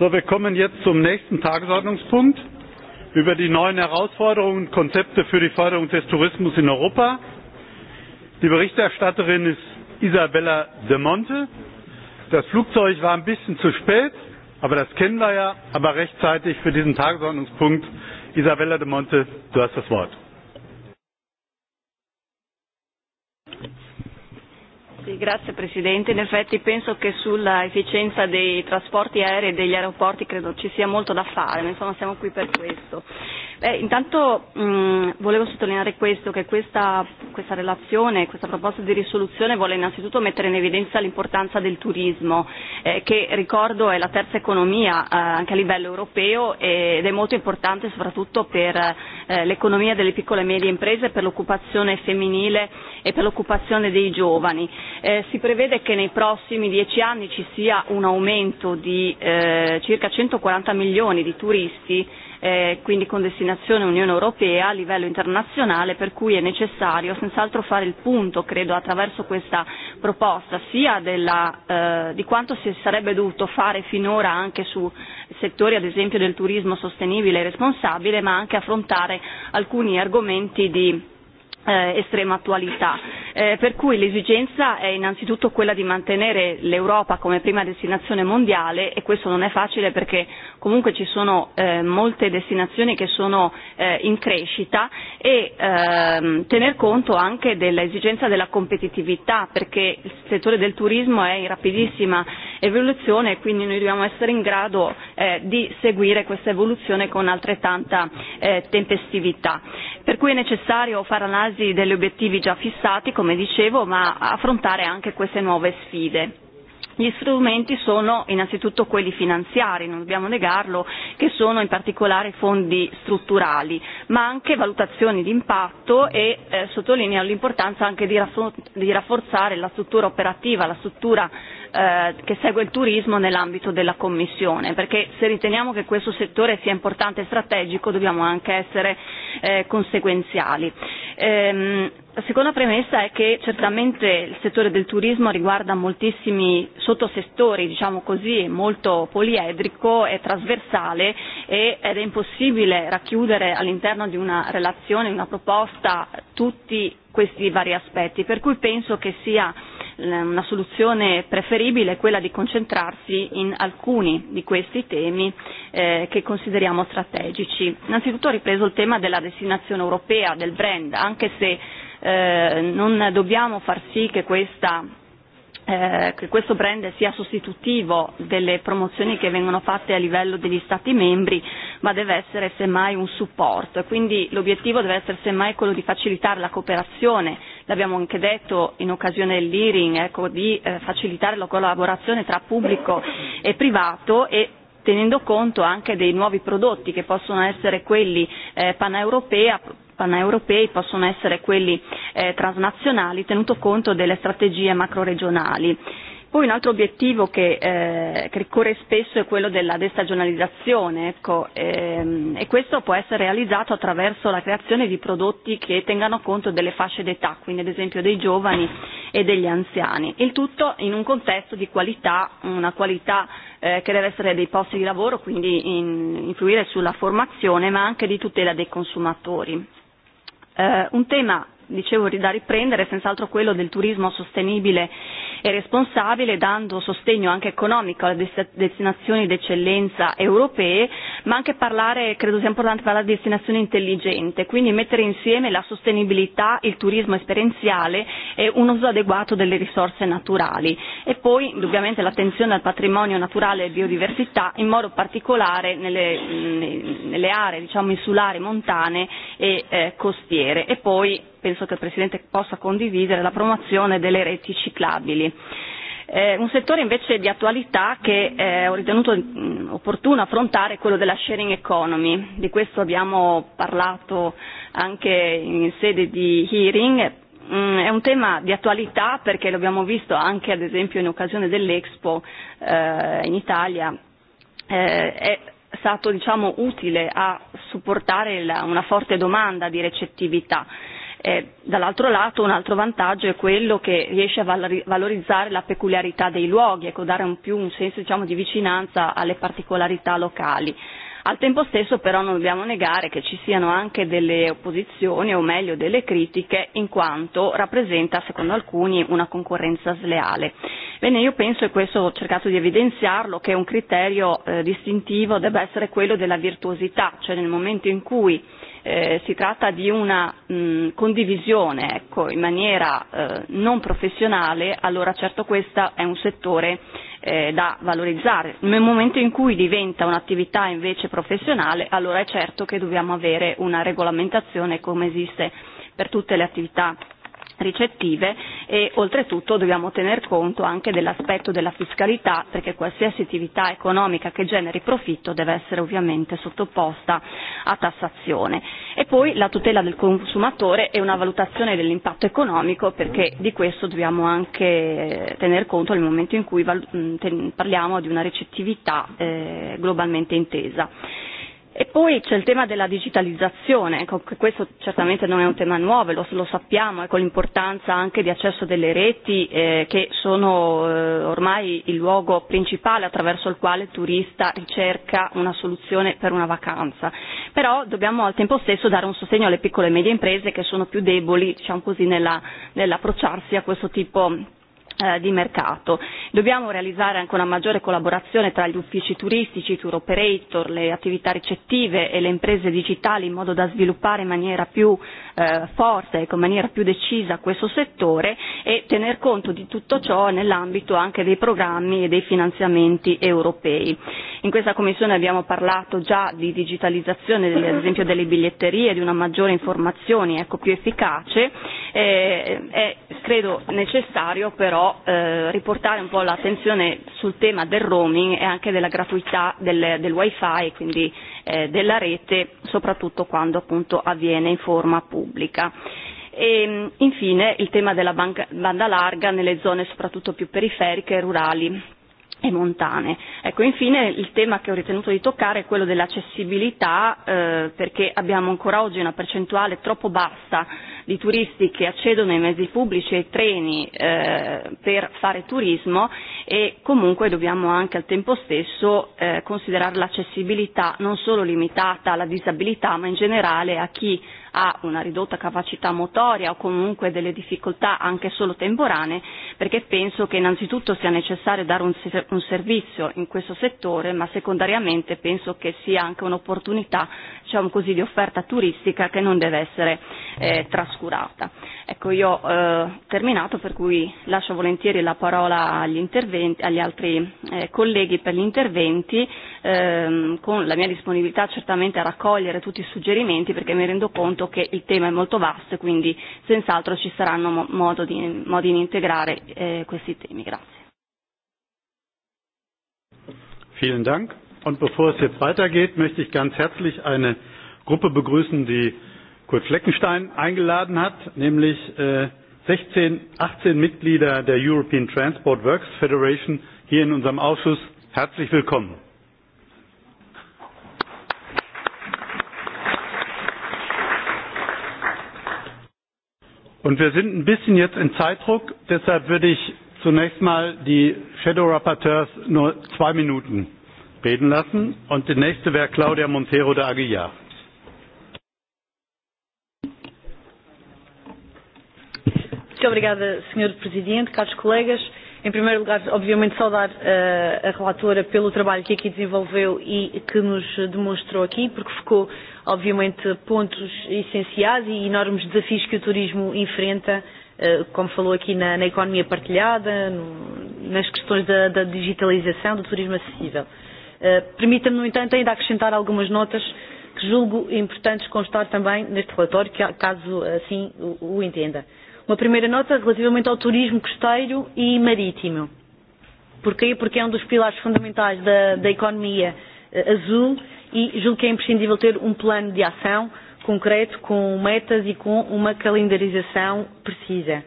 So, wir kommen jetzt zum nächsten Tagesordnungspunkt über die neuen Herausforderungen und Konzepte für die Förderung des Tourismus in Europa. Die Berichterstatterin ist Isabella De Monte. Das Flugzeug war ein bisschen zu spät, aber das kennen wir ja, aber rechtzeitig für diesen Tagesordnungspunkt. Isabella De Monte, du hast das Wort. Sì, grazie Presidente. In effetti penso che sulla efficienza dei trasporti aerei e degli aeroporti credo ci sia molto da fare, ma insomma siamo qui per questo. Beh, intanto mm, volevo sottolineare questo, che questa, questa relazione, questa proposta di risoluzione vuole innanzitutto mettere in evidenza l'importanza del turismo, eh, che ricordo è la terza economia eh, anche a livello europeo ed è molto importante soprattutto per eh, l'economia delle piccole e medie imprese, per l'occupazione femminile e per l'occupazione dei giovani Eh, si prevede che nei prossimi dieci anni ci sia un aumento di eh, circa 140 milioni di turisti eh, quindi con destinazione Unione Europea a livello internazionale per cui è necessario senz'altro fare il punto credo attraverso questa proposta sia della, di quanto si sarebbe dovuto fare finora anche su settori ad esempio del turismo sostenibile e responsabile ma anche affrontare alcuni argomenti di eh, estrema attualità. Eh, per cui l'esigenza è innanzitutto quella di mantenere l'Europa come prima destinazione mondiale e questo non è facile perché comunque ci sono eh, molte destinazioni che sono eh, in crescita e ehm, tener conto anche dell'esigenza della competitività perché il settore del turismo è in rapidissima evoluzione e quindi noi dobbiamo essere in grado di seguire questa evoluzione con altrettanta tempestività. Per cui è necessario fare analisi basi degli obiettivi già fissati, come dicevo, ma affrontare anche queste nuove sfide. Gli strumenti sono innanzitutto quelli finanziari, non dobbiamo negarlo, che sono in particolare fondi strutturali, ma anche valutazioni di impatto e eh, sottolineo l'importanza anche di rafforzare la struttura operativa, la struttura eh, che segue il turismo nell'ambito della Commissione, perché se riteniamo che questo settore sia importante e strategico dobbiamo anche essere eh, conseguenziali. Ehm, la seconda premessa è che certamente il settore del turismo riguarda moltissimi sottosettori, diciamo così, è molto poliedrico, è e trasversale e, ed è impossibile racchiudere all'interno di una relazione, una proposta, tutti questi vari aspetti, per cui penso che sia Ehm, una soluzione preferibile è quella di concentrarsi in alcuni di questi temi eh, che consideriamo strategici. Innanzitutto ho ripreso il tema della destinazione europea del brand, anche se eh, non dobbiamo far sì che questa Eh, che questo brand sia sostitutivo delle promozioni che vengono fatte a livello degli Stati membri, ma deve essere semmai un supporto. E quindi l'obiettivo deve essere semmai quello di facilitare la cooperazione, l'abbiamo anche detto in occasione del ecco, di eh, facilitare la collaborazione tra pubblico e privato e tenendo conto anche dei nuovi prodotti che possono essere quelli eh, paneuropei, possono essere quelli eh, transnazionali tenuto conto delle strategie macroregionali. Poi un altro obiettivo che, eh, che ricorre spesso è quello della destagionalizzazione ecco, ehm, e questo può essere realizzato attraverso la creazione di prodotti che tengano conto delle fasce d'età, quindi ad esempio dei giovani e degli anziani. Il tutto in un contesto di qualità, una qualità eh, che deve essere dei posti di lavoro, quindi in, influire sulla formazione ma anche di tutela dei consumatori. Eh, un tema dicevo da riprendere senz'altro quello del turismo sostenibile e responsabile dando sostegno anche economico alle destinazioni d'eccellenza europee ma anche parlare credo sia importante parlare di destinazione intelligente quindi mettere insieme la sostenibilità il turismo esperienziale e un uso adeguato delle risorse naturali e poi indubbiamente l'attenzione al patrimonio naturale e biodiversità in modo particolare nelle, nelle aree diciamo insulari montane e eh, costiere e poi penso che il Presidente possa condividere, la promozione delle reti ciclabili. Eh, un settore invece di attualità che eh, ho ritenuto mh, mm, opportuno affrontare è quello della sharing economy. Di questo abbiamo parlato anche in sede di hearing. Mm, è un tema di attualità perché l'abbiamo visto anche ad esempio in occasione dell'Expo eh, in Italia. Eh, è stato diciamo, utile a supportare la, una forte domanda di recettività Eh, dall'altro lato un altro vantaggio è quello che riesce a valorizzare la peculiarità dei luoghi, ecco, dare un più un senso diciamo, di vicinanza alle particolarità locali. Al tempo stesso però non dobbiamo negare che ci siano anche delle opposizioni o meglio delle critiche in quanto rappresenta secondo alcuni una concorrenza sleale. Bene, io penso e questo ho cercato di evidenziarlo che un criterio eh, distintivo debba essere quello della virtuosità, cioè nel momento in cui Eh, si tratta di una mm, condivisione ecco, in maniera eh, non professionale, allora certo questo è un settore eh, da valorizzare. Nel momento in cui diventa un'attività invece professionale, allora è certo che dobbiamo avere una regolamentazione come esiste per tutte le attività ricettive e oltretutto dobbiamo tener conto anche dell'aspetto della fiscalità perché qualsiasi attività economica che generi profitto deve essere ovviamente sottoposta a tassazione. E poi la tutela del consumatore e una valutazione dell'impatto economico perché di questo dobbiamo anche tener conto nel momento in cui parliamo di una ricettività eh, globalmente intesa. E poi c'è il tema della digitalizzazione, ecco, questo certamente non è un tema nuovo, lo, lo sappiamo, ecco, l'importanza anche di accesso delle reti eh, che sono eh, ormai il luogo principale attraverso il quale il turista ricerca una soluzione per una vacanza. Però dobbiamo al tempo stesso dare un sostegno alle piccole e medie imprese che sono più deboli diciamo così, nella, nell'approcciarsi a questo tipo Eh, di mercato. Dobbiamo realizzare anche una maggiore collaborazione tra gli uffici turistici, i tour operator, le attività ricettive e le imprese digitali in modo da sviluppare in maniera più eh, forte e con maniera più decisa questo settore e tener conto di tutto ciò nell'ambito anche dei programmi e dei finanziamenti europei. In questa commissione abbiamo parlato già di digitalizzazione ad esempio delle biglietterie, di una maggiore informazione ecco, più efficace, eh, è credo necessario però Eh, riportare un po' l'attenzione sul tema del roaming e anche della gratuità del, del wifi, quindi eh, della rete, soprattutto quando appunto avviene in forma pubblica. E infine il tema della banda larga nelle zone soprattutto più periferiche, rurali e montane. Ecco, infine il tema che ho ritenuto di toccare è quello dell'accessibilità eh, perché abbiamo ancora oggi una percentuale troppo bassa di turisti che accedono ai mezzi pubblici e ai treni eh, per fare turismo e comunque dobbiamo anche al tempo stesso eh, considerare l'accessibilità non solo limitata alla disabilità ma in generale a chi ha una ridotta capacità motoria o comunque delle difficoltà anche solo temporanee, perché penso che innanzitutto sia necessario dare un, un servizio in questo settore, ma secondariamente penso che sia anche un'opportunità diciamo così, di offerta turistica che non deve essere eh, trascurata. Ecco, io ho eh, terminato, per cui lascio volentieri la parola agli, interventi, agli altri eh, colleghi per gli interventi, ehm, con la mia disponibilità certamente a raccogliere tutti i suggerimenti, perché mi rendo conto appunto che il tema è molto vasto e quindi senz'altro ci saranno modo di, modi di integrare eh, questi temi. Grazie. Vielen Dank. Und bevor es jetzt weitergeht, möchte ich ganz herzlich eine Gruppe begrüßen, die Kurt Fleckenstein eingeladen hat, nämlich 16, äh, 18 Mitglieder der European Transport Works Federation hier in unserem Ausschuss. Herzlich willkommen. Und wir sind ein bisschen jetzt in Zeitdruck, deshalb würde ich zunächst mal die Shadow Rapporteurs nur zwei Minuten reden lassen. Und die nächste wäre Claudia Montero de Aguilar. Muito obrigada, Sr. Presidente, caros colegas. Em primeiro lugar, obviamente, saudar a, eh, a relatora pelo trabalho que aqui desenvolveu e que nos demonstrou aqui, porque ficou, obviamente, pontos essenciais e enormes desafios que o turismo enfrenta, eh, como falou aqui na, na economia partilhada, no, nas questões da, da digitalização do turismo acessível. Eh, permita-me, no entanto, ainda acrescentar algumas notas que julgo importantes constar também neste relatório, caso assim o entenda. Uma primeira nota relativamente ao turismo costeiro e marítimo. Porquê? Porque é um dos pilares fundamentais da, da economia eh, azul e julgo que é imprescindível ter um plano de ação concreto, com metas e com uma calendarização precisa.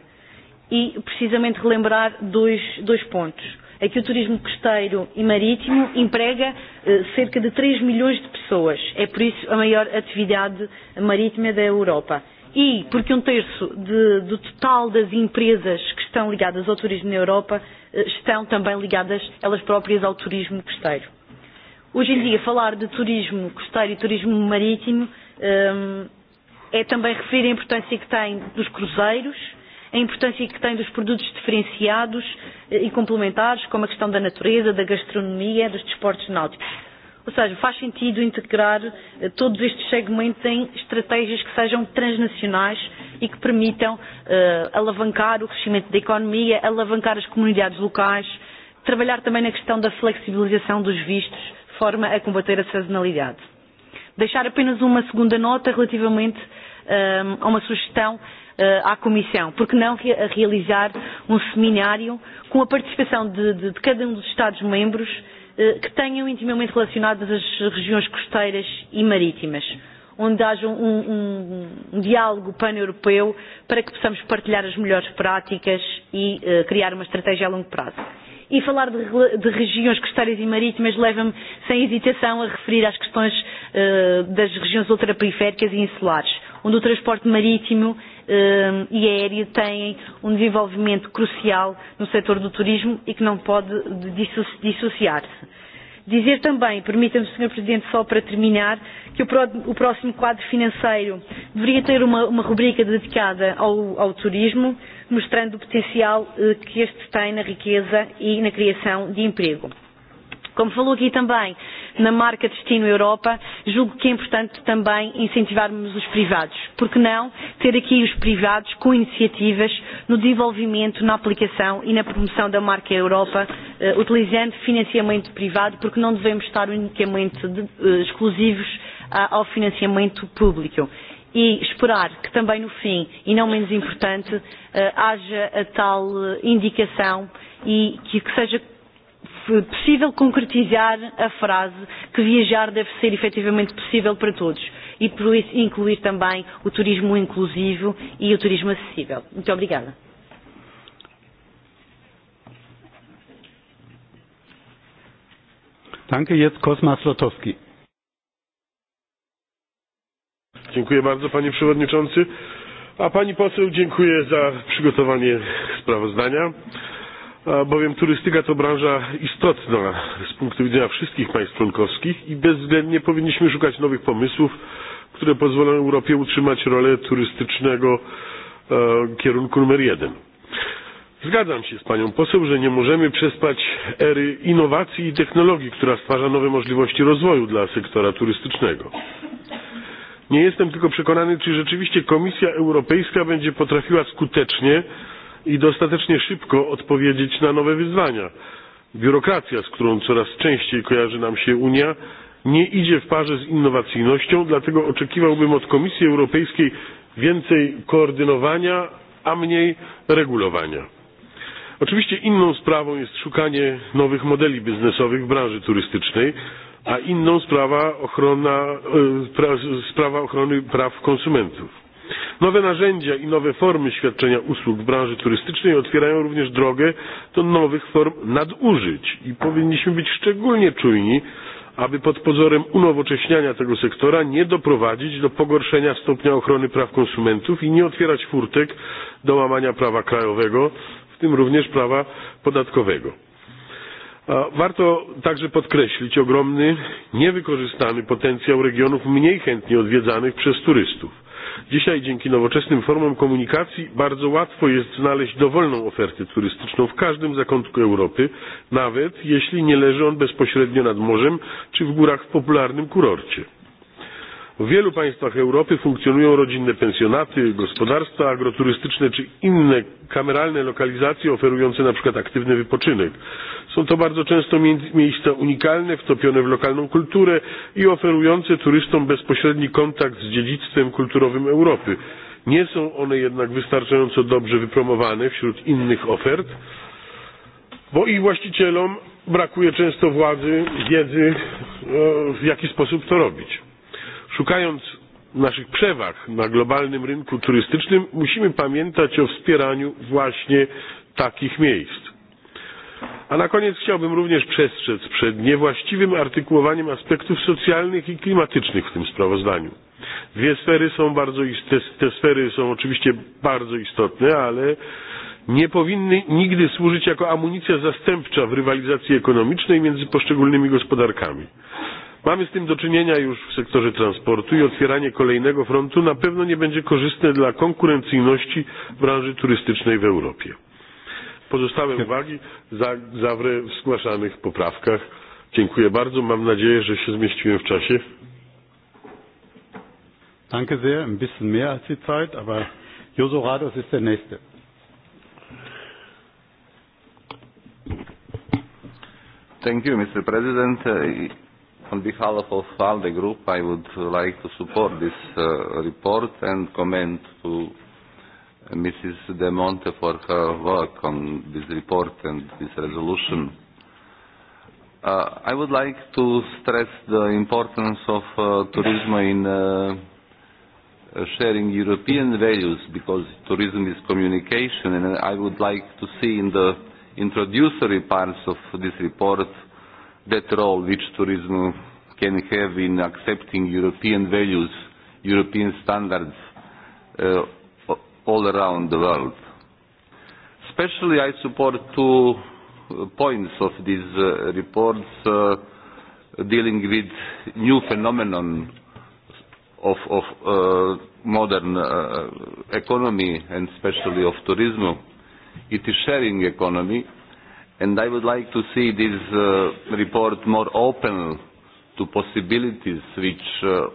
E precisamente relembrar dois, dois pontos. É que o turismo costeiro e marítimo emprega eh, cerca de 3 milhões de pessoas. É por isso a maior atividade marítima da Europa e porque um terço de, do total das empresas que estão ligadas ao turismo na Europa eh, estão também ligadas elas próprias ao turismo costeiro. Hoje em dia, falar de turismo costeiro e turismo marítimo ehm, é também referir a importância que tem dos cruzeiros, a importância que tem dos produtos diferenciados eh, e complementares, como a questão da natureza, da gastronomia, dos desportos náuticos Ou seja, faz sentido integrar eh, todos estes segmentos em estratégias que sejam transnacionais e que permitam uh, alavancar o crescimento da economia, alavancar as comunidades locais, trabalhar também na questão da flexibilização dos vistos, de forma a combater a sazonalidade. Deixar apenas uma segunda nota relativamente uh, a uma sugestão à Comissão, porque não realizar um seminário com a participação de, de, de cada um dos Estados-membros Eh, que tenham intimamente relacionadas as regiões costeiras e marítimas, onde haja um, um, um, um diálogo pan-europeu para que possamos partilhar as melhores práticas e uh, criar uma estratégia a longo prazo. E falar de, de regiões costeiras e marítimas leva-me, sem hesitação, a referir às questões uh, das regiões ultraperiféricas e insulares, onde o transporte marítimo Ehm, e aérea têm um desenvolvimento crucial no setor do turismo e que não pode dissociar-se. Dizer também, permita-me, Sr. Presidente, só para terminar, que o próximo quadro financeiro deveria ter uma, uma rubrica dedicada ao, ao turismo, mostrando o potencial eh, que este tem na riqueza e na criação de emprego. Como falou aqui também na marca Destino Europa, julgo que é importante também incentivarmos os privados. Por que não ter aqui os privados com iniciativas no desenvolvimento, na aplicação e na promoção da marca Europa, eh, utilizando financiamento privado, porque não devemos estar unicamente eh, exclusivos ao financiamento público e esperar que também no fim, e não menos importante, eh, haja a tal indicação e que seja possível concretizar a frase que viajar deve ser efetivamente possível para todos e por isso incluir também o turismo inclusivo e o turismo acessível. Muito obrigada. Danke, jetzt Kosma Slotowski. Dziękuję bardzo panie przewodniczący. A pani poseł dziękuję za przygotowanie sprawozdania bowiem turystyka to branża istotna z punktu widzenia wszystkich państw członkowskich i bezwzględnie powinniśmy szukać nowych pomysłów, które pozwolą Europie utrzymać rolę turystycznego e, kierunku numer jeden. Zgadzam się z panią poseł, że nie możemy przespać ery innowacji i technologii, która stwarza nowe możliwości rozwoju dla sektora turystycznego. Nie jestem tylko przekonany, czy rzeczywiście Komisja Europejska będzie potrafiła skutecznie i dostatecznie szybko odpowiedzieć na nowe wyzwania. Biurokracja, z którą coraz częściej kojarzy nam się Unia, nie idzie w parze z innowacyjnością, dlatego oczekiwałbym od Komisji Europejskiej więcej koordynowania, a mniej regulowania. Oczywiście inną sprawą jest szukanie nowych modeli biznesowych w branży turystycznej, a inną sprawa, ochrona, e, sprawa ochrony praw konsumentów Nowe narzędzia i nowe formy świadczenia usług w branży turystycznej otwierają również drogę do nowych form nadużyć i powinniśmy być szczególnie czujni, aby pod pozorem unowocześniania tego sektora nie doprowadzić do pogorszenia stopnia ochrony praw konsumentów i nie otwierać furtek do łamania prawa krajowego, w tym również prawa podatkowego. Warto także podkreślić ogromny, niewykorzystany potencjał regionów mniej chętnie odwiedzanych przez turystów Dzisiaj dzięki nowoczesnym formom komunikacji bardzo łatwo jest znaleźć dowolną ofertę turystyczną w każdym zakątku Europy, nawet jeśli nie leży on bezpośrednio nad morzem czy w górach w popularnym kurorcie. W wielu państwach Europy funkcjonują rodzinne pensjonaty, gospodarstwa agroturystyczne czy inne kameralne lokalizacje oferujące na przykład aktywny wypoczynek. Są to bardzo często miejsca unikalne, wtopione w lokalną kulturę i oferujące turystom bezpośredni kontakt z dziedzictwem kulturowym Europy. Nie są one jednak wystarczająco dobrze wypromowane wśród innych ofert, bo ich właścicielom brakuje często władzy, wiedzy, e, w jaki sposób to robić. Szukając naszych przewag na globalnym rynku turystycznym, musimy pamiętać o wspieraniu właśnie takich miejsc. A na koniec chciałbym również przestrzec przed niewłaściwym artykułowaniem aspektów socjalnych i klimatycznych w tym sprawozdaniu. Dwie sfery są bardzo te, te sfery są oczywiście bardzo istotne, ale nie powinny nigdy służyć jako amunicja zastępcza w rywalizacji ekonomicznej między poszczególnymi gospodarkami. Mamy z tym do czynienia już w sektorze transportu i otwieranie kolejnego frontu na pewno nie będzie korzystne dla konkurencyjności branży turystycznej w Europie. Pozostałe uwagi za w zgłaszanych poprawkach. Dziękuję bardzo. Mam nadzieję, że się zmieściłem w czasie. Danke sehr. Ein bisschen mehr als die Zeit, aber Josu Rados ist der Nächste. Thank you, Mr. President. Uh, on behalf of the group, I would like to support this uh, report and commend to Mrs. De Monte for her work on this report and this resolution. Uh, I would like to stress the importance of uh, tourism in uh, sharing European values because tourism is communication and I would like to see in the introductory parts of this report that role which tourism can have in accepting European values, European standards uh, all around the world. Especially I support two uh, points of these uh, reports uh, dealing with new phenomenon of, of uh, modern uh, economy and especially of tourism. It is sharing economy and I would like to see this uh, report more open to possibilities which uh,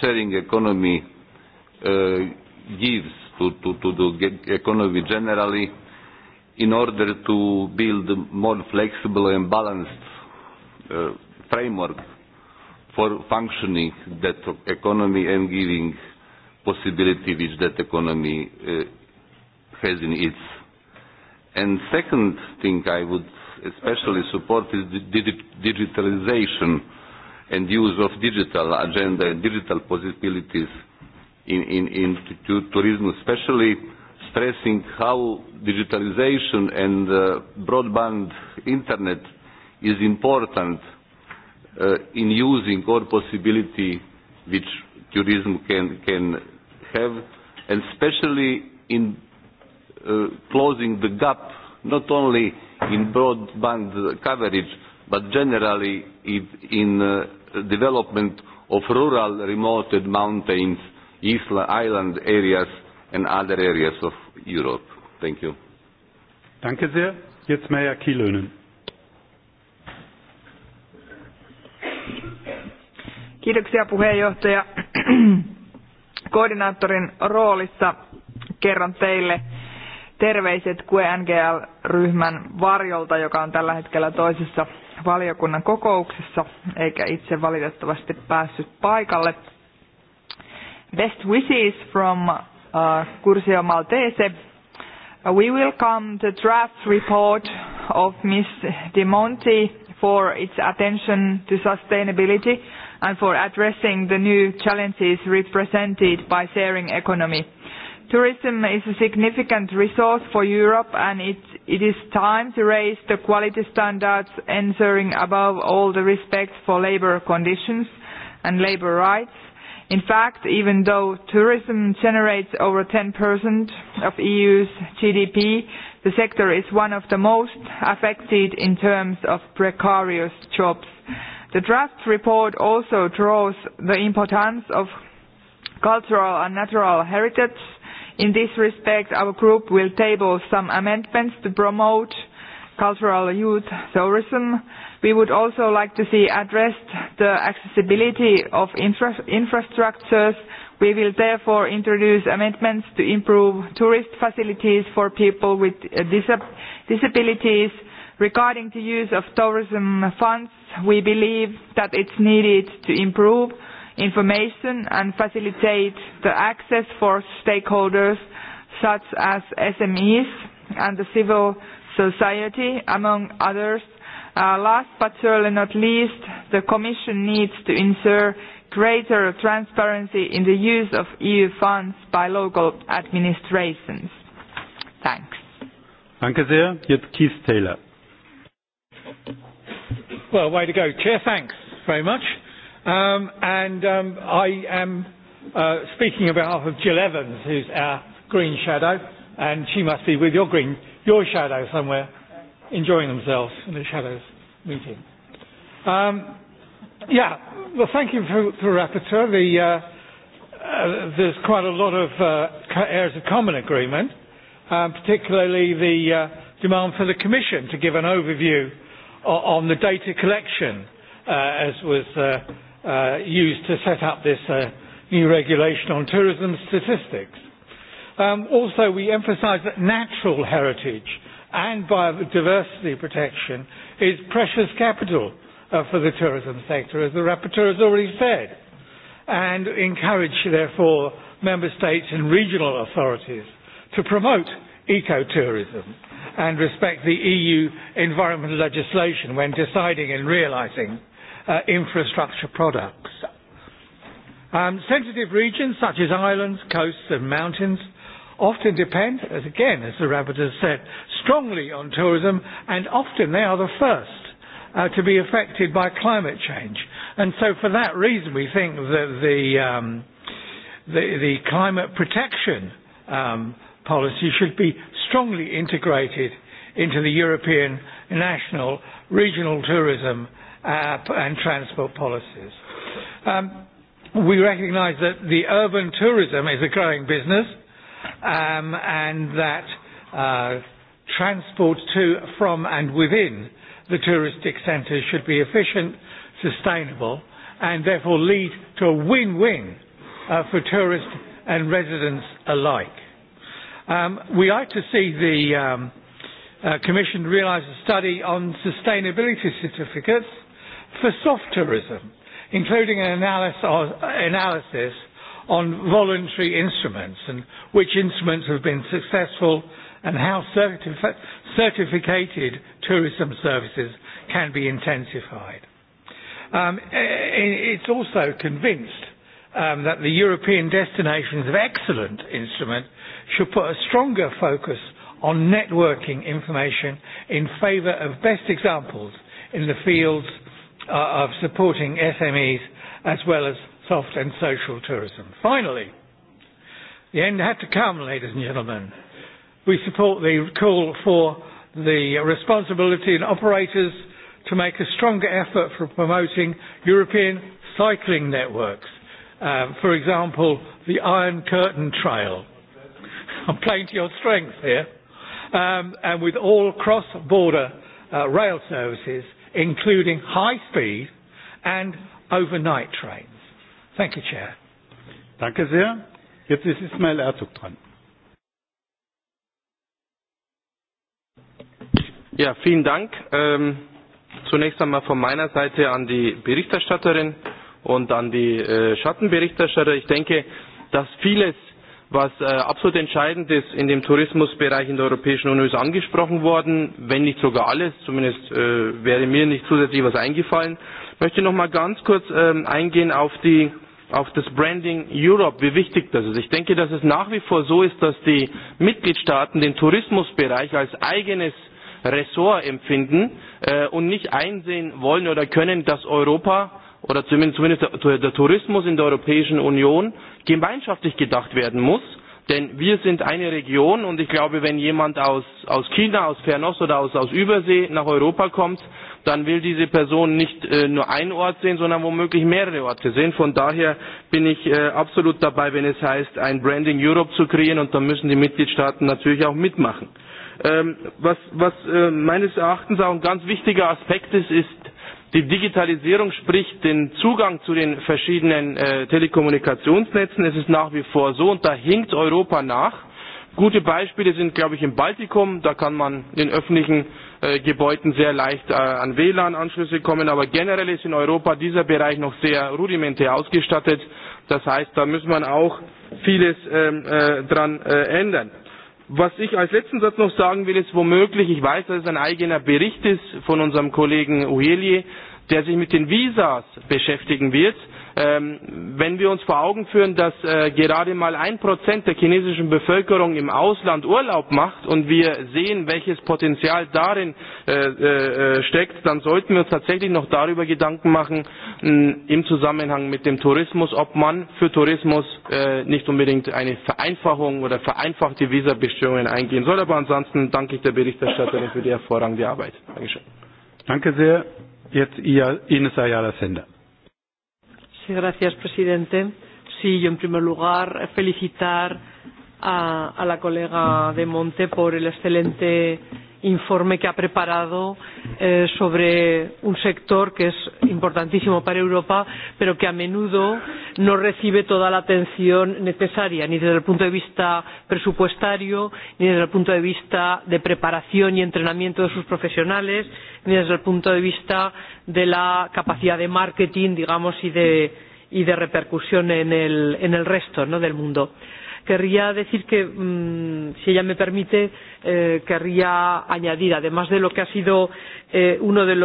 sharing economy uh, gives to, to, to the economy generally in order to build more flexible and balanced uh, framework for functioning that economy and giving possibility which that economy uh, has in its And second thing I would especially support is digitalization and use of digital agenda and digital possibilities in, in, in tourism, especially stressing how digitalization and uh, broadband internet is important uh, in using or possibility which tourism can, can have, and especially in Uh, closing the gap not only in broadband coverage but generally in uh, development of rural remote mountains, island areas and other areas of Europe. Thank you. Danke sehr. Jetzt Meyer Kielönen. Kiitoksia puheenjohtaja. Koordinaattorin roolissa kerron teille terveiset QNGL-ryhmän varjolta, joka on tällä hetkellä toisessa valiokunnan kokouksessa, eikä itse valitettavasti päässyt paikalle. Best wishes from uh, Cursio Maltese. Uh, we welcome the draft report of Ms. De Monti for its attention to sustainability and for addressing the new challenges represented by sharing economy. Tourism is a significant resource for Europe and it, it is time to raise the quality standards ensuring above all the respect for labour conditions and labour rights. In fact, even though tourism generates over 10% of EU's GDP, the sector is one of the most affected in terms of precarious jobs. The draft report also draws the importance of cultural and natural heritage In this respect, our group will table some amendments to promote cultural youth tourism. We would also like to see addressed the accessibility of infrastructures. We will therefore introduce amendments to improve tourist facilities for people with uh, disabilities. Regarding the use of tourism funds, we believe that it's needed to improve information and facilitate the access for stakeholders such as SMEs and the civil society, among others. Uh, last but surely not least, the Commission needs to ensure greater transparency in the use of EU funds by local administrations. Thanks. Danke sehr. Jetzt Keith Taylor. Well, way to go. Chair, thanks very much. Um, and um, I am uh, speaking on behalf of Jill Evans, who's our green shadow, and she must be with your green, your shadow somewhere, enjoying themselves in the shadows meeting. Um, yeah, well, thank you for, for rapporteur. The, uh, uh, there's quite a lot of uh, areas of common agreement, um, particularly the uh, demand for the Commission to give an overview on, on the data collection, uh, as was. Uh, uh, used to set up this uh, new regulation on tourism statistics. Um, also, we emphasise that natural heritage and biodiversity protection is precious capital uh, for the tourism sector, as the rapporteur has already said, and encourage, therefore, member states and regional authorities to promote ecotourism and respect the EU environmental legislation when deciding and realising uh, infrastructure products. Um, sensitive regions such as islands, coasts and mountains often depend, as again as the rapporteur said, strongly on tourism and often they are the first uh, to be affected by climate change. And so for that reason we think that the, um, the, the climate protection um, policy should be strongly integrated into the European national regional tourism uh, and transport policies. Um, we recognise that the urban tourism is a growing business um, and that uh, transport to, from and within the touristic centres should be efficient, sustainable and therefore lead to a win-win uh, for tourists and residents alike. Um, we like to see the um, uh, Commission realise a study on sustainability certificates for soft tourism, including an analysis on voluntary instruments and which instruments have been successful and how certified certificated tourism services can be intensified. Um, it's also convinced um, that the European Destinations of Excellent instrument should put a stronger focus on networking information in favour of best examples in the fields uh, of supporting SMEs as well as soft and social tourism. Finally, the end had to come, ladies and gentlemen. We support the call for the responsibility in operators to make a stronger effort for promoting European cycling networks. Uh, for example, the Iron Curtain Trail. I'm playing to your strength here. Um, and with all cross-border uh, rail services including high speed and overnight trains. Thank you, Chair. Danke sehr. Jetzt ist Ismail Ertug dran. Ja, vielen Dank. Ähm, zunächst einmal von meiner Seite an die Berichterstatterin und an die äh, Schattenberichterstatter. Ich denke, dass vieles Was äh, absolut entscheidend ist, in dem Tourismusbereich in der Europäischen Union ist angesprochen worden, wenn nicht sogar alles, zumindest äh, wäre mir nicht zusätzlich was eingefallen. Ich möchte noch mal ganz kurz ähm, eingehen auf, die, auf das Branding Europe, wie wichtig das ist. Ich denke, dass es nach wie vor so ist, dass die Mitgliedstaaten den Tourismusbereich als eigenes Ressort empfinden äh, und nicht einsehen wollen oder können, dass Europa oder zumindest äh, der Tourismus in der Europäischen Union gemeinschaftlich gedacht werden muss. Denn wir sind eine Region und ich glaube, wenn jemand aus, aus China, aus Fernost oder aus, aus Übersee nach Europa kommt, dann will diese Person nicht äh, nur einen Ort sehen, sondern womöglich mehrere Orte sehen. Von daher bin ich äh, absolut dabei, wenn es heißt, ein Branding Europe zu kreieren und da müssen die Mitgliedstaaten natürlich auch mitmachen. Ähm, was was meines Erachtens auch ein ganz wichtiger Aspekt ist, ist Die Digitalisierung spricht den Zugang zu den verschiedenen äh, Telekommunikationsnetzen. Es ist nach wie vor so und da hinkt Europa nach. Gute Beispiele sind, glaube ich, im Baltikum. Da kann man in öffentlichen äh, Gebäuden sehr leicht äh, an WLAN-Anschlüsse kommen. Aber generell ist in Europa dieser Bereich noch sehr rudimentär ausgestattet. Das heißt, da muss man auch vieles daran ähm, dran ändern. Was ich als letzten Satz noch sagen will, ist womöglich, ich weiß, dass es ein eigener Bericht ist von unserem Kollegen Uheli, der sich mit den Visas beschäftigen wird. Ähm, wenn wir uns vor Augen führen, dass äh, gerade mal ein Prozent der chinesischen Bevölkerung im Ausland Urlaub macht und wir sehen, welches Potenzial darin äh, äh, steckt, dann sollten wir uns tatsächlich noch darüber Gedanken machen, im Zusammenhang mit dem Tourismus, ob man für Tourismus nicht unbedingt eine Vereinfachung oder vereinfachte Visabestimmungen eingehen soll. Aber ansonsten danke ich der Berichterstatterin für die hervorragende Arbeit. Danke sehr. Jetzt Ines Ayala Sender. Sí, gracias, presidente. Sí, yo en primer lugar felicitar a, a la colega de Monte por el excelente informe que ha preparado eh, sobre un sector que es importantísimo para Europa, pero que a menudo no recibe toda la atención necesaria, ni desde el punto de vista presupuestario, ni desde el punto de vista de preparación y entrenamiento de sus profesionales, ni desde el punto de vista de la capacidad de marketing, digamos, y de, repercusión en el, resto del mundo. Querría decir que, mm, si ella me permite, eh, querría añadir, además de lo que ha sido eh, una de,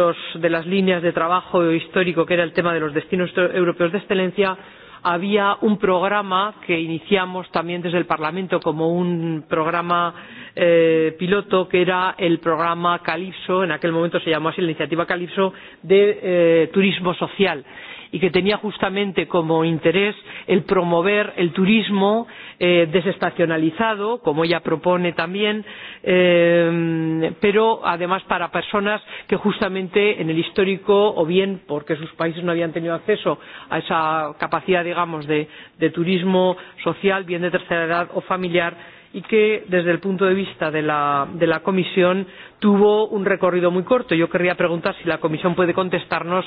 las líneas de trabajo histórico, que era el tema de los destinos europeos de excelencia, había un programa que iniciamos también desde el Parlamento como un programa eh, piloto que era el programa Calipso, en aquel momento se llamó así la iniciativa Calipso, de eh, turismo social y que tenía justamente como interés el promover el turismo eh, desestacionalizado como ella propone también eh, pero además para personas que justamente en el histórico o bien porque sus países no habían tenido acceso a esa capacidad digamos de, de turismo social bien de tercera edad o familiar y que desde el punto de vista de la, de la comisión tuvo un recorrido muy corto. yo querría preguntar si la comisión puede contestarnos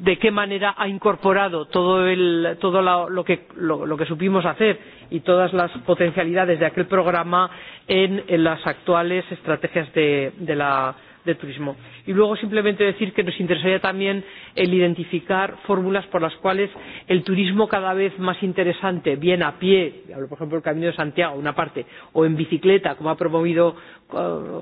de qué manera ha incorporado todo, el, todo la, lo, que, lo, lo que supimos hacer y todas las potencialidades de aquel programa en, en las actuales estrategias de, de la de turismo. Y luego simplemente decir que nos interesaría también el identificar fórmulas por las cuales el turismo cada vez más interesante, bien a pie, hablo por ejemplo el Camino de Santiago, una parte, o en bicicleta, como ha promovido eh,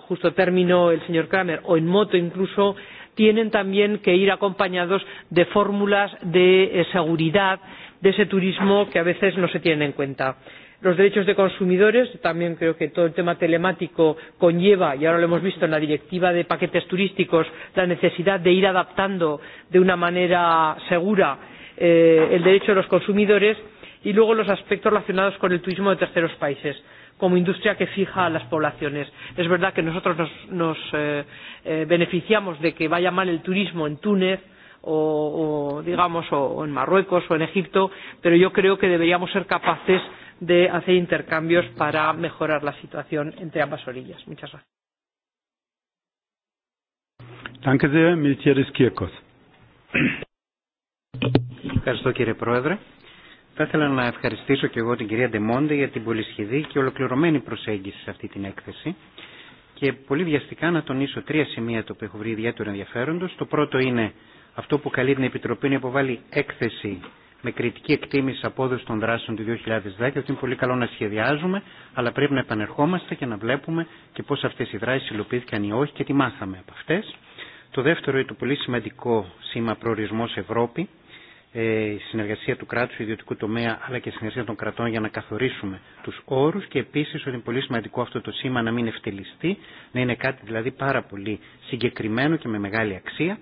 justo término el señor Kramer, o en moto incluso, tienen también que ir acompañados de fórmulas de eh, seguridad de ese turismo que a veces no se tienen en cuenta los derechos de consumidores también creo que todo el tema telemático conlleva y ahora lo hemos visto en la directiva de paquetes turísticos la necesidad de ir adaptando de una manera segura eh, el derecho de los consumidores y luego los aspectos relacionados con el turismo de terceros países como industria que fija a las poblaciones. Es verdad que nosotros nos, nos eh, eh beneficiamos de que vaya mal el turismo en Túnez, o, o digamos o en Marruecos o en Egipto, pero yo creo que deberíamos ser capaces de hacer intercambios para mejorar la situación entre ambas orillas. Muchas gracias. Danke sehr, Miltiades Kirkos. Ευχαριστώ κύριε Πρόεδρε. Θα ήθελα να ευχαριστήσω και εγώ την κυρία Ντεμόντε για την πολυσχεδή και ολοκληρωμένη προσέγγιση σε αυτή την έκθεση και πολύ βιαστικά να τονίσω τρία σημεία το που έχω βρει ιδιαίτερο ενδιαφέροντο. Το πρώτο είναι αυτό που καλεί την Επιτροπή να υποβάλει έκθεση με κριτική εκτίμηση απόδοση των δράσεων του 2010 ότι είναι πολύ καλό να σχεδιάζουμε, αλλά πρέπει να επανερχόμαστε και να βλέπουμε και πώ αυτέ οι δράσει υλοποιήθηκαν ή όχι και τι μάθαμε από αυτέ. Το δεύτερο είναι το πολύ σημαντικό σήμα προορισμό Ευρώπη, η συνεργασία του κράτου, του ιδιωτικού τομέα αλλά και η συνεργασία των κρατών για να καθορίσουμε του όρου και επίση ότι είναι πολύ σημαντικό αυτό το σήμα να μην ευτελιστεί, να είναι κάτι δηλαδή πάρα πολύ συγκεκριμένο και με μεγάλη αξία.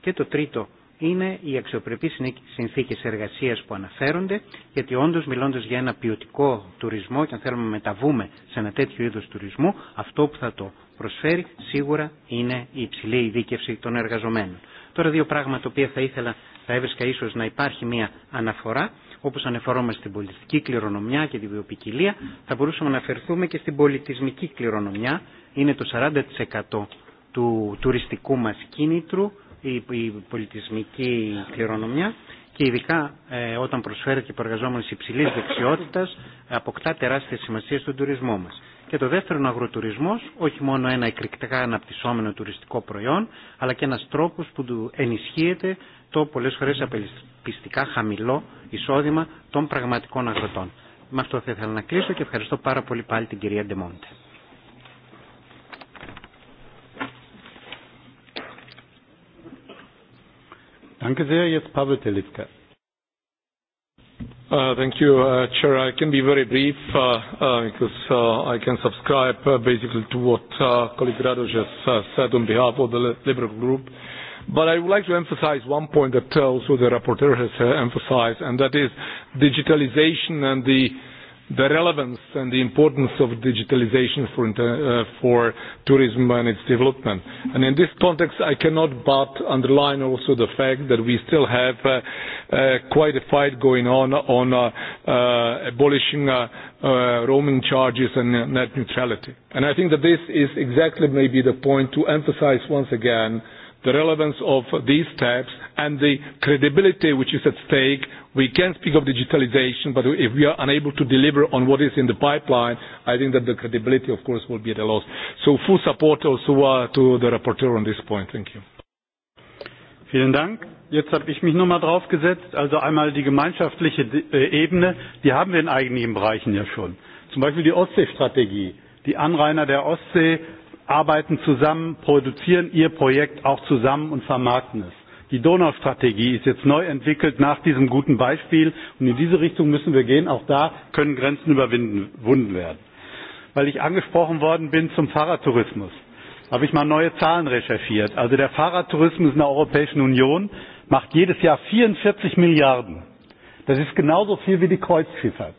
Και το τρίτο είναι οι αξιοπρεπείς συνθήκες εργασίας που αναφέρονται, γιατί όντως μιλώντας για ένα ποιοτικό τουρισμό και αν θέλουμε να μεταβούμε σε ένα τέτοιο είδος τουρισμού, αυτό που θα το προσφέρει σίγουρα είναι η υψηλή ειδίκευση των εργαζομένων. Τώρα δύο πράγματα τα οποία θα ήθελα, θα έβρισκα ίσως να υπάρχει μια αναφορά, όπως ανεφορούμε στην πολιτιστική κληρονομιά και τη βιοποικιλία, θα μπορούσαμε να αναφερθούμε και στην πολιτισμική κληρονομιά, είναι το 40% του τουριστικού μας κίνητρου, η πολιτισμική κληρονομιά και ειδικά ε, όταν προσφέρεται και προεργαζόμενο υψηλή δεξιότητα, αποκτά τεράστια σημασία στον τουρισμό μα. Και το δεύτερο είναι ο αγροτουρισμό, όχι μόνο ένα εκρηκτικά αναπτυσσόμενο τουριστικό προϊόν, αλλά και ένα τρόπο που του ενισχύεται το πολλέ φορέ απελπιστικά χαμηλό εισόδημα των πραγματικών αγροτών. Με αυτό θα ήθελα να κλείσω και ευχαριστώ πάρα πολύ πάλι την κυρία Ντεμόντε. Danke sehr, jetzt Pavel Telitska. Uh, thank you, uh, Chair. I can be very brief uh, uh, because uh, I can subscribe uh, basically to what uh, colleague Rado has uh, said on behalf of the Liberal Group. But I would like to emphasize one point that also the rapporteur has uh, emphasized, and that is digitalization and the the relevance and the importance of digitalization for, uh, for tourism and its development. And in this context, I cannot but underline also the fact that we still have uh, uh, quite a fight going on on uh, uh, abolishing uh, uh, roaming charges and net neutrality. And I think that this is exactly maybe the point to emphasize once again the relevance of these steps and the credibility which is at stake We can speak of digitalization, but if we are unable to deliver on what is in the pipeline, I think that the credibility, of course, will be at a loss. So full support also uh, to the rapporteur on this point. Thank you. Vielen Dank. Jetzt habe ich mich noch mal drauf gesetzt. Also einmal die gemeinschaftliche äh, Ebene, die haben wir in eigenen Bereichen ja schon. Zum Beispiel die Ostseestrategie. Die Anrainer der Ostsee arbeiten zusammen, produzieren ihr Projekt auch zusammen und vermarkten es. Die Donaustrategie ist jetzt neu entwickelt nach diesem guten Beispiel. Und in diese Richtung müssen wir gehen. Auch da können Grenzen überwunden werden. Weil ich angesprochen worden bin zum Fahrradtourismus, habe ich mal neue Zahlen recherchiert. Also der Fahrradtourismus in der Europäischen Union macht jedes Jahr 44 Milliarden. Das ist genauso viel wie die Kreuzschifffahrt.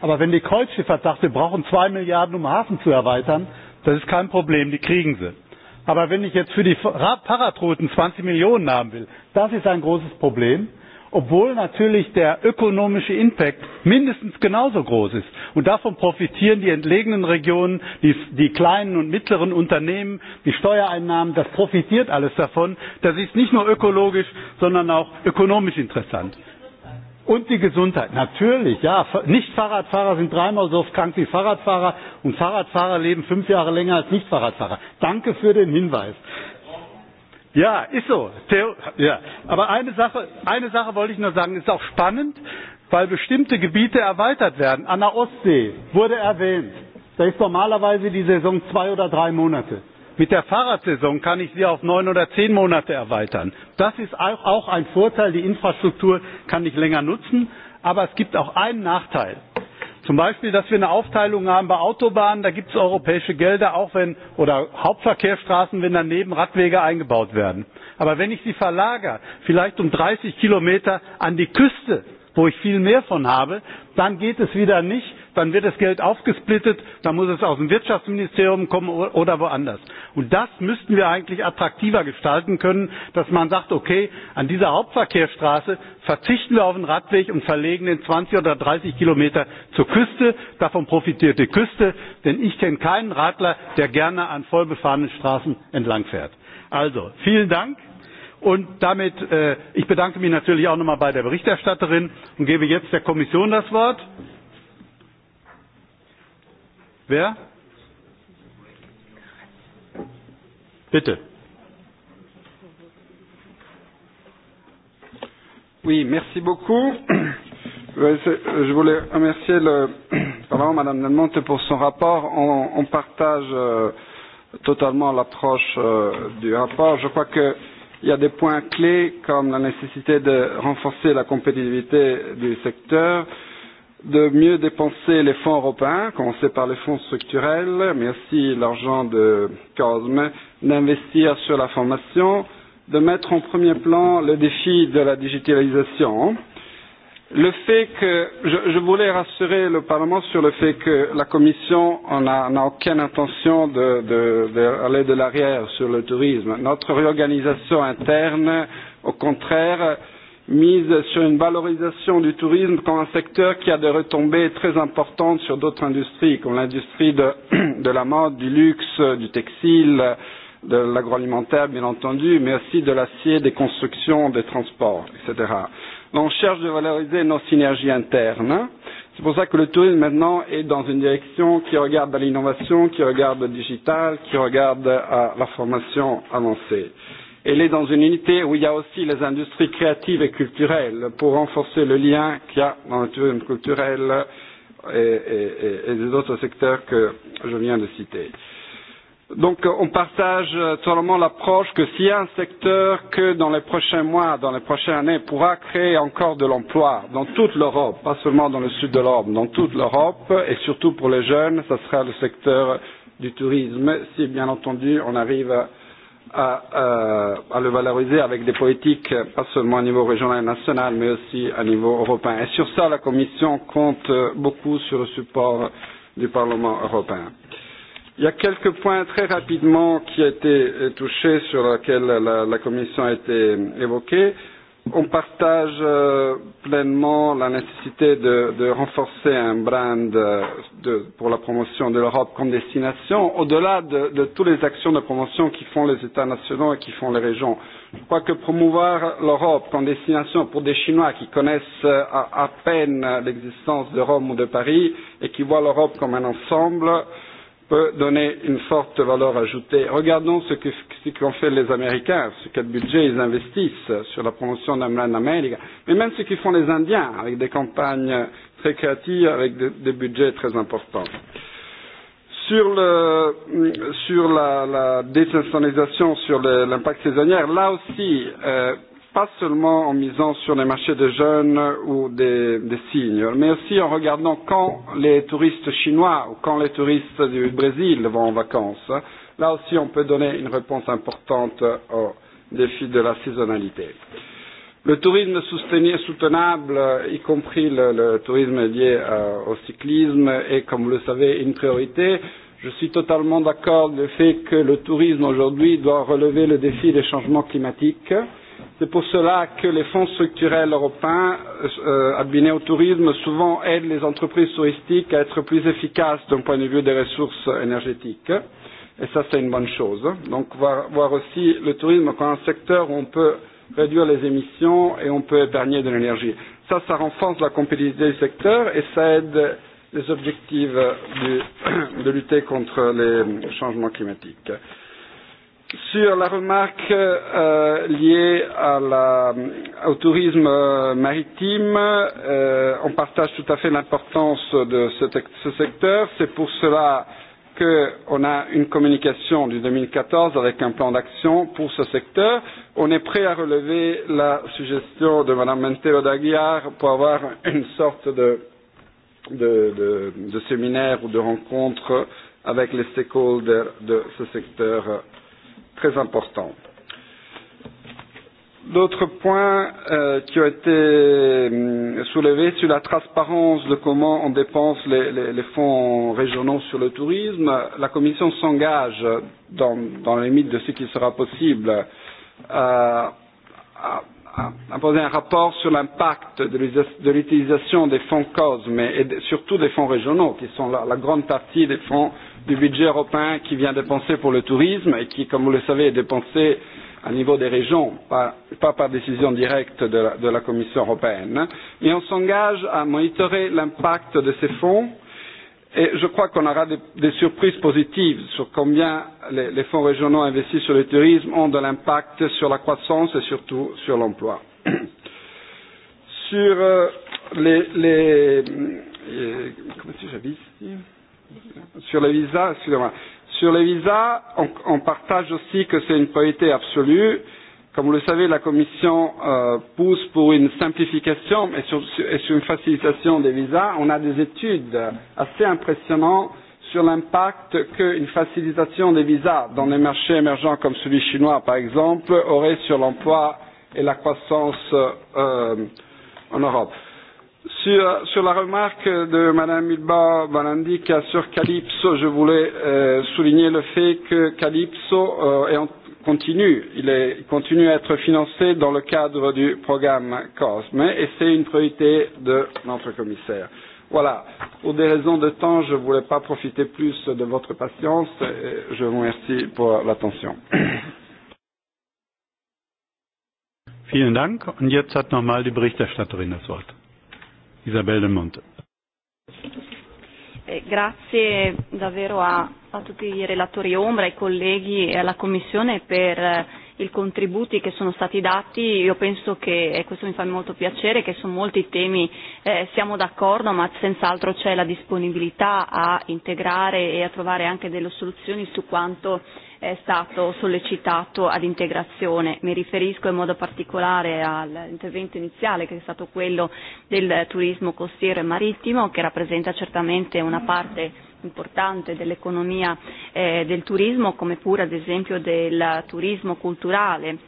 Aber wenn die Kreuzschifffahrt sagt, wir brauchen zwei Milliarden, um Hafen zu erweitern, das ist kein Problem, die kriegen sie. Aber wenn ich jetzt für die Paratrouten 20 Millionen haben will, das ist ein großes Problem, obwohl natürlich der ökonomische Impact mindestens genauso groß ist. Und davon profitieren die entlegenen Regionen, die, die kleinen und mittleren Unternehmen, die Steuereinnahmen, das profitiert alles davon. Das ist nicht nur ökologisch, sondern auch ökonomisch interessant. Und die Gesundheit, natürlich, ja. Nicht-Fahrradfahrer sind dreimal so oft krank wie Fahrradfahrer und Fahrradfahrer leben fünf Jahre länger als Nicht-Fahrradfahrer. Danke für den Hinweis. Ja, ist so. ja. Aber eine Sache, eine Sache wollte ich nur sagen, ist auch spannend, weil bestimmte Gebiete erweitert werden. An der Ostsee wurde erwähnt. Da ist normalerweise die Saison zwei oder drei Monate. Mit der Fahrradsaison kann ich sie auf neun oder zehn Monate erweitern. Das ist auch ein Vorteil. Die Infrastruktur kann ich länger nutzen. Aber es gibt auch einen Nachteil. Zum Beispiel, dass wir eine Aufteilung haben bei Autobahnen. Da gibt es europäische Gelder, auch wenn, oder Hauptverkehrsstraßen, wenn daneben Radwege eingebaut werden. Aber wenn ich sie verlagere, vielleicht um 30 Kilometer an die Küste, wo ich viel mehr von habe, dann geht es wieder nicht dann wird das Geld aufgesplittet, dann muss es aus dem Wirtschaftsministerium kommen oder woanders. Und das müssten wir eigentlich attraktiver gestalten können, dass man sagt, okay, an dieser Hauptverkehrsstraße verzichten wir auf den Radweg und verlegen den 20 oder 30 Kilometer zur Küste. Davon profitiert die Küste, denn ich kenne keinen Radler, der gerne an voll befahrenen Straßen entlangfährt. Also, vielen Dank. Und damit, äh, ich bedanke mich natürlich auch nochmal bei der Berichterstatterin und gebe jetzt der Kommission das Wort. Wer? Bitte. Oui, merci beaucoup. Je voulais remercier le vraiment Madame Delmonte, pour son rapport. On, on partage euh, totalement l'approche euh, du rapport. Je crois qu'il y a des points clés comme la nécessité de renforcer la compétitivité du secteur, euh, de mieux dépenser les fonds européens, commencer par les fonds structurels, mais aussi l'argent de Cosme, d'investir sur la formation, de mettre en premier plan le défi de la digitalisation. Le fait que je, je voulais rassurer le Parlement sur le fait que la Commission n'a aucune intention d'aller de, de, de, de l'arrière sur le tourisme. Notre réorganisation interne, au contraire, mise sur une valorisation du tourisme comme un secteur qui a des retombées très importantes sur d'autres industries, comme l'industrie de, de la mode, du luxe, du textile, de l'agroalimentaire, bien entendu, mais aussi de l'acier, des constructions, des transports, etc. on cherche de valoriser nos synergies internes. C'est pour ça que le tourisme maintenant est dans une direction qui regarde à l'innovation, qui regarde le digital, qui regarde à la formation avancée. Euh, Elle est dans une unité où il y a aussi les industries créatives et culturelles pour renforcer le lien qu'il y a dans le tourisme culturel et, et, et les autres secteurs que je viens de citer. Donc euh, on partage totalement l'approche que s'il y a un secteur que dans les prochains mois, dans les prochaines années, pourra créer encore de l'emploi dans toute l'Europe, pas seulement dans le sud de l'Europe, dans toute l'Europe, et surtout pour les jeunes, ce sera le secteur du tourisme, si bien entendu on arrive à à, euh, à le valoriser avec des politiques, pas seulement au niveau régional et national, mais aussi à niveau européen. Et sur ça, la Commission compte beaucoup sur le support du Parlement européen. Il y a quelques points très rapidement qui ont été touchés, sur lesquels la, la Commission a été évoquée. On partage euh, pleinement la nécessité de, de renforcer un brand euh, de, pour la promotion de l'Europe comme destination, au-delà de, de toutes les actions de promotion qui font les États nationaux et qui font les régions. Je crois que promouvoir l'Europe comme destination pour des Chinois qui connaissent euh, à, à peine l'existence de Rome ou de Paris et qui voient l'Europe comme un ensemble, euh, peut donner une forte valeur ajoutée. Regardons ce qu'ont qu fait les Américains, ce quel budget ils investissent sur la promotion d'Amran America, mais même ce qu'ils font les Indiens, avec des campagnes très créatives, avec des, des budgets très importants. Sur, le, sur la, la désaisonnalisation, sur l'impact saisonnier, là aussi, euh, pas seulement en misant sur les marchés de jeunes ou des, des seniors, mais aussi en regardant quand les touristes chinois ou quand les touristes du Brésil vont en vacances. Là aussi, on peut donner une réponse importante au défi de la saisonnalité. Le tourisme soutenable, y compris le, le tourisme lié euh, au cyclisme, est, comme vous le savez, une priorité. Je suis totalement d'accord le fait que le tourisme aujourd'hui doit relever le défi des changements climatiques. C'est pour cela que les fonds structurels européens euh, euh abinés au tourisme souvent aident les entreprises touristiques à être plus efficaces d'un point de vue des ressources énergétiques. Et ça, c'est une bonne chose. Donc, voir, voir aussi le tourisme comme un secteur où on peut réduire les émissions et on peut épargner de l'énergie. Ça, ça renforce la compétitivité du secteur et ça aide les objectifs du, de lutter contre les changements climatiques. Sur la remarque euh, liée à la, euh, au tourisme euh, maritime, euh, on partage tout à fait l'importance de ce, ce secteur. C'est pour cela qu'on a une communication du 2014 avec un plan d'action pour ce secteur. On est prêt à relever la suggestion de Mme Mentero d'Aguiar pour avoir une sorte de, de, de, de séminaire ou de rencontre avec les stakeholders de ce secteur très important. L'autre point euh, qui a été soulevé sur la transparence de comment on dépense les, les, les fonds régionaux sur le tourisme, la Commission s'engage dans, dans la limite de ce qui sera possible euh, à, à, à poser un rapport sur l'impact de l'utilisation des fonds COSME et surtout des fonds régionaux qui sont la, la grande partie des fonds du budget européen qui vient dépenser pour le tourisme et qui, comme vous le savez, est dépensé au niveau des régions, pas, pas par décision directe de la, de la Commission européenne. Mais on s'engage à monitorer l'impact de ces fonds et je crois qu'on aura des, des surprises positives sur combien les, les fonds régionaux investis sur le tourisme ont de l'impact sur la croissance et surtout sur l'emploi. sur euh, les, les euh, comment ici Sur les visas, excusez-moi. Sur les visas, on, on partage aussi que c'est une priorité absolue. Comme vous le savez, la Commission euh, pousse pour une simplification et sur, et sur une facilitation des visas. On a des études assez impressionnantes sur l'impact qu'une facilitation des visas dans les marchés émergents comme celui chinois, par exemple, aurait sur l'emploi et la croissance euh, en Europe. Sur, sur la remarque de Mme Milba Balandica sur Calypso, je voulais euh, souligner le fait que Calypso euh, est en, continue, il est, continue à être financé dans le cadre du programme COSME et c'est une priorité de notre commissaire. Voilà, pour des raisons de temps, je ne voulais pas profiter plus de votre patience et je vous remercie pour l'attention. Vielen Dank. Und jetzt hat nochmal die Berichterstatterin Wort. Isabella Monte. Eh, grazie davvero a, a tutti i relatori Ombra, ai colleghi e alla Commissione per eh, i contributi che sono stati dati. Io penso che, e questo mi fa molto piacere, che su molti temi eh, siamo d'accordo, ma senz'altro c'è la disponibilità a integrare e a trovare anche delle soluzioni su quanto è stato sollecitato all'integrazione. Mi riferisco in modo particolare all'intervento iniziale che è stato quello del turismo costiero e marittimo che rappresenta certamente una parte importante dell'economia eh, del turismo come pure ad esempio del turismo culturale.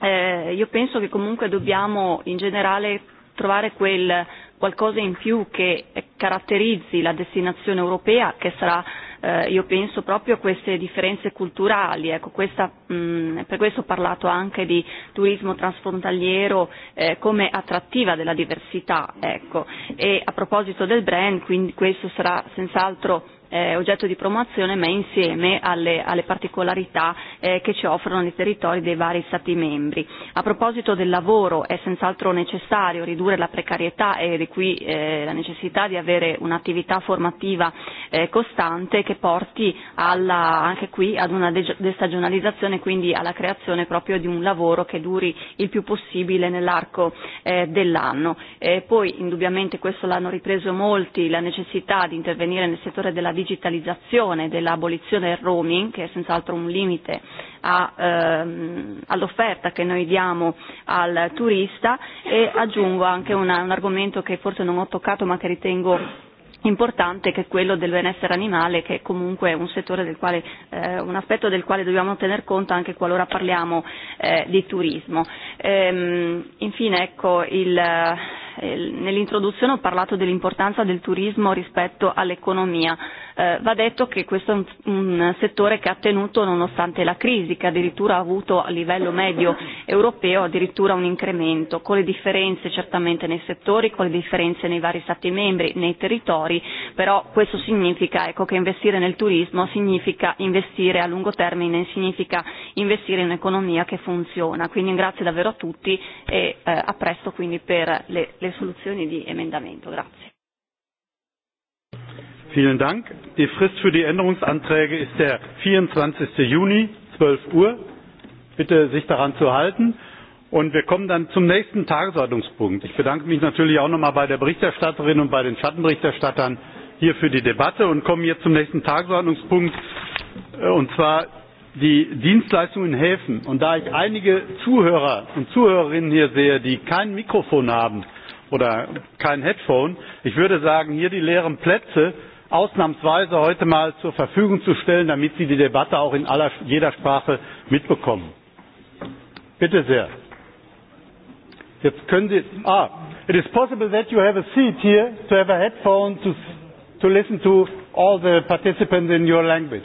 Eh, io penso che comunque dobbiamo in generale trovare quel qualcosa in più che caratterizzi la destinazione europea che sarà eh, io penso proprio a queste differenze culturali ecco questa mm, per questo ho parlato anche di turismo transfrontaliero eh, come attrattiva della diversità ecco e a proposito del brand quindi questo sarà senz'altro eh, oggetto di promozione ma insieme alle, alle particolarità eh, che ci offrono i territori dei vari Stati membri. A proposito del lavoro è senz'altro necessario ridurre la precarietà e è qui eh, la necessità di avere un'attività formativa eh, costante che porti alla, anche qui ad una destagionalizzazione quindi alla creazione proprio di un lavoro che duri il più possibile nell'arco eh, dell'anno. Eh, poi indubbiamente questo l'hanno ripreso molti la necessità di intervenire nel settore della digitalizzazione, dell'abolizione del roaming, che è senz'altro un limite a, ehm, all'offerta che noi diamo al turista e aggiungo anche una, un argomento che forse non ho toccato ma che ritengo importante che è quello del benessere animale che è comunque un settore del quale eh, un aspetto del quale dobbiamo tener conto anche qualora parliamo eh, di turismo. Ehm infine ecco il Eh, nell'introduzione ho parlato dell'importanza del turismo rispetto all'economia. Eh, va detto che questo è un, settore che ha tenuto nonostante la crisi, che addirittura ha avuto a livello medio europeo addirittura un incremento, con le differenze certamente nei settori, con le differenze nei vari Stati membri, nei territori, però questo significa ecco, che investire nel turismo significa investire a lungo termine, significa investire in un'economia che funziona. Quindi grazie davvero a tutti e eh, a presto quindi per le le soluzioni di emendamento. Grazie. Vielen Dank. Die Frist für die Änderungsanträge ist der 24. Juni, 12 Uhr. Bitte sich daran zu halten. Und wir kommen dann zum nächsten Tagesordnungspunkt. Ich bedanke mich natürlich auch nochmal bei der Berichterstatterin und bei den Schattenberichterstattern hier für die Debatte und kommen jetzt zum nächsten Tagesordnungspunkt. Äh, und zwar die Dienstleistungen helfen. Und da ich einige Zuhörer und Zuhörerinnen hier sehe, die kein Mikrofon haben oder kein Headphone, ich würde sagen, hier die leeren Plätze ausnahmsweise heute mal zur Verfügung zu stellen, damit Sie die Debatte auch in aller, jeder Sprache mitbekommen. Bitte sehr. Jetzt können Sie, ah, it is possible that you have a seat here to have a headphone to, to listen to all the participants in your language.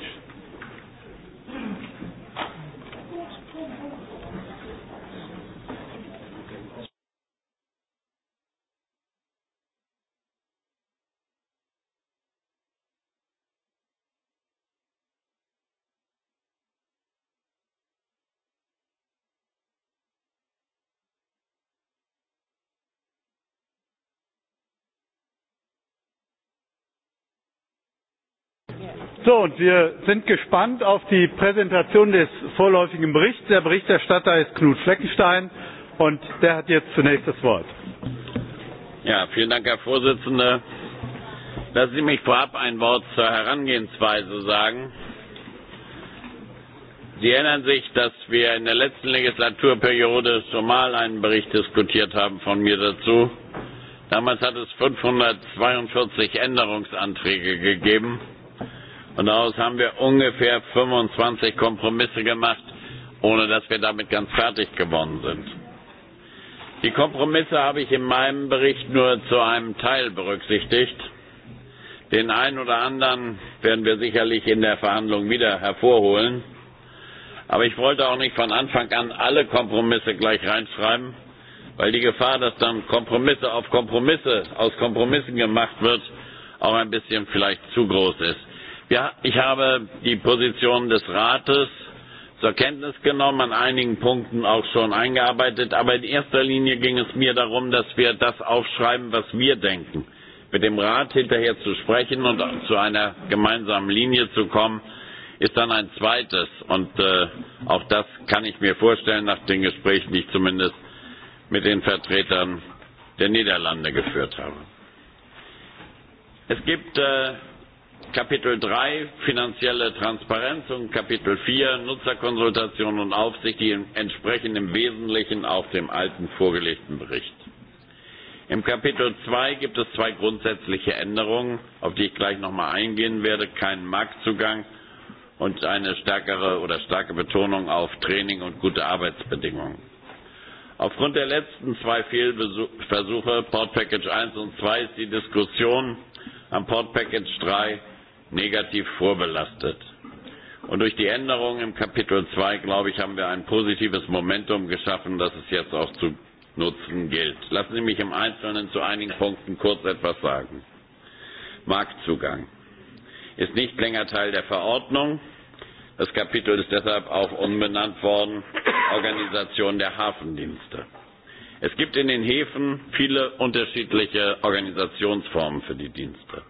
So, und wir sind gespannt auf die Präsentation des vorläufigen Berichts. Der Berichterstatter ist Knut Fleckenstein und der hat jetzt zunächst das Wort. Ja, vielen Dank, Herr Vorsitzender. Lassen Sie mich vorab ein Wort zur Herangehensweise sagen. Sie erinnern sich, dass wir in der letzten Legislaturperiode schon mal einen Bericht diskutiert haben von mir dazu. Damals hat es 542 Änderungsanträge gegeben. Und daraus haben wir ungefähr 25 Kompromisse gemacht, ohne dass wir damit ganz fertig geworden sind. Die Kompromisse habe ich in meinem Bericht nur zu einem Teil berücksichtigt. Den einen oder anderen werden wir sicherlich in der Verhandlung wieder hervorholen. Aber ich wollte auch nicht von Anfang an alle Kompromisse gleich reinschreiben, weil die Gefahr, dass dann Kompromisse auf Kompromisse aus Kompromissen gemacht wird, auch ein bisschen vielleicht zu groß ist. Ja, ich habe die Position des Rates zur Kenntnis genommen, an einigen Punkten auch schon eingearbeitet, aber in erster Linie ging es mir darum, dass wir das aufschreiben, was wir denken. Mit dem Rat hinterher zu sprechen und zu einer gemeinsamen Linie zu kommen, ist dann ein zweites. Und äh, auch das kann ich mir vorstellen, nach den Gesprächen, die ich zumindest mit den Vertretern der Niederlande geführt habe. Es gibt äh, Kapitel 3 finanzielle Transparenz und Kapitel 4 Nutzerkonsultation und Aufsicht, die entsprechen im Wesentlichen auf dem alten vorgelegten Bericht. Im Kapitel 2 gibt es zwei grundsätzliche Änderungen, auf die ich gleich nochmal eingehen werde. Keinen Marktzugang und eine stärkere oder starke Betonung auf Training und gute Arbeitsbedingungen. Aufgrund der letzten zwei Fehlversuche, Port Package 1 und 2, ist die Diskussion am Port Package 3 negativ vorbelastet. Und durch die Änderungen im Kapitel 2, glaube ich, haben wir ein positives Momentum geschaffen, das es jetzt auch zu nutzen gilt. Lassen Sie mich im Einzelnen zu einigen Punkten kurz etwas sagen. Marktzugang ist nicht länger Teil der Verordnung. Das Kapitel ist deshalb auch unbenannt worden, Organisation der Hafendienste. Es gibt in den Häfen viele unterschiedliche Organisationsformen für die Dienste.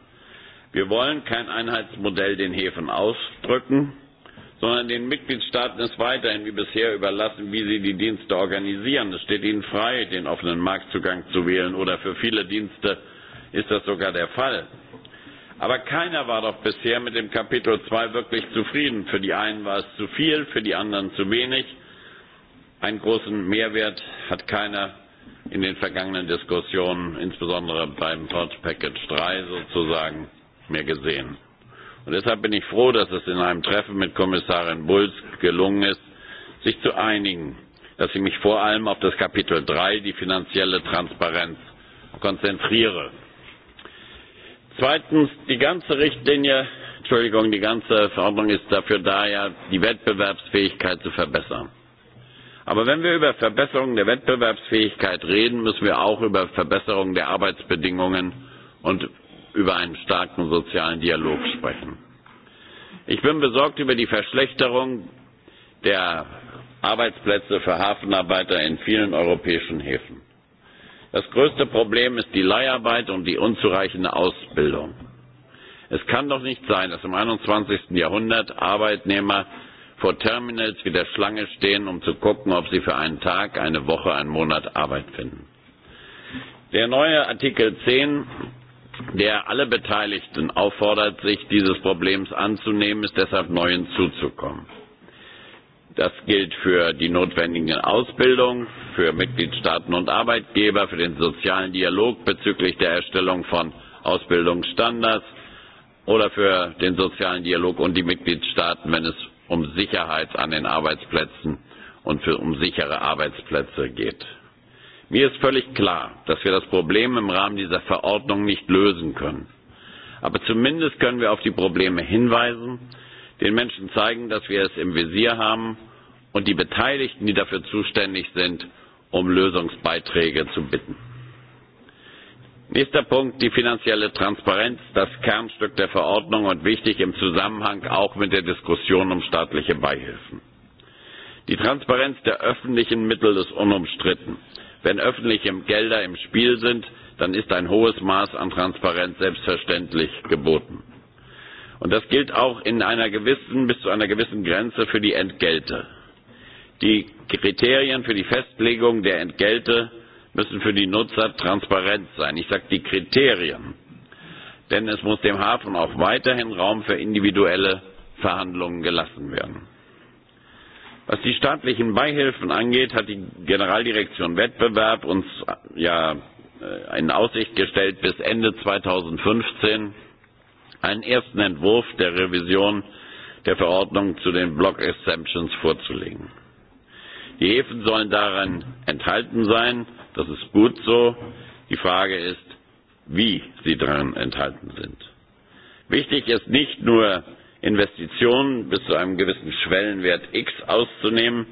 Wir wollen kein Einheitsmodell den Häfen ausdrücken, sondern den Mitgliedstaaten es weiterhin wie bisher überlassen, wie sie die Dienste organisieren. Es steht ihnen frei, den offenen Marktzugang zu wählen oder für viele Dienste ist das sogar der Fall. Aber keiner war doch bisher mit dem Kapitel 2 wirklich zufrieden. Für die einen war es zu viel, für die anderen zu wenig. Einen großen Mehrwert hat keiner in den vergangenen Diskussionen, insbesondere beim Third Package 3 sozusagen, mehr gesehen. Und deshalb bin ich froh, dass es in einem Treffen mit Kommissarin Bulls gelungen ist, sich zu einigen, dass ich mich vor allem auf das Kapitel 3, die finanzielle Transparenz, konzentriere. Zweitens, die ganze Richtlinie, Entschuldigung, die ganze Verordnung ist dafür da, ja, die Wettbewerbsfähigkeit zu verbessern. Aber wenn wir über Verbesserung der Wettbewerbsfähigkeit reden, müssen wir auch über Verbesserung der Arbeitsbedingungen und über einen starken sozialen Dialog sprechen. Ich bin besorgt über die Verschlechterung der Arbeitsplätze für Hafenarbeiter in vielen europäischen Häfen. Das größte Problem ist die Leiharbeit und die unzureichende Ausbildung. Es kann doch nicht sein, dass im 21. Jahrhundert Arbeitnehmer vor Terminals wie der Schlange stehen, um zu gucken, ob sie für einen Tag, eine Woche, einen Monat Arbeit finden. Der neue Artikel 10 der alle Beteiligten auffordert, sich dieses Problems anzunehmen, ist deshalb neuen zuzukommen. Das gilt für die notwendigen Ausbildung, für Mitgliedstaaten und Arbeitgeber, für den sozialen Dialog bezüglich der Erstellung von Ausbildungsstandards oder für den sozialen Dialog und die Mitgliedstaaten, wenn es um Sicherheit an den Arbeitsplätzen und für, um sichere Arbeitsplätze geht. Mir ist völlig klar, dass wir das Problem im Rahmen dieser Verordnung nicht lösen können. Aber zumindest können wir auf die Probleme hinweisen, den Menschen zeigen, dass wir es im Visier haben und die Beteiligten, die dafür zuständig sind, um Lösungsbeiträge zu bitten. Nächster Punkt, die finanzielle Transparenz, das Kernstück der Verordnung und wichtig im Zusammenhang auch mit der Diskussion um staatliche Beihilfen. Die Transparenz der öffentlichen Mittel ist unumstritten. Wenn öffentliche Gelder im Spiel sind, dann ist ein hohes Maß an Transparenz selbstverständlich geboten. Und das gilt auch in einer gewissen, bis zu einer gewissen Grenze für die Entgelte. Die Kriterien für die Festlegung der Entgelte müssen für die Nutzer transparent sein. Ich sage die Kriterien, denn es muss dem Hafen auch weiterhin Raum für individuelle Verhandlungen gelassen werden. Was die staatlichen Beihilfen angeht, hat die Generaldirektion Wettbewerb uns ja äh, in Aussicht gestellt, bis Ende 2015 einen ersten Entwurf der Revision der Verordnung zu den Block Exemptions vorzulegen. Die Häfen sollen daran enthalten sein, das ist gut so. Die Frage ist, wie sie daran enthalten sind. Wichtig ist nicht nur Investitionen bis zu einem gewissen Schwellenwert X auszunehmen,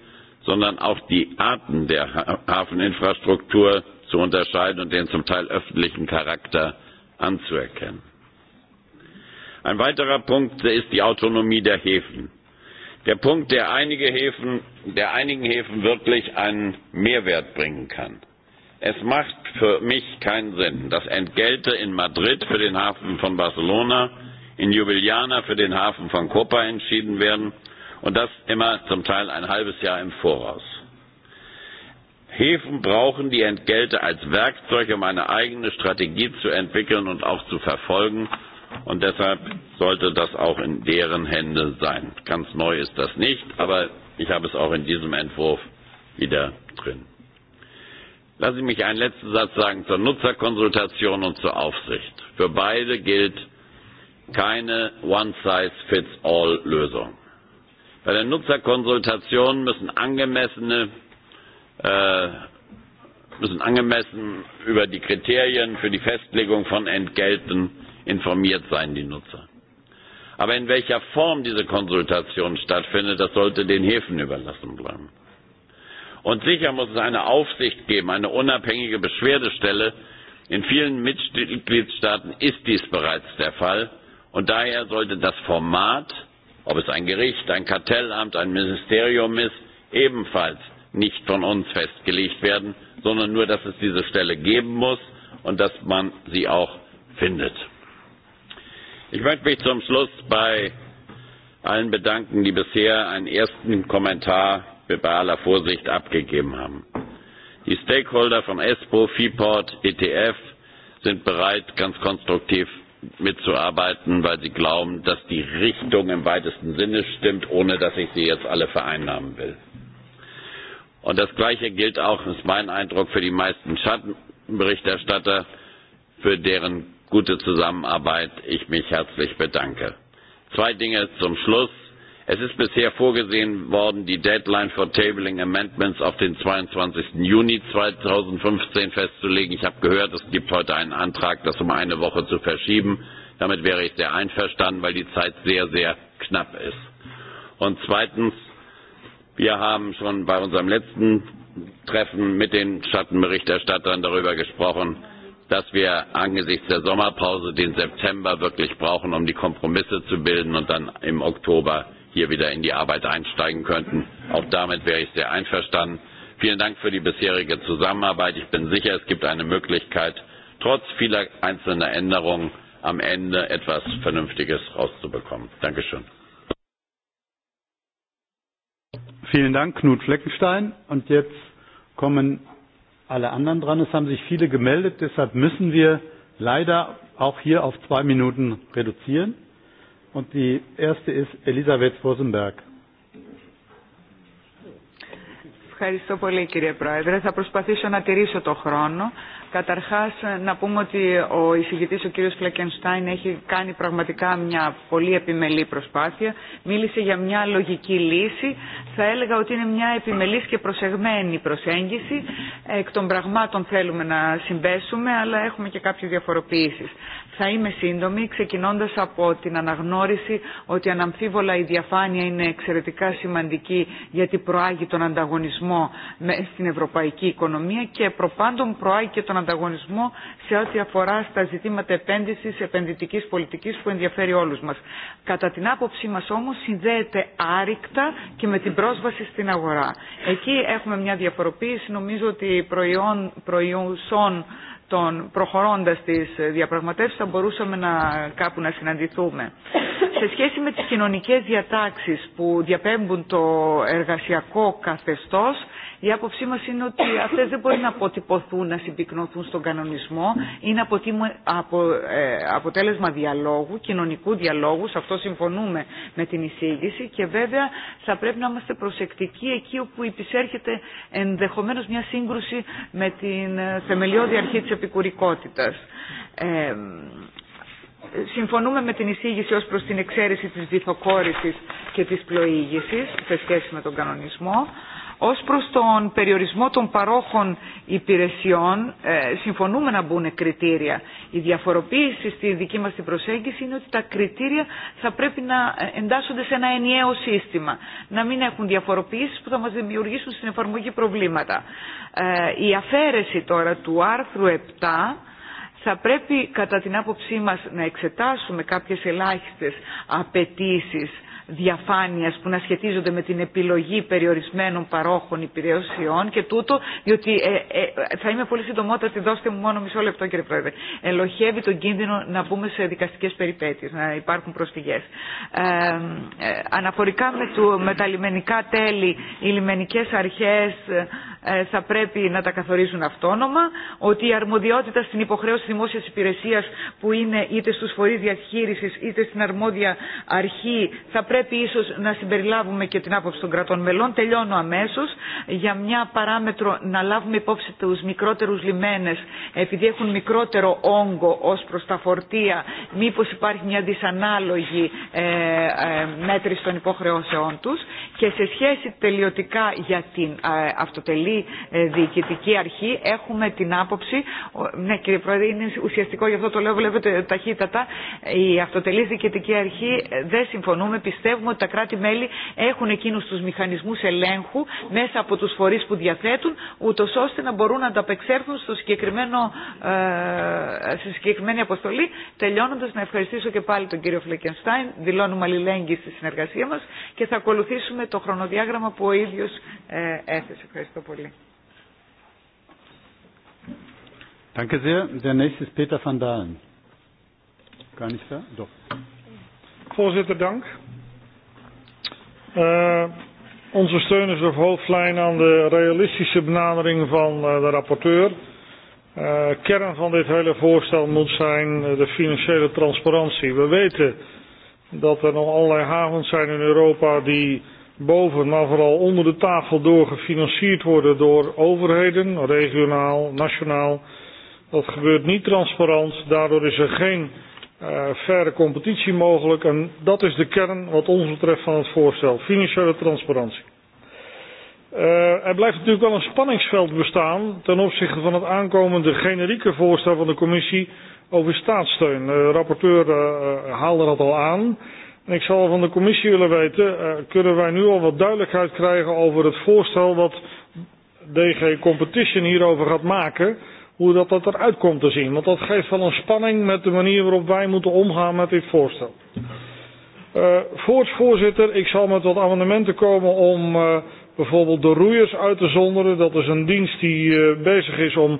sondern auch die Arten der Hafeninfrastruktur zu unterscheiden und den zum Teil öffentlichen Charakter anzuerkennen. Ein weiterer Punkt ist die Autonomie der Häfen. Der Punkt, der, einige Häfen, der einigen Häfen wirklich einen Mehrwert bringen kann. Es macht für mich keinen Sinn, dass Entgelte in Madrid für den Hafen von Barcelona in Ljubljana für den Hafen von Koper entschieden werden und das immer zum Teil ein halbes Jahr im Voraus. Häfen brauchen die Entgelte als Werkzeug, um eine eigene Strategie zu entwickeln und auch zu verfolgen. Und deshalb sollte das auch in deren Hände sein. Ganz neu ist das nicht, aber ich habe es auch in diesem Entwurf wieder drin. Lassen Sie mich einen letzten Satz sagen zur Nutzerkonsultation und zur Aufsicht. Für beide gilt, keine One-Size-Fits-All-Lösung. Bei den Nutzerkonsultationen müssen angemessene äh, müssen angemessen über die Kriterien für die Festlegung von Entgelten informiert sein, die Nutzer. Aber in welcher Form diese Konsultation stattfindet, das sollte den Häfen überlassen bleiben. Und sicher muss es eine Aufsicht geben, eine unabhängige Beschwerdestelle. In vielen Mitgliedstaaten ist dies bereits der Fall. Und daher sollte das Format, ob es ein Gericht, ein Kartellamt, ein Ministerium ist, ebenfalls nicht von uns festgelegt werden, sondern nur, dass es diese Stelle geben muss und dass man sie auch findet. Ich möchte mich zum Schluss bei allen bedanken, die bisher einen ersten Kommentar bei aller Vorsicht abgegeben haben. Die Stakeholder von ESPO, FIPORT, ETF sind bereit, ganz konstruktiv mitzuarbeiten, weil sie glauben, dass die Richtung im weitesten Sinne stimmt, ohne dass ich sie jetzt alle vereinnahmen will. Und das Gleiche gilt auch, ist mein Eindruck, für die meisten Schattenberichterstatter, für deren gute Zusammenarbeit ich mich herzlich bedanke. Zwei Dinge zum Schluss. Es ist bisher vorgesehen worden, die Deadline for Tabling Amendments auf den 22. Juni 2015 festzulegen. Ich habe gehört, es gibt heute einen Antrag, das um eine Woche zu verschieben. Damit wäre ich sehr einverstanden, weil die Zeit sehr, sehr knapp ist. Und zweitens, wir haben schon bei unserem letzten Treffen mit den Schattenberichterstattern darüber gesprochen, dass wir angesichts der Sommerpause den September wirklich brauchen, um die Kompromisse zu bilden und dann im Oktober hier wieder in die Arbeit einsteigen könnten. Auch damit wäre ich sehr einverstanden. Vielen Dank für die bisherige Zusammenarbeit. Ich bin sicher, es gibt eine Möglichkeit, trotz vieler einzelner Änderungen am Ende etwas Vernünftiges rauszubekommen. Dankeschön. Vielen Dank, Knut Fleckenstein. Und jetzt kommen alle anderen dran. Es haben sich viele gemeldet, deshalb müssen wir leider auch hier auf zwei Minuten reduzieren. Und die erste ist Elisabeth Rosenberg. Ευχαριστώ πολύ κύριε Πρόεδρε. Θα προσπαθήσω να τηρήσω το χρόνο. Καταρχάς, να πούμε ότι ο εισηγητής, ο κύριος Φλεκενστάιν, έχει κάνει πραγματικά μια πολύ επιμελή προσπάθεια. Μίλησε για μια λογική λύση. Θα έλεγα ότι είναι μια επιμελής και προσεγμένη προσέγγιση. Εκ των πραγμάτων θέλουμε να συμπέσουμε, αλλά έχουμε και κάποιες διαφοροποιήσεις. Θα είμαι σύντομη, ξεκινώντας από την αναγνώριση ότι αναμφίβολα η διαφάνεια είναι εξαιρετικά σημαντική γιατί προάγει τον ανταγωνισμό στην ευρωπαϊκή οικονομία και προπάντων προάγει και τον ανταγωνισμό σε ό,τι αφορά στα ζητήματα επένδυση, επενδυτική πολιτική που ενδιαφέρει όλου μα. Κατά την άποψή μα όμω, συνδέεται άρρηκτα και με την πρόσβαση στην αγορά. Εκεί έχουμε μια διαφοροποίηση, νομίζω ότι προϊόν, προϊόντων των προχωρώντας τις διαπραγματεύσεις θα μπορούσαμε να, κάπου να συναντηθούμε. Σε σχέση με τις κοινωνικές διατάξεις που διαπέμπουν το εργασιακό καθεστώς, Η άποψή μα είναι ότι αυτέ δεν μπορεί να αποτυπωθούν, να συμπυκνωθούν στον κανονισμό. Είναι απο, αποτέλεσμα διαλόγου, κοινωνικού διαλόγου, σε αυτό συμφωνούμε με την εισήγηση και βέβαια θα πρέπει να είμαστε προσεκτικοί εκεί όπου υπησέρχεται ενδεχομένω μια σύγκρουση με την θεμελιώδη αρχή τη επικουρικότητα. Ε, συμφωνούμε με την εισήγηση ως προς την εξαίρεση της βυθοκόρησης και της πλοήγησης σε σχέση με τον κανονισμό. Ως προς τον περιορισμό των παρόχων υπηρεσιών, συμφωνούμε να μπουν κριτήρια. Η διαφοροποίηση στη δική μας την προσέγγιση είναι ότι τα κριτήρια θα πρέπει να εντάσσονται σε ένα ενιαίο σύστημα. Να μην έχουν διαφοροποιήσεις που θα μας δημιουργήσουν στην εφαρμογή προβλήματα. Η αφαίρεση τώρα του άρθρου 7 θα πρέπει κατά την άποψή μας να εξετάσουμε κάποιες ελάχιστες απαιτήσει διαφάνειας που να σχετίζονται με την επιλογή περιορισμένων παρόχων υπηρεσιών και τούτο, διότι ε, ε, θα είμαι πολύ συντομότατη, δώστε μου μόνο μισό λεπτό κύριε Πρόεδρε. Ελοχεύει τον κίνδυνο να μπούμε σε δικαστικές περιπέτειες, να υπάρχουν προσφυγές. Ε, αναφορικά με, του, με τα λιμενικά τέλη, οι λιμενικές αρχές θα πρέπει να τα καθορίζουν αυτόνομα, ότι η αρμοδιότητα στην υποχρέωση δημόσια υπηρεσία που είναι είτε στου φορεί διαχείριση είτε στην αρμόδια αρχή θα πρέπει ίσω να συμπεριλάβουμε και την άποψη των κρατών μελών. Τελειώνω αμέσω. Για μια παράμετρο να λάβουμε υπόψη του μικρότερου λιμένε, επειδή έχουν μικρότερο όγκο ω προ τα φορτία, μήπω υπάρχει μια δυσανάλογη ε, ε, μέτρηση των υποχρεώσεών του. Και σε σχέση τελειωτικά για την ε, αυτοτελή Ευρωπαϊκή Διοικητική Αρχή έχουμε την άποψη, ναι κύριε Πρόεδρε είναι ουσιαστικό γι' αυτό το λέω βλέπετε ταχύτατα, η Αυτοτελής Διοικητική Αρχή δεν συμφωνούμε, πιστεύουμε ότι τα κράτη-μέλη έχουν εκείνους τους μηχανισμούς ελέγχου μέσα από τους φορείς που διαθέτουν ούτω ώστε να μπορούν να ανταπεξέλθουν στο συγκεκριμένο, ε, στη συγκεκριμένη αποστολή τελειώνοντας να ευχαριστήσω και πάλι τον κύριο Φλεκενστάιν, δηλώνουμε αλληλέγγυη στη συνεργασία μας και θα ακολουθήσουμε το χρονοδιάγραμμα που ο ίδιος ε, έθεσε. Ευχαριστώ πολύ. Dank Danke sehr. Der nächste ist Peter van Dalen. Gar nicht da? Doch. Voorzitter, dank. Uh, onze steun is op hoofdlijn aan de realistische benadering van uh, de rapporteur. Uh, kern van dit hele voorstel moet zijn de financiële transparantie. We weten dat er nog allerlei havens zijn in Europa die boven, maar vooral onder de tafel door gefinancierd worden door overheden, regionaal, nationaal. Dat gebeurt niet transparant, daardoor is er geen uh, verre competitie mogelijk en dat is de kern wat ons betreft van het voorstel, financiële transparantie. Uh, er blijft natuurlijk wel een spanningsveld bestaan ten opzichte van het aankomende generieke voorstel van de commissie over staatssteun. De rapporteur uh, haalde dat al aan. En ik zou er van de commissie willen weten, eh, kunnen wij nu al wat duidelijkheid krijgen over het voorstel wat DG Competition hierover gaat maken, hoe dat, dat eruit komt te zien. Want dat geeft wel een spanning met de manier waarop wij moeten omgaan met dit voorstel. Uh, eh, voorts, voorzitter, ik zal met wat amendementen komen om uh, bijvoorbeeld de roeiers uit te zonderen. Dat is een dienst die uh, bezig is om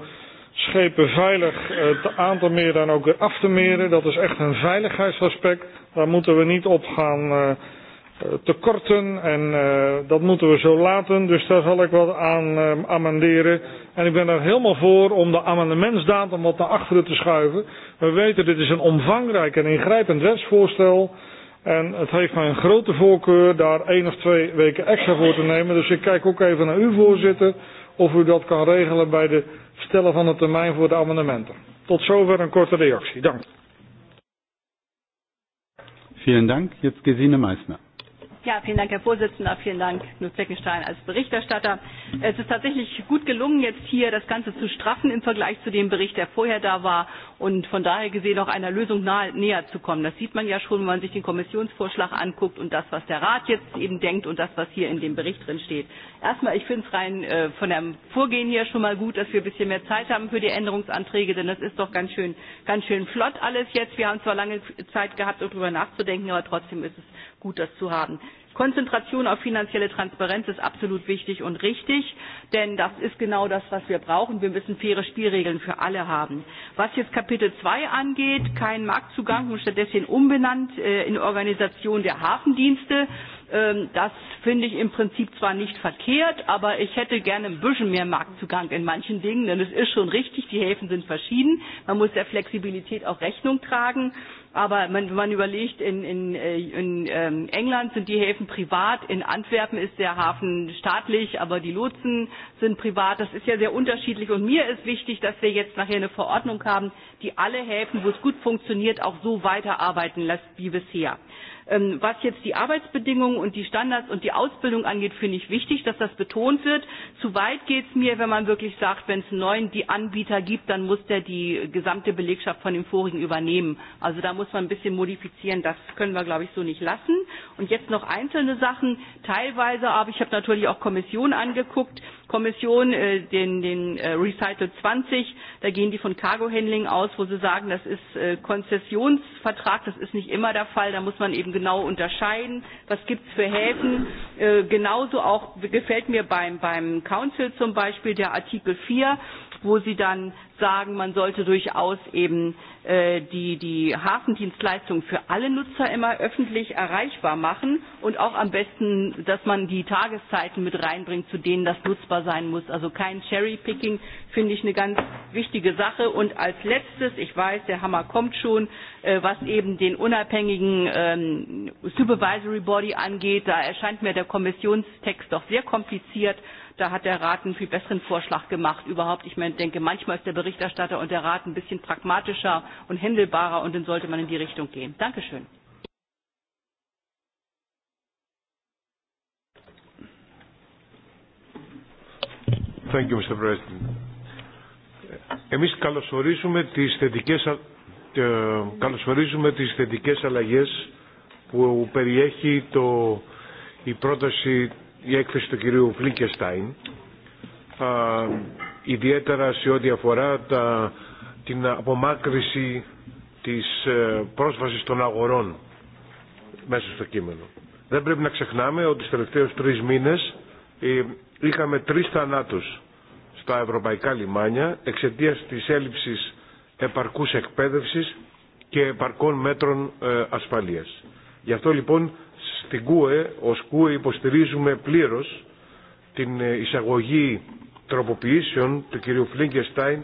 schepen veilig het aan te meren en ook weer af te meren. Dat is echt een veiligheidsaspect. Daar moeten we niet op gaan eh, eh, tekorten en eh, dat moeten we zo laten. Dus daar zal ik wat aan amenderen. En ik ben er helemaal voor om de amendementsdatum wat naar achteren te schuiven. We weten, dit is een omvangrijk en ingrijpend wetsvoorstel. En het heeft mij een grote voorkeur daar één of twee weken extra voor te nemen. Dus ik kijk ook even naar u, voorzitter of u dat kan regelen bij de stellen van de termijn voor de amendementen. Tot zover een korte reactie. Dank. Vielen Dank. Jetzt Gesine Meissner. Ja, vielen Dank, Herr Vorsitzender. Vielen Dank, Knut Fleckenstein, als Berichterstatter. Es ist tatsächlich gut gelungen, jetzt hier das Ganze zu straffen im Vergleich zu dem Bericht, der vorher da war und von daher gesehen auch einer Lösung nahe, näher zu kommen. Das sieht man ja schon, wenn man sich den Kommissionsvorschlag anguckt und das, was der Rat jetzt eben denkt und das, was hier in dem Bericht drin steht. Erstmal, ich finde es rein äh, von dem Vorgehen hier schon mal gut, dass wir ein bisschen mehr Zeit haben für die Änderungsanträge, denn das ist doch ganz schön, ganz schön flott alles jetzt. Wir haben zwar lange Zeit gehabt, darüber nachzudenken, aber trotzdem ist es gut, das zu haben. Konzentration auf finanzielle Transparenz ist absolut wichtig und richtig, denn das ist genau das, was wir brauchen. Wir müssen faire Spielregeln für alle haben. Was jetzt Kapitel 2 angeht, kein Marktzugang und stattdessen umbenannt äh, in Organisation der Hafendienste. Ähm, das finde ich im Prinzip zwar nicht verkehrt, aber ich hätte gerne ein bisschen mehr Marktzugang in manchen Dingen, denn es ist schon richtig, die Häfen sind verschieden. Man muss der Flexibilität auch Rechnung tragen. Aber man, wenn man überlegt, in, in, äh, in ähm, England sind die Häfen privat, in Antwerpen ist der Hafen staatlich, aber die Lotsen sind privat. Das ist ja sehr unterschiedlich. Und mir ist wichtig, dass wir jetzt nachher eine Verordnung haben, die alle Häfen, wo es gut funktioniert, auch so weiterarbeiten lässt wie bisher. Ähm, was jetzt die Arbeitsbedingungen und die Standards und die Ausbildung angeht, finde ich wichtig, dass das betont wird. Zu weit geht es mir, wenn man wirklich sagt, wenn es einen neuen die Anbieter gibt, dann muss der die gesamte Belegschaft von dem vorigen übernehmen. Also da muss man ein bisschen modifizieren. Das können wir, glaube ich, so nicht lassen. Und jetzt noch einzelne Sachen. Teilweise, aber ich habe natürlich auch Kommission angeguckt. Kommission, äh, den, den äh, Recital 20, da gehen die von Cargo Handling aus, wo sie sagen, das ist äh, Konzessionsvertrag, das ist nicht immer der Fall. Da muss man eben genau unterscheiden, was gibt es für Häfen. Äh, genauso auch gefällt mir beim, beim Council zum Beispiel der Artikel 4, wo sie dann sagen, man sollte durchaus eben äh, die, die Hafendienstleistung für alle Nutzer immer öffentlich erreichbar machen und auch am besten, dass man die Tageszeiten mit reinbringt, zu denen das nutzbar sein muss. Also kein Cherry-Picking finde ich eine ganz wichtige Sache. Und als letztes, ich weiß, der Hammer kommt schon, äh, was eben den unabhängigen ähm, Supervisory Body angeht, da erscheint mir der Kommissionstext doch sehr kompliziert da hat der Rat einen viel besseren Vorschlag gemacht überhaupt. Ich meine, denke, manchmal ist der Berichterstatter und der Rat ein bisschen pragmatischer und händelbarer und dann sollte man in die Richtung gehen. Dankeschön. Thank you, Mr. President. Εμείς καλωσορίζουμε τις θετικές, ε, καλωσορίζουμε τις θετικές αλλαγές που περιέχει το, η πρόταση η έκθεση του κυρίου Φλίκεστάιν ιδιαίτερα σε ό,τι αφορά τα, την απομάκρυση της πρόσβασης των αγορών μέσα στο κείμενο. Δεν πρέπει να ξεχνάμε ότι στους τελευταίους τρεις μήνες είχαμε τρεις θανάτους στα ευρωπαϊκά λιμάνια εξαιτίας της έλλειψης επαρκούς εκπαίδευσης και επαρκών μέτρων ασφαλείας. Γι' αυτό λοιπόν Στην ΚΟΕ, ως ΚΟΕ υποστηρίζουμε πλήρως την εισαγωγή τροποποιήσεων του κυρίου Φλίγκεστάιν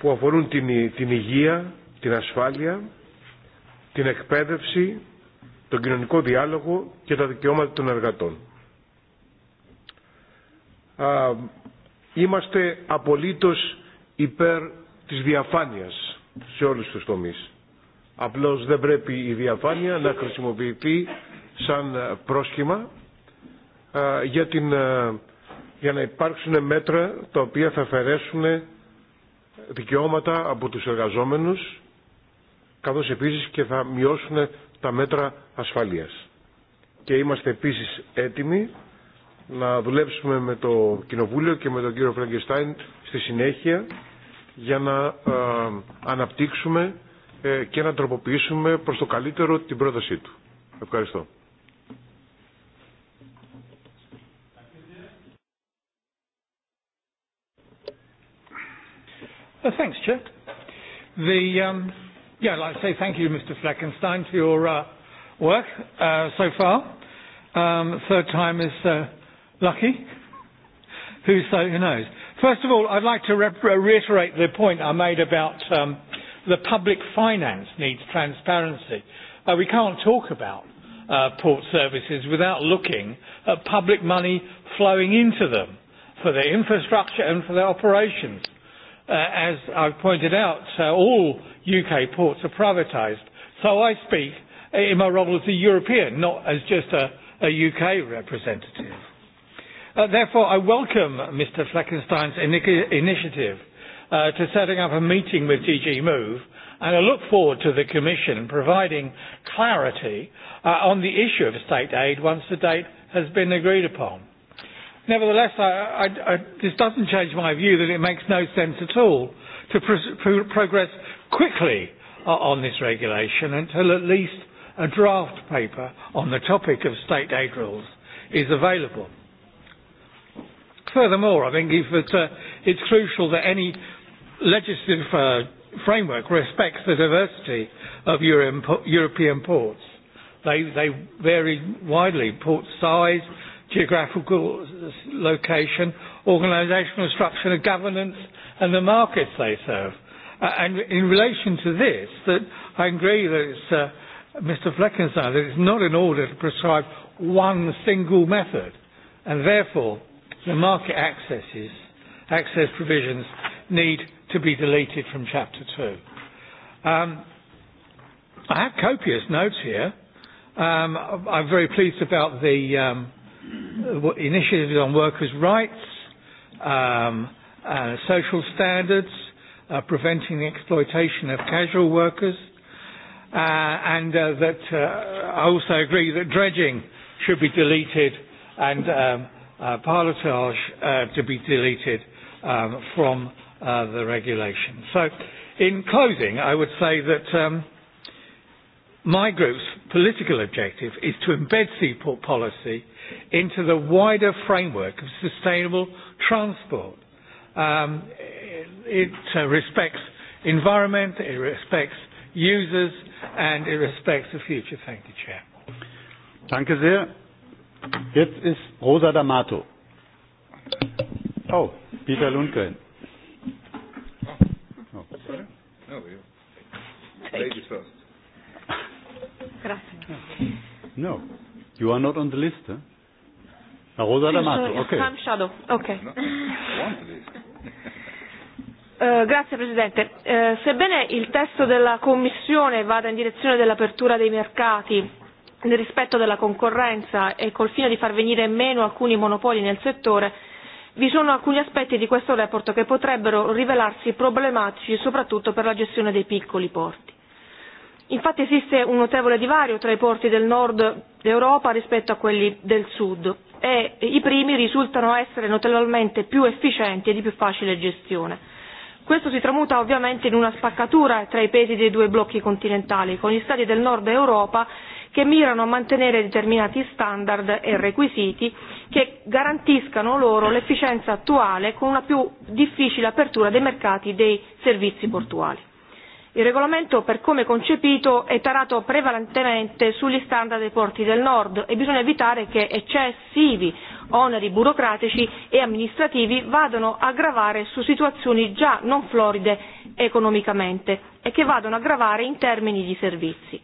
που αφορούν την, την υγεία, την ασφάλεια, την εκπαίδευση, τον κοινωνικό διάλογο και τα δικαιώματα των εργατών. Α, είμαστε απολύτως υπέρ της διαφάνειας σε όλους τους τομείς. Απλώς δεν πρέπει η διαφάνεια να χρησιμοποιηθεί σαν πρόσχημα για, την, για να υπάρξουν μέτρα τα οποία θα αφαιρέσουν δικαιώματα από τους εργαζόμενους καθώς επίσης και θα μειώσουν τα μέτρα ασφαλείας. Και είμαστε επίσης έτοιμοι να δουλέψουμε με το Κοινοβούλιο και με τον κύριο Φραγκεστάιν στη συνέχεια για να αναπτύξουμε και να τροποποιήσουμε προς το καλύτερο την πρότασή του. Ευχαριστώ. Uh, thanks, Chair. The, um, yeah, I'd like to say thank you, Mr. Fleckenstein, for your uh, work uh, so far. Um, third time is uh, lucky. Who so who knows? First of all, I'd like to re uh, reiterate the point I made about um, the public finance needs transparency. Uh, we can't talk about uh, port services without looking at public money flowing into them for their infrastructure and for their operations uh, as I've pointed out, uh, all UK ports are privatised. So I speak uh, in my role as a European, not as just a, a UK representative. Uh, therefore, I welcome Mr. Fleckenstein's initiative uh, to setting up a meeting with DG Move, and I look forward to the Commission providing clarity uh, on the issue of state aid once the date has been agreed upon. Nevertheless, I, I, I, this doesn't change my view that it makes no sense at all to pr- pr- progress quickly uh, on this regulation until at least a draft paper on the topic of state aid rules is available. Furthermore, I think if it's uh, it's crucial that any legislative uh, framework respects the diversity of Euro European ports. They, they vary widely, port size, geographical location, organisational structure and governance and the markets they serve. Uh, and in relation to this, that I agree that it's, uh, Mr Fleckenstein, that it's not in order to prescribe one single method and therefore the market accesses, access provisions need to be deleted from chapter 2. Um, I have copious notes here. Um, I'm very pleased about the um, initiatives on workers' rights, um, uh, social standards, uh, preventing the exploitation of casual workers, uh, and uh, that uh, I also agree that dredging should be deleted and um, uh, pilotage uh, to be deleted um, from uh, the regulation. So, in closing, I would say that um, My group's political objective is to embed seaport policy into the wider framework of sustainable transport. Um, it uh, respects environment, it respects users, and it respects the future. Thank you, Chair. Danke sehr. Jetzt ist Rosa D'Amato. Oh, Peter Lundgren. Oh. Oh. No, you. Ladies Gracias. No. You are not on the list, Eh? Rosa D'Amato, okay. I'm shadow, okay. Uh, grazie Presidente. Uh, sebbene il testo della Commissione vada in direzione dell'apertura dei mercati nel rispetto della concorrenza e col fine di far venire meno alcuni monopoli nel settore, vi sono alcuni aspetti di questo report che potrebbero rivelarsi problematici soprattutto per la gestione dei piccoli porti. Infatti esiste un notevole divario tra i porti del nord d'Europa rispetto a quelli del sud e i primi risultano essere notevolmente più efficienti e di più facile gestione. Questo si tramuta ovviamente in una spaccatura tra i pesi dei due blocchi continentali, con gli stati del nord Europa che mirano a mantenere determinati standard e requisiti che garantiscano loro l'efficienza attuale con una più difficile apertura dei mercati dei servizi portuali. Il regolamento, per come concepito, è tarato prevalentemente sugli standard dei porti del nord e bisogna evitare che eccessivi oneri burocratici e amministrativi vadano a gravare su situazioni già non floride economicamente e che vadano a gravare in termini di servizi.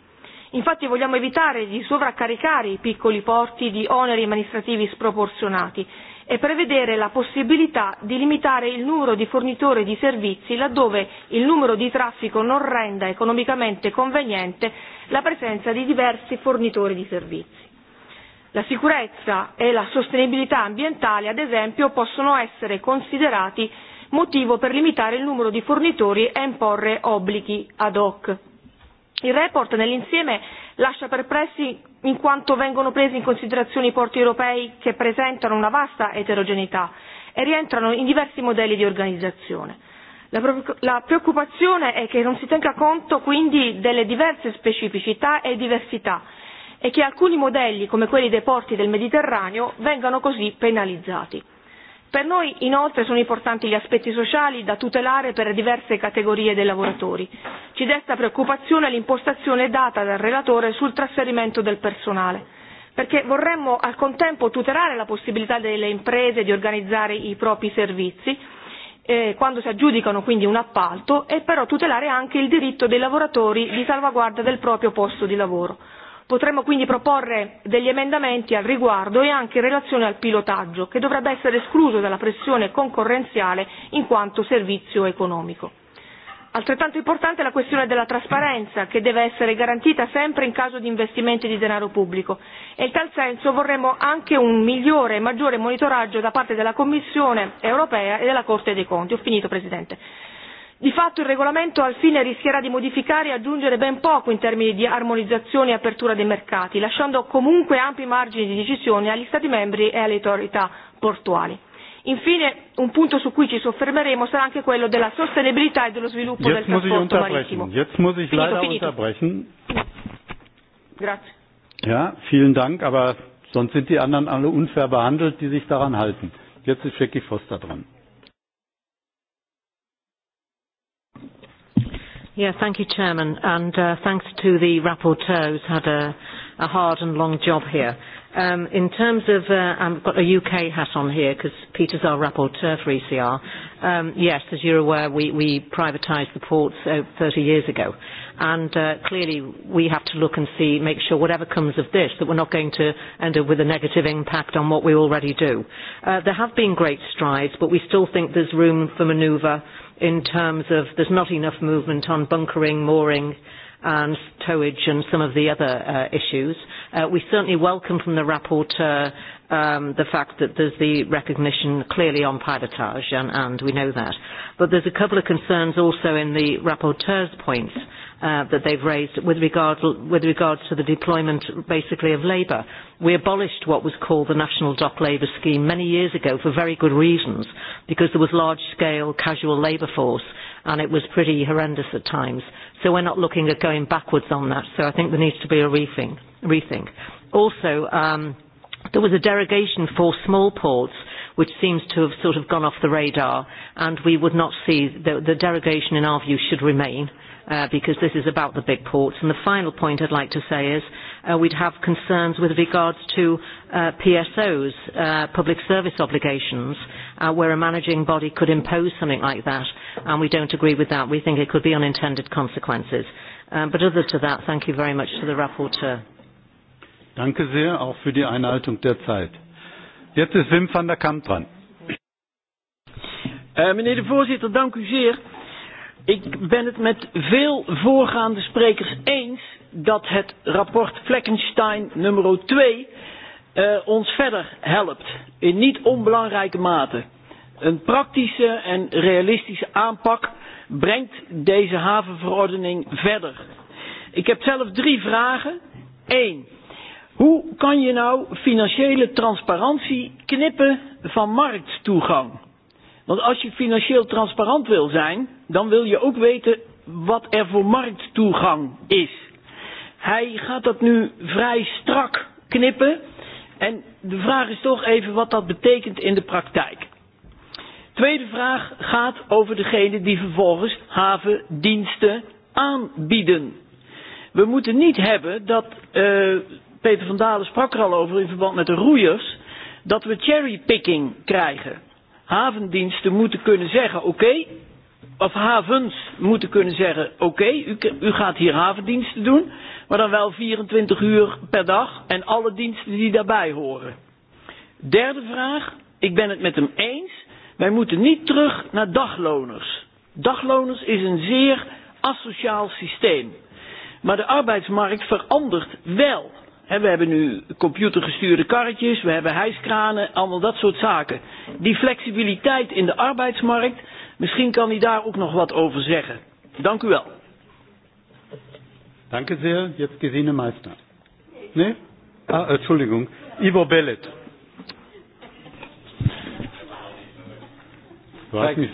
Infatti vogliamo evitare di sovraccaricare i piccoli porti di oneri amministrativi sproporzionati e prevedere la possibilità di limitare il numero di fornitori di servizi laddove il numero di traffico non renda economicamente conveniente la presenza di diversi fornitori di servizi. La sicurezza e la sostenibilità ambientale, ad esempio, possono essere considerati motivo per limitare il numero di fornitori e imporre obblighi ad hoc. Il report nell'insieme lascia perplessi in quanto vengono presi in considerazione i porti europei che presentano una vasta eterogeneità e rientrano in diversi modelli di organizzazione. La preoccupazione è che non si tenga conto quindi delle diverse specificità e diversità e che alcuni modelli come quelli dei porti del Mediterraneo vengano così penalizzati. Per noi inoltre sono importanti gli aspetti sociali da tutelare per diverse categorie dei lavoratori. Ci desta preoccupazione l'impostazione data dal relatore sul trasferimento del personale perché vorremmo al contempo tutelare la possibilità delle imprese di organizzare i propri servizi eh, quando si aggiudicano quindi un appalto e però tutelare anche il diritto dei lavoratori di salvaguardia del proprio posto di lavoro. Potremmo quindi proporre degli emendamenti al riguardo e anche in relazione al pilotaggio, che dovrebbe essere escluso dalla pressione concorrenziale in quanto servizio economico. Altrettanto importante è la questione della trasparenza, che deve essere garantita sempre in caso di investimenti di denaro pubblico e in tal senso vorremmo anche un migliore e maggiore monitoraggio da parte della Commissione europea e della Corte dei Conti. Ho finito, Presidente Di fatto il regolamento al fine rischierà di modificare e aggiungere ben poco in termini di armonizzazione e apertura dei mercati, lasciando comunque ampi margini di decisione agli Stati membri e alle autorità portuali. Infine, un punto su cui ci soffermeremo sarà anche quello della sostenibilità e dello sviluppo del trasporto marittimo. Jetzt muss ich finito, leider finito. unterbrechen. Grazie. Ja, vielen Dank, aber sonst sind die anderen alle unfair behandelt, die sich daran halten. Jetzt ist Jackie Foster dran. Yeah, thank you, Chairman, and uh, thanks to the rapporteur who's had a, a hard and long job here. Um, in terms of, uh, I've got a UK hat on here because Peter's our rapporteur for ECR. Um, yes, as you're aware, we, we privatised the ports uh, 30 years ago. And uh, clearly we have to look and see, make sure whatever comes of this, that we're not going to end up with a negative impact on what we already do. Uh, there have been great strides, but we still think there's room for manoeuvre in terms of there's not enough movement on bunkering, mooring and towage and some of the other uh, issues. Uh, we certainly welcome from the rapporteur um, the fact that there's the recognition clearly on pilotage and, and we know that. But there's a couple of concerns also in the rapporteur's points uh, that they've raised with regard, with regard to the deployment basically of labour. We abolished what was called the National Dock Labour Scheme many years ago for very good reasons because there was large scale casual labour force and it was pretty horrendous at times. So we're not looking at going backwards on that. So I think there needs to be a rethink. rethink. Also, um, there was a derogation for small ports which seems to have sort of gone off the radar and we would not see the, the derogation in our view should remain uh, because this is about the big ports. And the final point I'd like to say is uh, we'd have concerns with regards to uh, PSOs, uh, public service obligations, uh, where a managing body could impose something like that, and we don't agree with that. We think it could be unintended consequences. Um, but other to that, thank you very much to the rapporteur. Danke sehr, auch für die Einhaltung der Zeit. Jetzt ist Wim van der Kamp dran. Uh, meneer de voorzitter, dank u zeer. Ik ben het met veel voorgaande sprekers eens dat het rapport Fleckenstein nummer 2 uh, eh, ons verder helpt. In niet onbelangrijke mate. Een praktische en realistische aanpak brengt deze havenverordening verder. Ik heb zelf drie vragen. Eén. Hoe kan je nou financiële transparantie knippen van markttoegang? Want als je financieel transparant wil zijn, dan wil je ook weten wat er voor markttoegang is. Hij gaat dat nu vrij strak knippen en de vraag is toch even wat dat betekent in de praktijk. Tweede vraag gaat over degene die vervolgens havendiensten aanbieden. We moeten niet hebben dat, uh, Peter van Dalen sprak er al over in verband met de roeiers, dat we cherrypicking krijgen. Havendiensten moeten kunnen zeggen, oké, of havens moeten kunnen zeggen oké, u, u gaat hier havendiensten doen, maar dan wel 24 uur per dag en alle diensten die daarbij horen. Derde vraag, ik ben het met hem eens, wij moeten niet terug naar dagloners. Dagloners is een zeer asociaal systeem. Maar de arbeidsmarkt verandert wel. We hebben nu computergestuurde karretjes, we hebben hijskranen, allemaal dat soort zaken. Die flexibiliteit in de arbeidsmarkt Misschien kan hij daar ook nog wat over zeggen. Dank u wel. Danke sehr. Jetzt Gesine Meister. Nee? Ah, Entschuldigung. Ivo Bellet. Weiß nicht.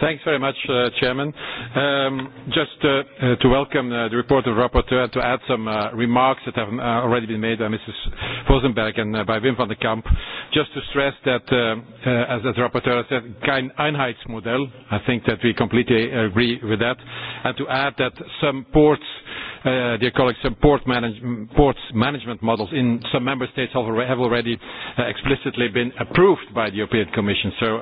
Thanks very much, uh, Chairman. Um, just uh, uh, to welcome uh, the report of the rapporteur, to add some uh, remarks that have already been made by Mrs. Fosenberg and by Wim van der Kamp. Just to stress that, as the rapporteur said, kein Einheitsmodell. I think that we completely agree with that. And to add that some ports, dear colleagues, some port ports management models in some member states have already explicitly been approved by the European Commission. So,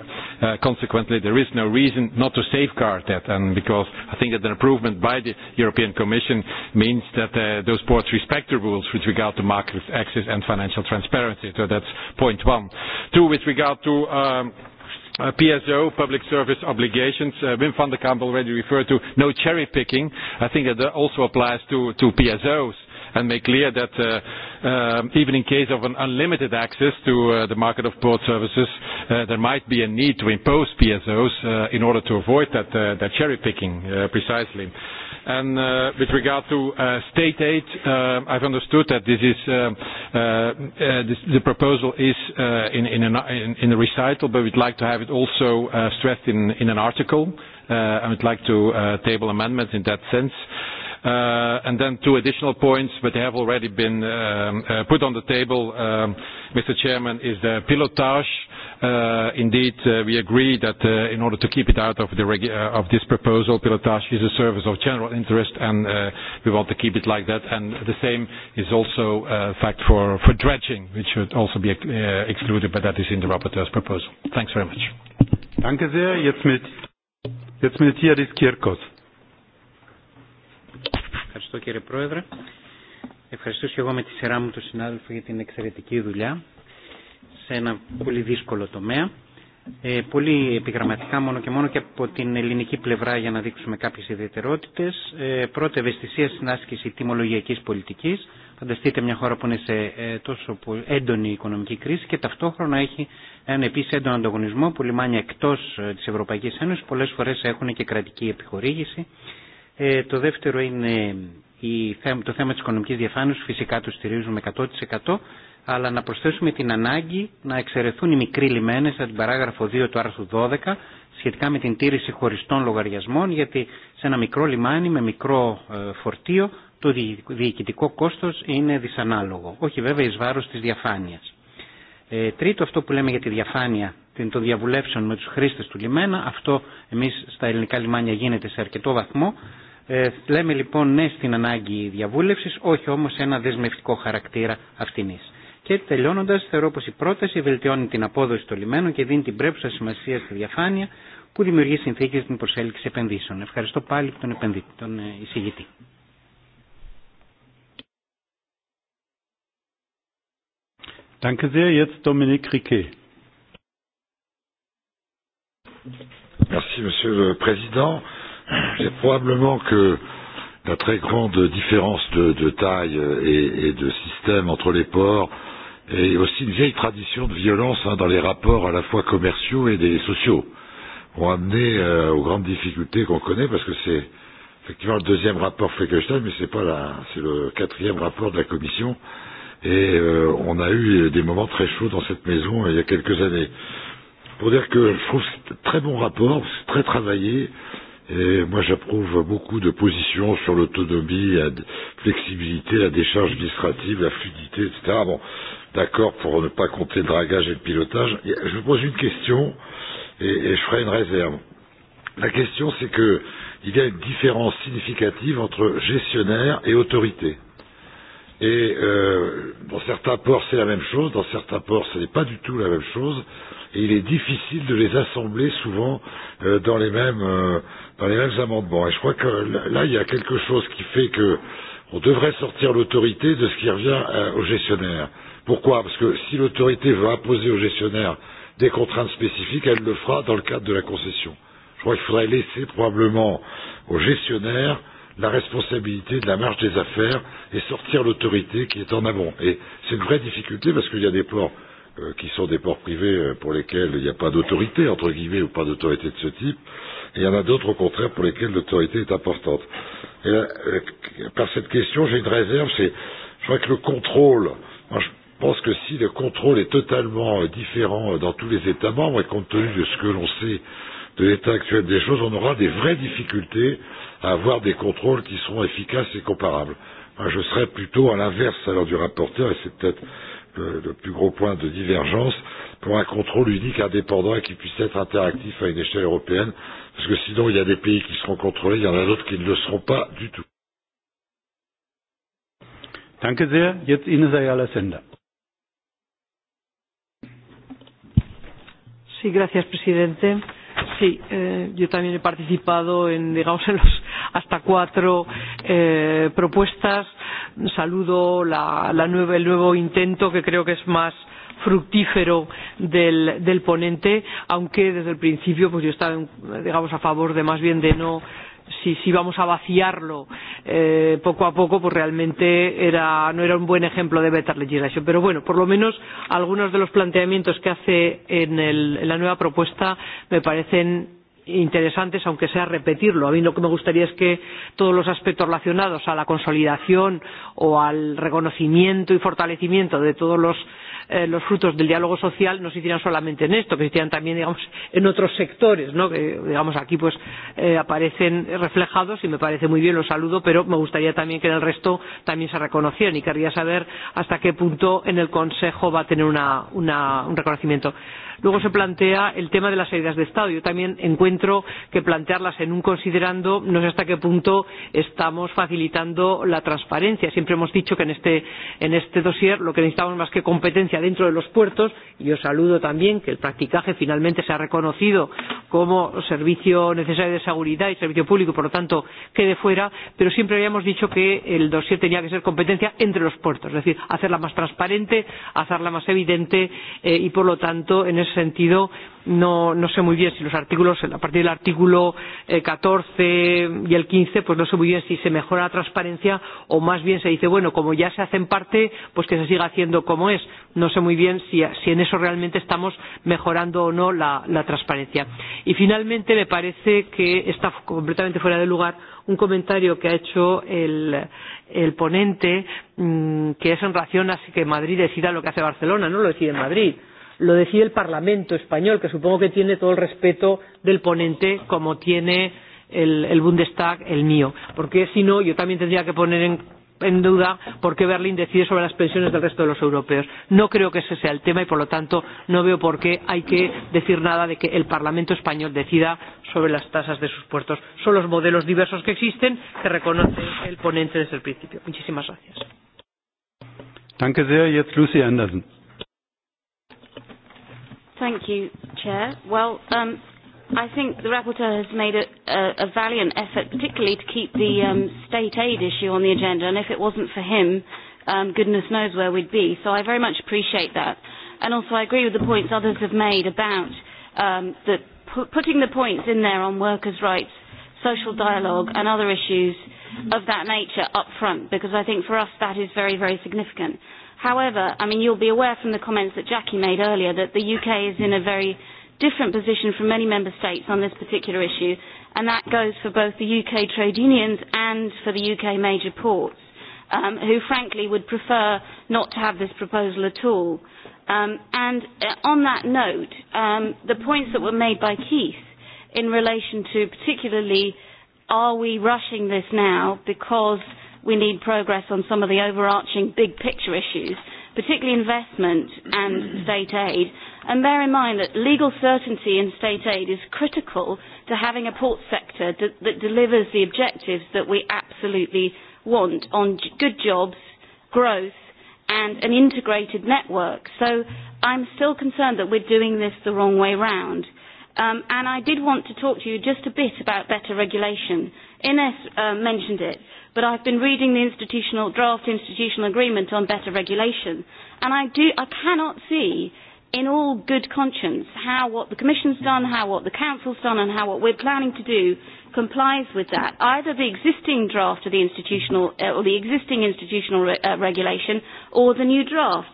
consequently, there is no reason not to safeguard that, and because I think that an improvement by the European Commission means that uh, those ports respect the rules with regard to market access and financial transparency. So that's point one. Two, with regard to um, Uh, PSO, public service obligations. Uh, Wim van der Kamp already referred to no cherry picking. I think that also applies to, to PSOs and make clear that uh, uh even in case of an unlimited access to uh, the market of port services, uh, there might be a need to impose PSOs in order to avoid that, that cherry picking precisely. And uh, with regard to uh, state aid, uh, I've understood that this is um, this, the proposal is in, in, an, in, in a recital, but we'd like to have it also stressed in, in an article. I would like to table amendments in that sense. Uh, and then two additional points, but they have already been um, uh, put on the table, um, Mr. Chairman, is the pilotage. Uh, indeed, uh, we agree that uh, in order to keep it out of, the uh, of this proposal, pilotage is a service of general interest, and we want to keep it like that. And the same is also a fact for, for dredging, which should also be excluded, but that is in the rapporteur's proposal. Thanks very much. Danke sehr. Jetzt mit, jetzt Ευχαριστώ κύριε Πρόεδρε. Ευχαριστώ και εγώ με τη σειρά μου του συνάδελφου για την εξαιρετική δουλειά σε ένα πολύ δύσκολο τομέα. Ε, πολύ επιγραμματικά μόνο και μόνο και από την ελληνική πλευρά για να δείξουμε κάποιε ιδιαιτερότητε. Ε, πρώτη ευαισθησία στην άσκηση τιμολογιακή πολιτική. Φανταστείτε μια χώρα που είναι σε ε, τόσο έντονη οικονομική κρίση και ταυτόχρονα έχει ένα επίση έντονο ανταγωνισμό που λιμάνια εκτό τη Ευρωπαϊκή Ένωση. Πολλέ φορέ έχουν και κρατική επιχορήγηση Ε, το δεύτερο είναι η, το θέμα της οικονομικής διαφάνειας, φυσικά το στηρίζουμε 100%, αλλά να προσθέσουμε την ανάγκη να εξαιρεθούν οι μικροί λιμένες από την παράγραφο 2 του άρθρου 12 σχετικά με την τήρηση χωριστών λογαριασμών, γιατί σε ένα μικρό λιμάνι με μικρό φορτίο το διοικητικό κόστος είναι δυσανάλογο, όχι βέβαια εις βάρος της διαφάνειας. Ε, τρίτο, αυτό που λέμε για τη διαφάνεια των διαβουλεύσεων με τους χρήστες του λιμένα, αυτό εμείς στα ελληνικά λιμάνια γίνεται σε αρκετό βαθμό, Ε, λέμε λοιπόν ναι στην ανάγκη διαβούλευσης, όχι όμως ένα δεσμευτικό χαρακτήρα αυτινής. Και τελειώνοντας, θεωρώ πως η πρόταση βελτιώνει την απόδοση των λιμένων και δίνει την πρέπουσα σημασία στη διαφάνεια που δημιουργεί συνθήκες στην προσέλκυση επενδύσεων. Ευχαριστώ πάλι τον, επενδύτη, τον εισηγητή. Danke sehr, jetzt Dominique Riquet. Merci, Monsieur le Président. C'est probablement que la très grande différence de, de taille et, et de système entre les ports et aussi une vieille tradition de violence hein, dans les rapports à la fois commerciaux et des sociaux ont amené euh, aux grandes difficultés qu'on connaît parce que c'est effectivement le deuxième rapport Fleckenstein mais c'est pas la c'est le quatrième rapport de la commission et euh, on a eu des moments très chauds dans cette maison euh, il y a quelques années pour dire que je trouve que c'est un très bon rapport c'est très travaillé Et moi, j'approuve beaucoup de positions sur l'autonomie, la flexibilité, la décharge administrative, la fluidité, etc. Bon, d'accord pour ne pas compter le dragage et le pilotage. Euh, je vous pose une question et, et je ferai une réserve. La question, c'est que il y a une différence significative entre gestionnaire et autorité. Et euh, dans certains ports, c'est la même chose, dans certains ports, ce n'est pas du tout la même chose, et il est difficile de les assembler souvent euh, dans les mêmes euh, dans les mêmes amendements. Et je crois que là, il y a quelque chose qui fait que on devrait sortir l'autorité de ce qui revient euh, au gestionnaire. Pourquoi Parce que si l'autorité veut imposer au gestionnaire des contraintes spécifiques, elle le fera dans le cadre de la concession. Je crois qu'il faudrait laisser probablement au gestionnaire la responsabilité de la marge des affaires et sortir l'autorité qui est en amont. Et c'est une vraie difficulté parce qu'il y a des ports euh, qui sont des ports privés euh, pour lesquels il n'y a pas d'autorité, entre guillemets, ou pas d'autorité de ce type. Et il y en a d'autres, au contraire, pour lesquels l'autorité est importante. Et là, euh, par cette question, j'ai une réserve, c'est, je crois que le contrôle, moi, je pense que si le contrôle est totalement euh, différent euh, dans tous les États membres, et compte tenu de ce que l'on sait de l'état actuel des choses, on aura des vraies difficultés à avoir des contrôles qui seront efficaces et comparables. Moi, je serais plutôt à l'inverse alors du rapporteur, et c'est peut-être le, le plus gros point de divergence, pour un contrôle unique, indépendant et qui puisse être interactif à une échelle européenne Parce que sinon, il y a des pays qui seront contrôlés, il y en a d'autres qui ne le seront pas du tout. Danke sehr. Jetzt Ines Ayala Sender. Sí, gracias, presidente. Sí, eh, yo también he participado en, digamos, en los hasta cuatro eh, propuestas. Saludo la, la nueva, el nuevo intento que creo que es más fructífero del, del ponente, aunque desde el principio pues yo estaba digamos a favor de más bien de no si, si vamos a vaciarlo eh, poco a poco, pues realmente era, no era un buen ejemplo de better legislation. Pero bueno, por lo menos algunos de los planteamientos que hace en, el, en la nueva propuesta me parecen interesantes, aunque sea repetirlo. A mí lo que me gustaría es que todos los aspectos relacionados a la consolidación o al reconocimiento y fortalecimiento de todos los Eh, los frutos del diálogo social no se hicieran solamente en esto que se hicieran también digamos en otros sectores ¿no? que digamos aquí pues eh, aparecen reflejados y me parece muy bien los saludo pero me gustaría también que en el resto también se reconocieran y querría saber hasta qué punto en el consejo va a tener una, una, un reconocimiento Luego se plantea el tema de las ayudas de Estado. Yo también encuentro que plantearlas en un considerando no sé hasta qué punto estamos facilitando la transparencia. Siempre hemos dicho que en este, en este dossier lo que necesitamos más que competencia dentro de los puertos, y yo saludo también que el practicaje finalmente se ha reconocido como servicio necesario de seguridad y servicio público, por lo tanto quede fuera, pero siempre habíamos dicho que el dossier tenía que ser competencia entre los puertos, es decir, hacerla más transparente, hacerla más evidente eh, y por lo tanto en ese sentido no, no sé muy bien si los artículos, a partir del artículo 14 eh, y el 15, pues no sé muy bien si se mejora la transparencia o más bien se dice, bueno, como ya se hacen parte, pues que se siga haciendo como es. No sé muy bien si, si en eso realmente estamos mejorando o no la, la transparencia. Y finalmente me parece que está completamente fuera de lugar un comentario que ha hecho el, el ponente, mmm, que es en relación a que Madrid decida lo que hace Barcelona, no lo decide Madrid lo decide el Parlamento español, que supongo que tiene todo el respeto del ponente como tiene el, el Bundestag, el mío. Porque si no, yo también tendría que poner en, en duda por qué Berlín decide sobre las pensiones del resto de los europeos. No creo que ese sea el tema y, por lo tanto, no veo por qué hay que decir nada de que el Parlamento español decida sobre las tasas de sus puertos. Son los modelos diversos que existen que reconoce el ponente desde el principio. Muchísimas gracias. Danke sehr. Jetzt Lucy Anderson. Thank you, Chair. Well, um, I think the rapporteur has made a, a, a valiant effort, particularly to keep the um, state aid issue on the agenda, and if it wasn't for him, um, goodness knows where we'd be. So I very much appreciate that. And also I agree with the points others have made about um, the, pu putting the points in there on workers' rights, social dialogue, and other issues of that nature up front, because I think for us that is very, very significant. However, I mean, you'll be aware from the comments that Jackie made earlier that the UK is in a very different position from many member states on this particular issue, and that goes for both the UK trade unions and for the UK major ports, um, who frankly would prefer not to have this proposal at all. Um, and uh, on that note, um, the points that were made by Keith in relation to particularly are we rushing this now because we need progress on some of the overarching big picture issues, particularly investment and state aid. And bear in mind that legal certainty in state aid is critical to having a port sector that, that delivers the objectives that we absolutely want on good jobs, growth, and an integrated network. So I'm still concerned that we're doing this the wrong way round. Um, and I did want to talk to you just a bit about better regulation. Ines uh, mentioned it but I've been reading the institutional draft institutional agreement on better regulation, and I do I cannot see in all good conscience how what the Commission's done, how what the Council's done, and how what we're planning to do complies with that. Either the existing draft of the institutional uh, or the existing institutional re uh, regulation or the new draft.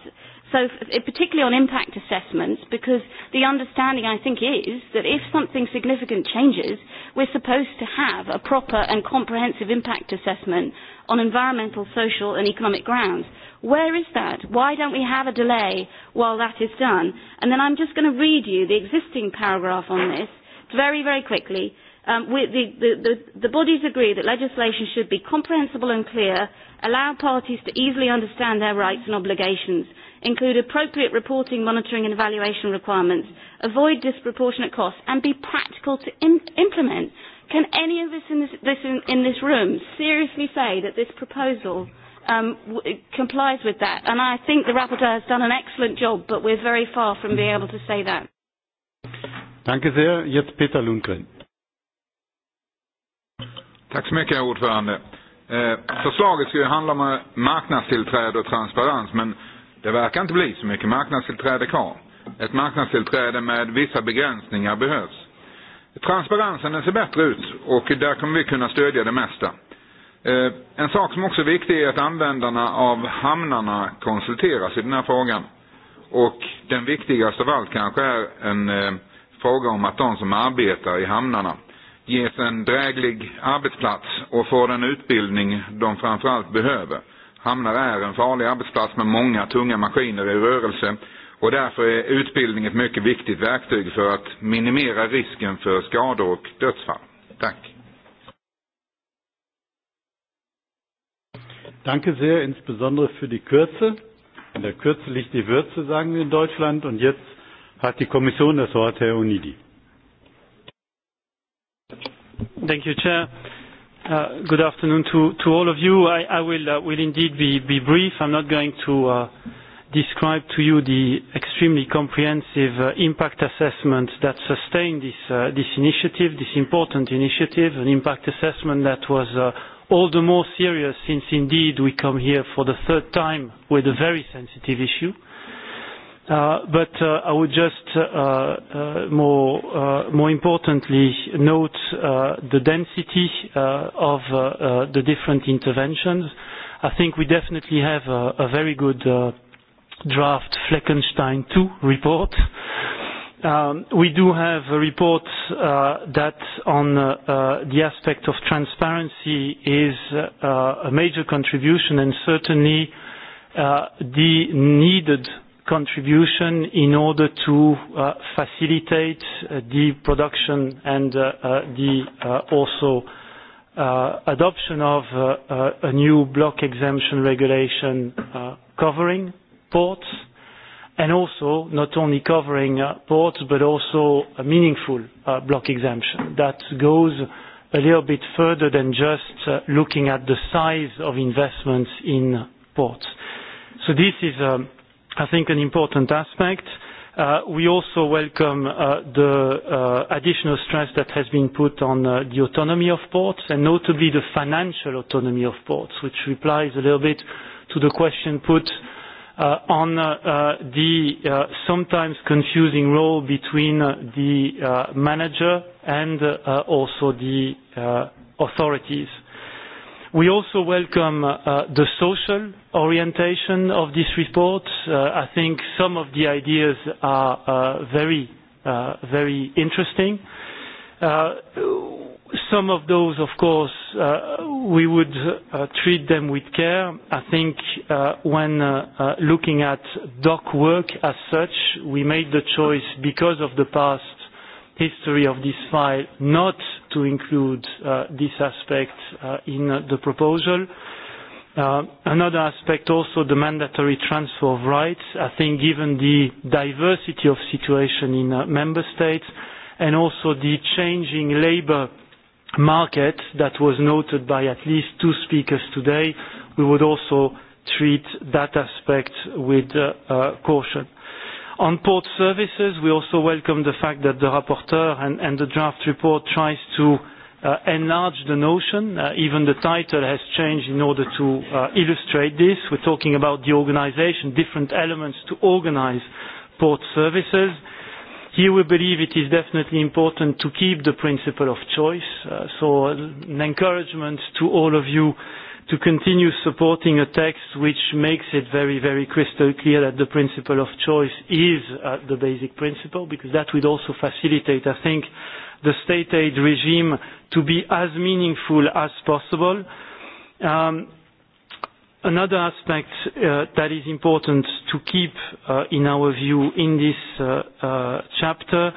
So, particularly on impact assessments, because the understanding, I think, is that if something significant changes, we're supposed to have a proper and comprehensive impact assessment on environmental, social, and economic grounds. Where is that? Why don't we have a delay while that is done? And then I'm just going to read you the existing paragraph on this very, very quickly. Um, we, the, the, the bodies agree that legislation should be comprehensible and clear, allow parties to easily understand their rights and obligations, include appropriate reporting, monitoring and evaluation requirements, avoid disproportionate costs and be practical to im implement. Can any of us in this, this in, in this room seriously say that this proposal um, w complies with that? And I think the rapporteur has done an excellent job, but we're very far from being able to say that. Danke sehr. Jetzt Peter Lundgren. Tack så mycket, ordförande. Eh, förslaget ska ju handla om marknadstillträde och transparens, men Det verkar inte bli så mycket marknadstillträde kvar. Ett marknadstillträde med vissa begränsningar behövs. Transparensen den ser bättre ut och där kommer vi kunna stödja det mesta. Eh, en sak som också är viktig är att användarna av hamnarna konsulteras i den här frågan. Och den viktigaste av allt kanske är en eh, fråga om att de som arbetar i hamnarna ges en dräglig arbetsplats och får den utbildning de framförallt behöver Hamnar är en farlig arbetsplats med många tunga maskiner i rörelse och därför är utbildning ett mycket viktigt verktyg för att minimera risken för skador och dödsfall. Tack. Danke sehr, insbesondere für die Kürze. In der Kürze liegt die Würze, sagen wir in Deutschland. Und jetzt hat die Kommission das Wort, Herr Unidi. Thank you, Chair. Uh, good afternoon to, to all of you. I, I will, uh, will indeed be, be brief. I'm not going to uh, describe to you the extremely comprehensive uh, impact assessment that sustained this, uh, this initiative, this important initiative, an impact assessment that was uh, all the more serious since indeed we come here for the third time with a very sensitive issue. Uh, but uh, I would just uh, more importantly note the density of the different interventions. I think we definitely have a, very good draft Fleckenstein II report. Um, we do have a report that on the aspect of transparency is a major contribution and certainly the needed contribution in order to uh, facilitate uh, the production and uh, the also adoption of a new block exemption regulation covering ports and also not only covering ports but also a meaningful block exemption that goes a little bit further than just looking at the size of investments in ports. So this is a um, i think, an important aspect. Uh, we also welcome uh, the uh, additional stress that has been put on the autonomy of ports and notably the financial autonomy of ports, which replies a little bit to the question put on the sometimes confusing role between the manager and also the authorities. We also welcome uh, the social orientation of this report. Uh, I think some of the ideas are uh, very, uh, very interesting. Uh, some of those, of course, uh, we would uh, treat them with care. I think uh, when uh, uh, looking at doc work as such, we made the choice because of the past history of this file not to include uh, this aspect uh, in uh, the proposal. Uh, another aspect also the mandatory transfer of rights. I think given the diversity of situation in uh, member states and also the changing labour market that was noted by at least two speakers today, we would also treat that aspect with uh, uh caution. On port services, we also welcome the fact that the rapporteur and, and the draft report tries to uh, enlarge the notion. Uh, even the title has changed in order to uh, illustrate this. We're talking about the organization, different elements to organize port services. Here we believe it is definitely important to keep the principle of choice. Uh, so an encouragement to all of you to continue supporting a text which makes it very, very crystal clear that the principle of choice is uh, the basic principle, because that would also facilitate, I think, the state aid regime to be as meaningful as possible. Um, another aspect uh, that is important to keep, uh, in our view, in this uh, uh, chapter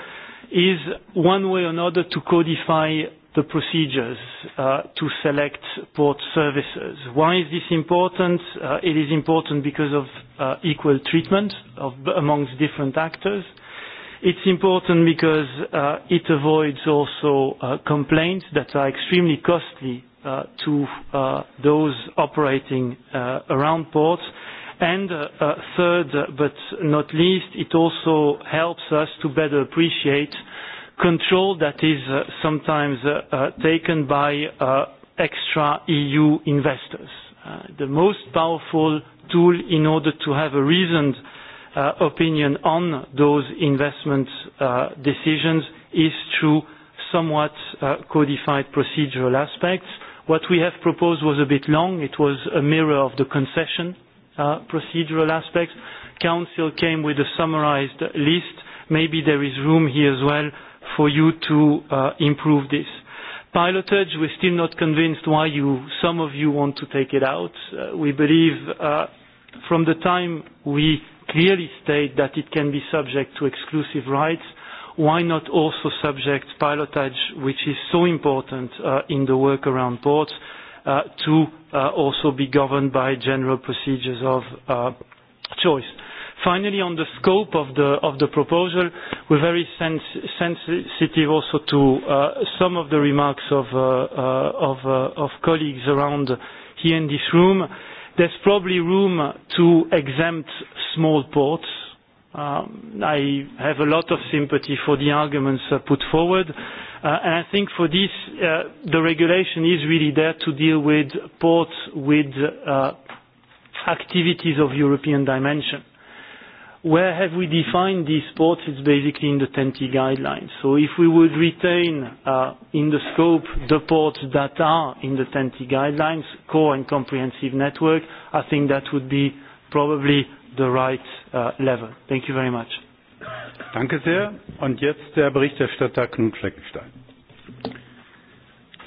is one way or another to codify the procedures uh, to select port services. Why is this important? Uh, it is important because of uh, equal treatment of, amongst different actors. It's important because uh, it avoids also uh, complaints that are extremely costly uh, to uh, those operating uh, around ports. And uh, uh third, but not least, it also helps us to better appreciate uh, control that is uh, sometimes uh, uh, taken by uh, extra EU investors. Uh, the most powerful tool in order to have a reasoned uh, opinion on those investment uh, decisions is through somewhat uh, codified procedural aspects. What we have proposed was a bit long. It was a mirror of the concession uh, procedural aspects. Council came with a summarized list. Maybe there is room here as well for you to uh, improve this. Pilotage, we're still not convinced why you, some of you want to take it out. Uh, we believe uh, from the time we clearly state that it can be subject to exclusive rights, why not also subject pilotage, which is so important uh, in the work around ports, uh, to uh, also be governed by general procedures of uh, choice. Finally, on the scope of the, of the proposal, we're very sens sensitive also to uh, some of the remarks of, uh, uh, of, uh, of colleagues around here in this room. There's probably room to exempt small ports. Um, I have a lot of sympathy for the arguments uh, put forward. Uh, and I think for this, uh, the regulation is really there to deal with ports with uh, activities of European dimension where have we defined these sports? It's basically in the ten t guidelines. So if we would retain uh, in the scope the ports that are in the ten t guidelines, core and comprehensive network, I think that would be probably the right uh, level. Thank you very much. Danke sehr. Und jetzt der Berichterstatter Knut Fleckenstein.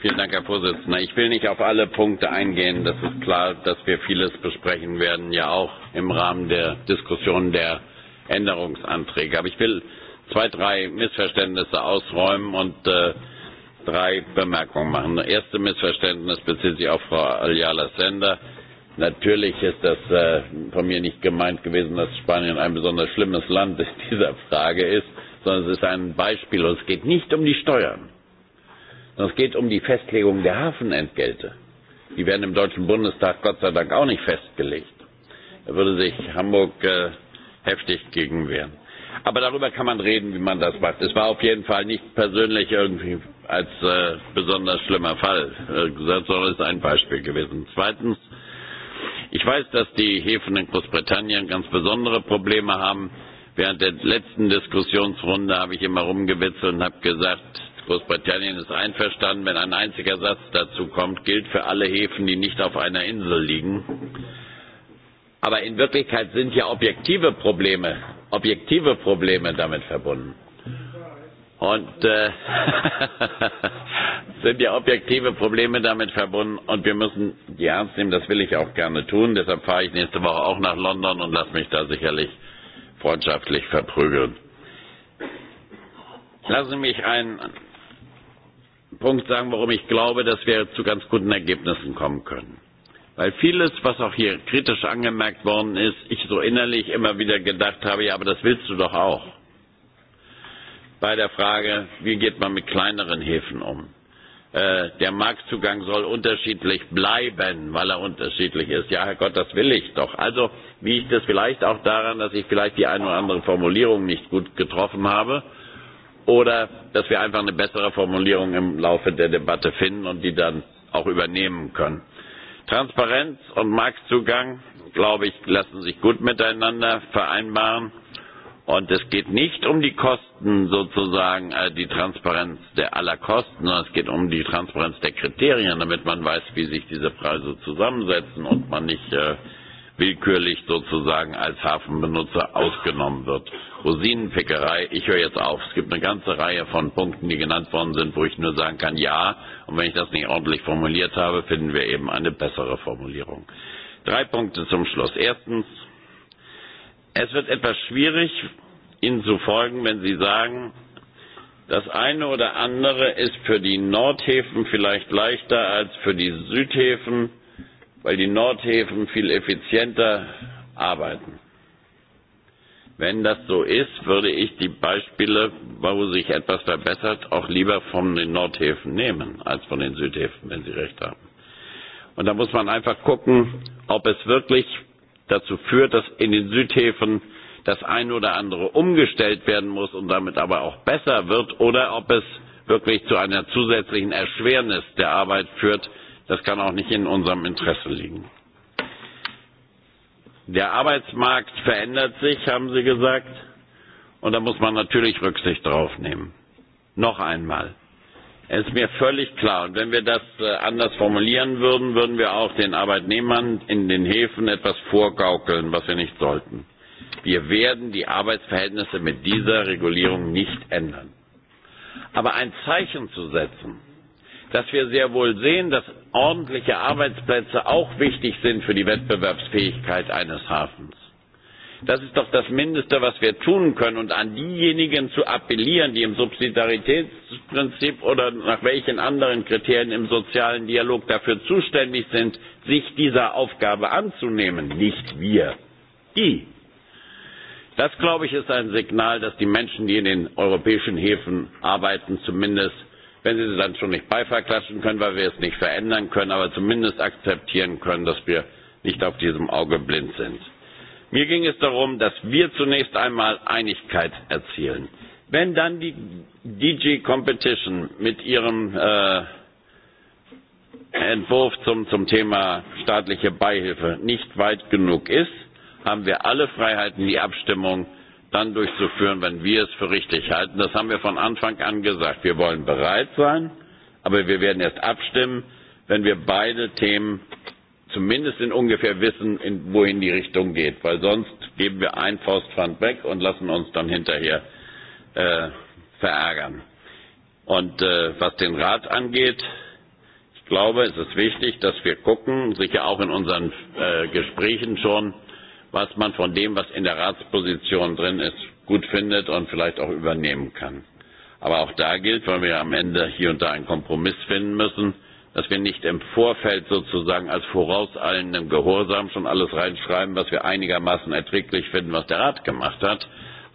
Vielen Dank, Herr Vorsitzender. Ich will nicht auf alle Punkte eingehen. Das ist klar, dass wir vieles besprechen werden, ja auch im Rahmen der Diskussion der Änderungsanträge. Aber ich will zwei, drei Missverständnisse ausräumen und äh, drei Bemerkungen machen. Das erste Missverständnis bezieht sich auf Frau Ayala Sender. Natürlich ist das äh, von mir nicht gemeint gewesen, dass Spanien ein besonders schlimmes Land in dieser Frage ist, sondern es ist ein Beispiel und es geht nicht um die Steuern, sondern es geht um die Festlegung der Hafenentgelte. Die werden im Deutschen Bundestag Gott sei Dank auch nicht festgelegt. Da würde sich Hamburg äh, heftig gegen wehren. Aber darüber kann man reden, wie man das macht. Es war auf jeden Fall nicht persönlich irgendwie als äh, besonders schlimmer Fall gesagt, äh, sondern es ist ein Beispiel gewesen. Zweitens, ich weiß, dass die Häfen in Großbritannien ganz besondere Probleme haben. Während der letzten Diskussionsrunde habe ich immer rumgewitzelt und habe gesagt, Großbritannien ist einverstanden, wenn ein einziger Satz dazu kommt, gilt für alle Häfen, die nicht auf einer Insel liegen aber in wirklichkeit sind ja objektive probleme objektive probleme damit verbunden und äh, sind ja objektive Probleme damit verbunden und wir müssen die ernst nehmen, das will ich auch gerne tun. Deshalb fahre ich nächste Woche auch nach London und lasse mich da sicherlich freundschaftlich verprügeln. Lassen Sie mich einen Punkt sagen, warum ich glaube, dass wir zu ganz guten Ergebnissen kommen können. Weil vieles, was auch hier kritisch angemerkt worden ist, ich so innerlich immer wieder gedacht habe, ja, aber das willst du doch auch. Bei der Frage, wie geht man mit kleineren Häfen um? Äh, der Marktzugang soll unterschiedlich bleiben, weil er unterschiedlich ist. Ja, Herr Gott, das will ich doch. Also wie ich das vielleicht auch daran, dass ich vielleicht die eine oder andere Formulierung nicht gut getroffen habe, oder dass wir einfach eine bessere Formulierung im Laufe der Debatte finden und die dann auch übernehmen können. Transparenz und Marktzugang, glaube ich, lassen sich gut miteinander vereinbaren. Und es geht nicht um die Kosten sozusagen, äh, die Transparenz der aller Kosten, sondern es geht um die Transparenz der Kriterien, damit man weiß, wie sich diese Preise zusammensetzen und man nicht äh, willkürlich sozusagen als Hafenbenutzer ausgenommen wird. Rosinenpickerei, ich höre jetzt auf. Es gibt eine ganze Reihe von Punkten, die genannt worden sind, wo ich nur sagen kann, ja. Und wenn ich das nicht ordentlich formuliert habe, finden wir eben eine bessere Formulierung. Drei Punkte zum Schluss. Erstens, es wird etwas schwierig, Ihnen zu folgen, wenn Sie sagen, das eine oder andere ist für die Nordhäfen vielleicht leichter als für die Südhäfen weil die Nordhäfen viel effizienter arbeiten. Wenn das so ist, würde ich die Beispiele, wo sich etwas verbessert, auch lieber von den Nordhäfen nehmen als von den Südhäfen, wenn Sie recht haben. Und da muss man einfach gucken, ob es wirklich dazu führt, dass in den Südhäfen das eine oder andere umgestellt werden muss und damit aber auch besser wird, oder ob es wirklich zu einer zusätzlichen Erschwernis der Arbeit führt, Das kann auch nicht in unserem Interesse liegen. Der Arbeitsmarkt verändert sich, haben Sie gesagt, und da muss man natürlich Rücksicht drauf nehmen. Noch einmal. Es ist mir völlig klar, und wenn wir das äh, anders formulieren würden, würden wir auch den Arbeitnehmern in den Häfen etwas vorgaukeln, was wir nicht sollten. Wir werden die Arbeitsverhältnisse mit dieser Regulierung nicht ändern. Aber ein Zeichen zu setzen, dass wir sehr wohl sehen, dass ordentliche Arbeitsplätze auch wichtig sind für die Wettbewerbsfähigkeit eines Hafens. Das ist doch das Mindeste, was wir tun können. Und an diejenigen zu appellieren, die im Subsidiaritätsprinzip oder nach welchen anderen Kriterien im sozialen Dialog dafür zuständig sind, sich dieser Aufgabe anzunehmen, nicht wir, die. Das, glaube ich, ist ein Signal, dass die Menschen, die in den europäischen Häfen arbeiten, zumindest Wenn Sie sie dann schon nicht Beifall klatschen können, weil wir es nicht verändern können, aber zumindest akzeptieren können, dass wir nicht auf diesem Auge blind sind. Mir ging es darum, dass wir zunächst einmal Einigkeit erzielen. Wenn dann die DG Competition mit ihrem äh, Entwurf zum, zum Thema staatliche Beihilfe nicht weit genug ist, haben wir alle Freiheiten, die Abstimmung dann durchzuführen, wenn wir es für richtig halten. Das haben wir von Anfang an gesagt. Wir wollen bereit sein, aber wir werden erst abstimmen, wenn wir beide Themen zumindest in ungefähr wissen, in, wohin die Richtung geht. Weil sonst geben wir ein Faustpfand weg und lassen uns dann hinterher äh, verärgern. Und äh, was den Rat angeht, ich glaube, es ist wichtig, dass wir gucken, sicher auch in unseren äh, Gesprächen schon, was man von dem, was in der Ratsposition drin ist, gut findet und vielleicht auch übernehmen kann. Aber auch da gilt, weil wir am Ende hier und da einen Kompromiss finden müssen, dass wir nicht im Vorfeld sozusagen als vorauseilendem Gehorsam schon alles reinschreiben, was wir einigermaßen erträglich finden, was der Rat gemacht hat,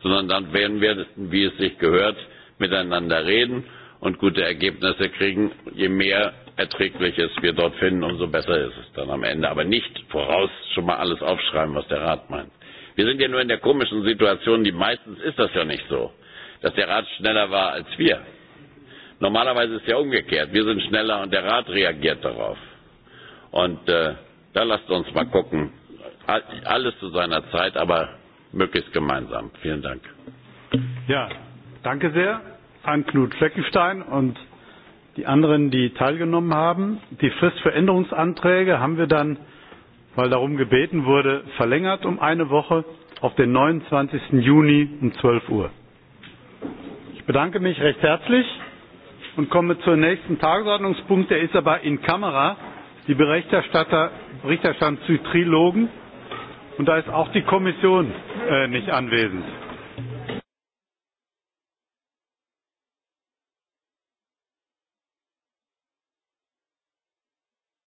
sondern dann werden wir, wie es sich gehört, miteinander reden und gute Ergebnisse kriegen, je mehr Erträgliches wir dort finden, umso besser ist es dann am Ende. Aber nicht voraus schon mal alles aufschreiben, was der Rat meint. Wir sind ja nur in der komischen Situation, die meistens ist das ja nicht so, dass der Rat schneller war als wir. Normalerweise ist ja umgekehrt. Wir sind schneller und der Rat reagiert darauf. Und äh, da lasst uns mal gucken. Alles zu seiner Zeit, aber möglichst gemeinsam. Vielen Dank. Ja, danke sehr an Knut Fleckenstein und die anderen, die teilgenommen haben. Die Frist für Änderungsanträge haben wir dann, weil darum gebeten wurde, verlängert um eine Woche auf den 29. Juni um 12 Uhr. Ich bedanke mich recht herzlich und komme zum nächsten Tagesordnungspunkt. Der ist aber in Kamera. Die Berichterstatter, Berichterstatter zu Trilogen. Und da ist auch die Kommission äh, nicht anwesend.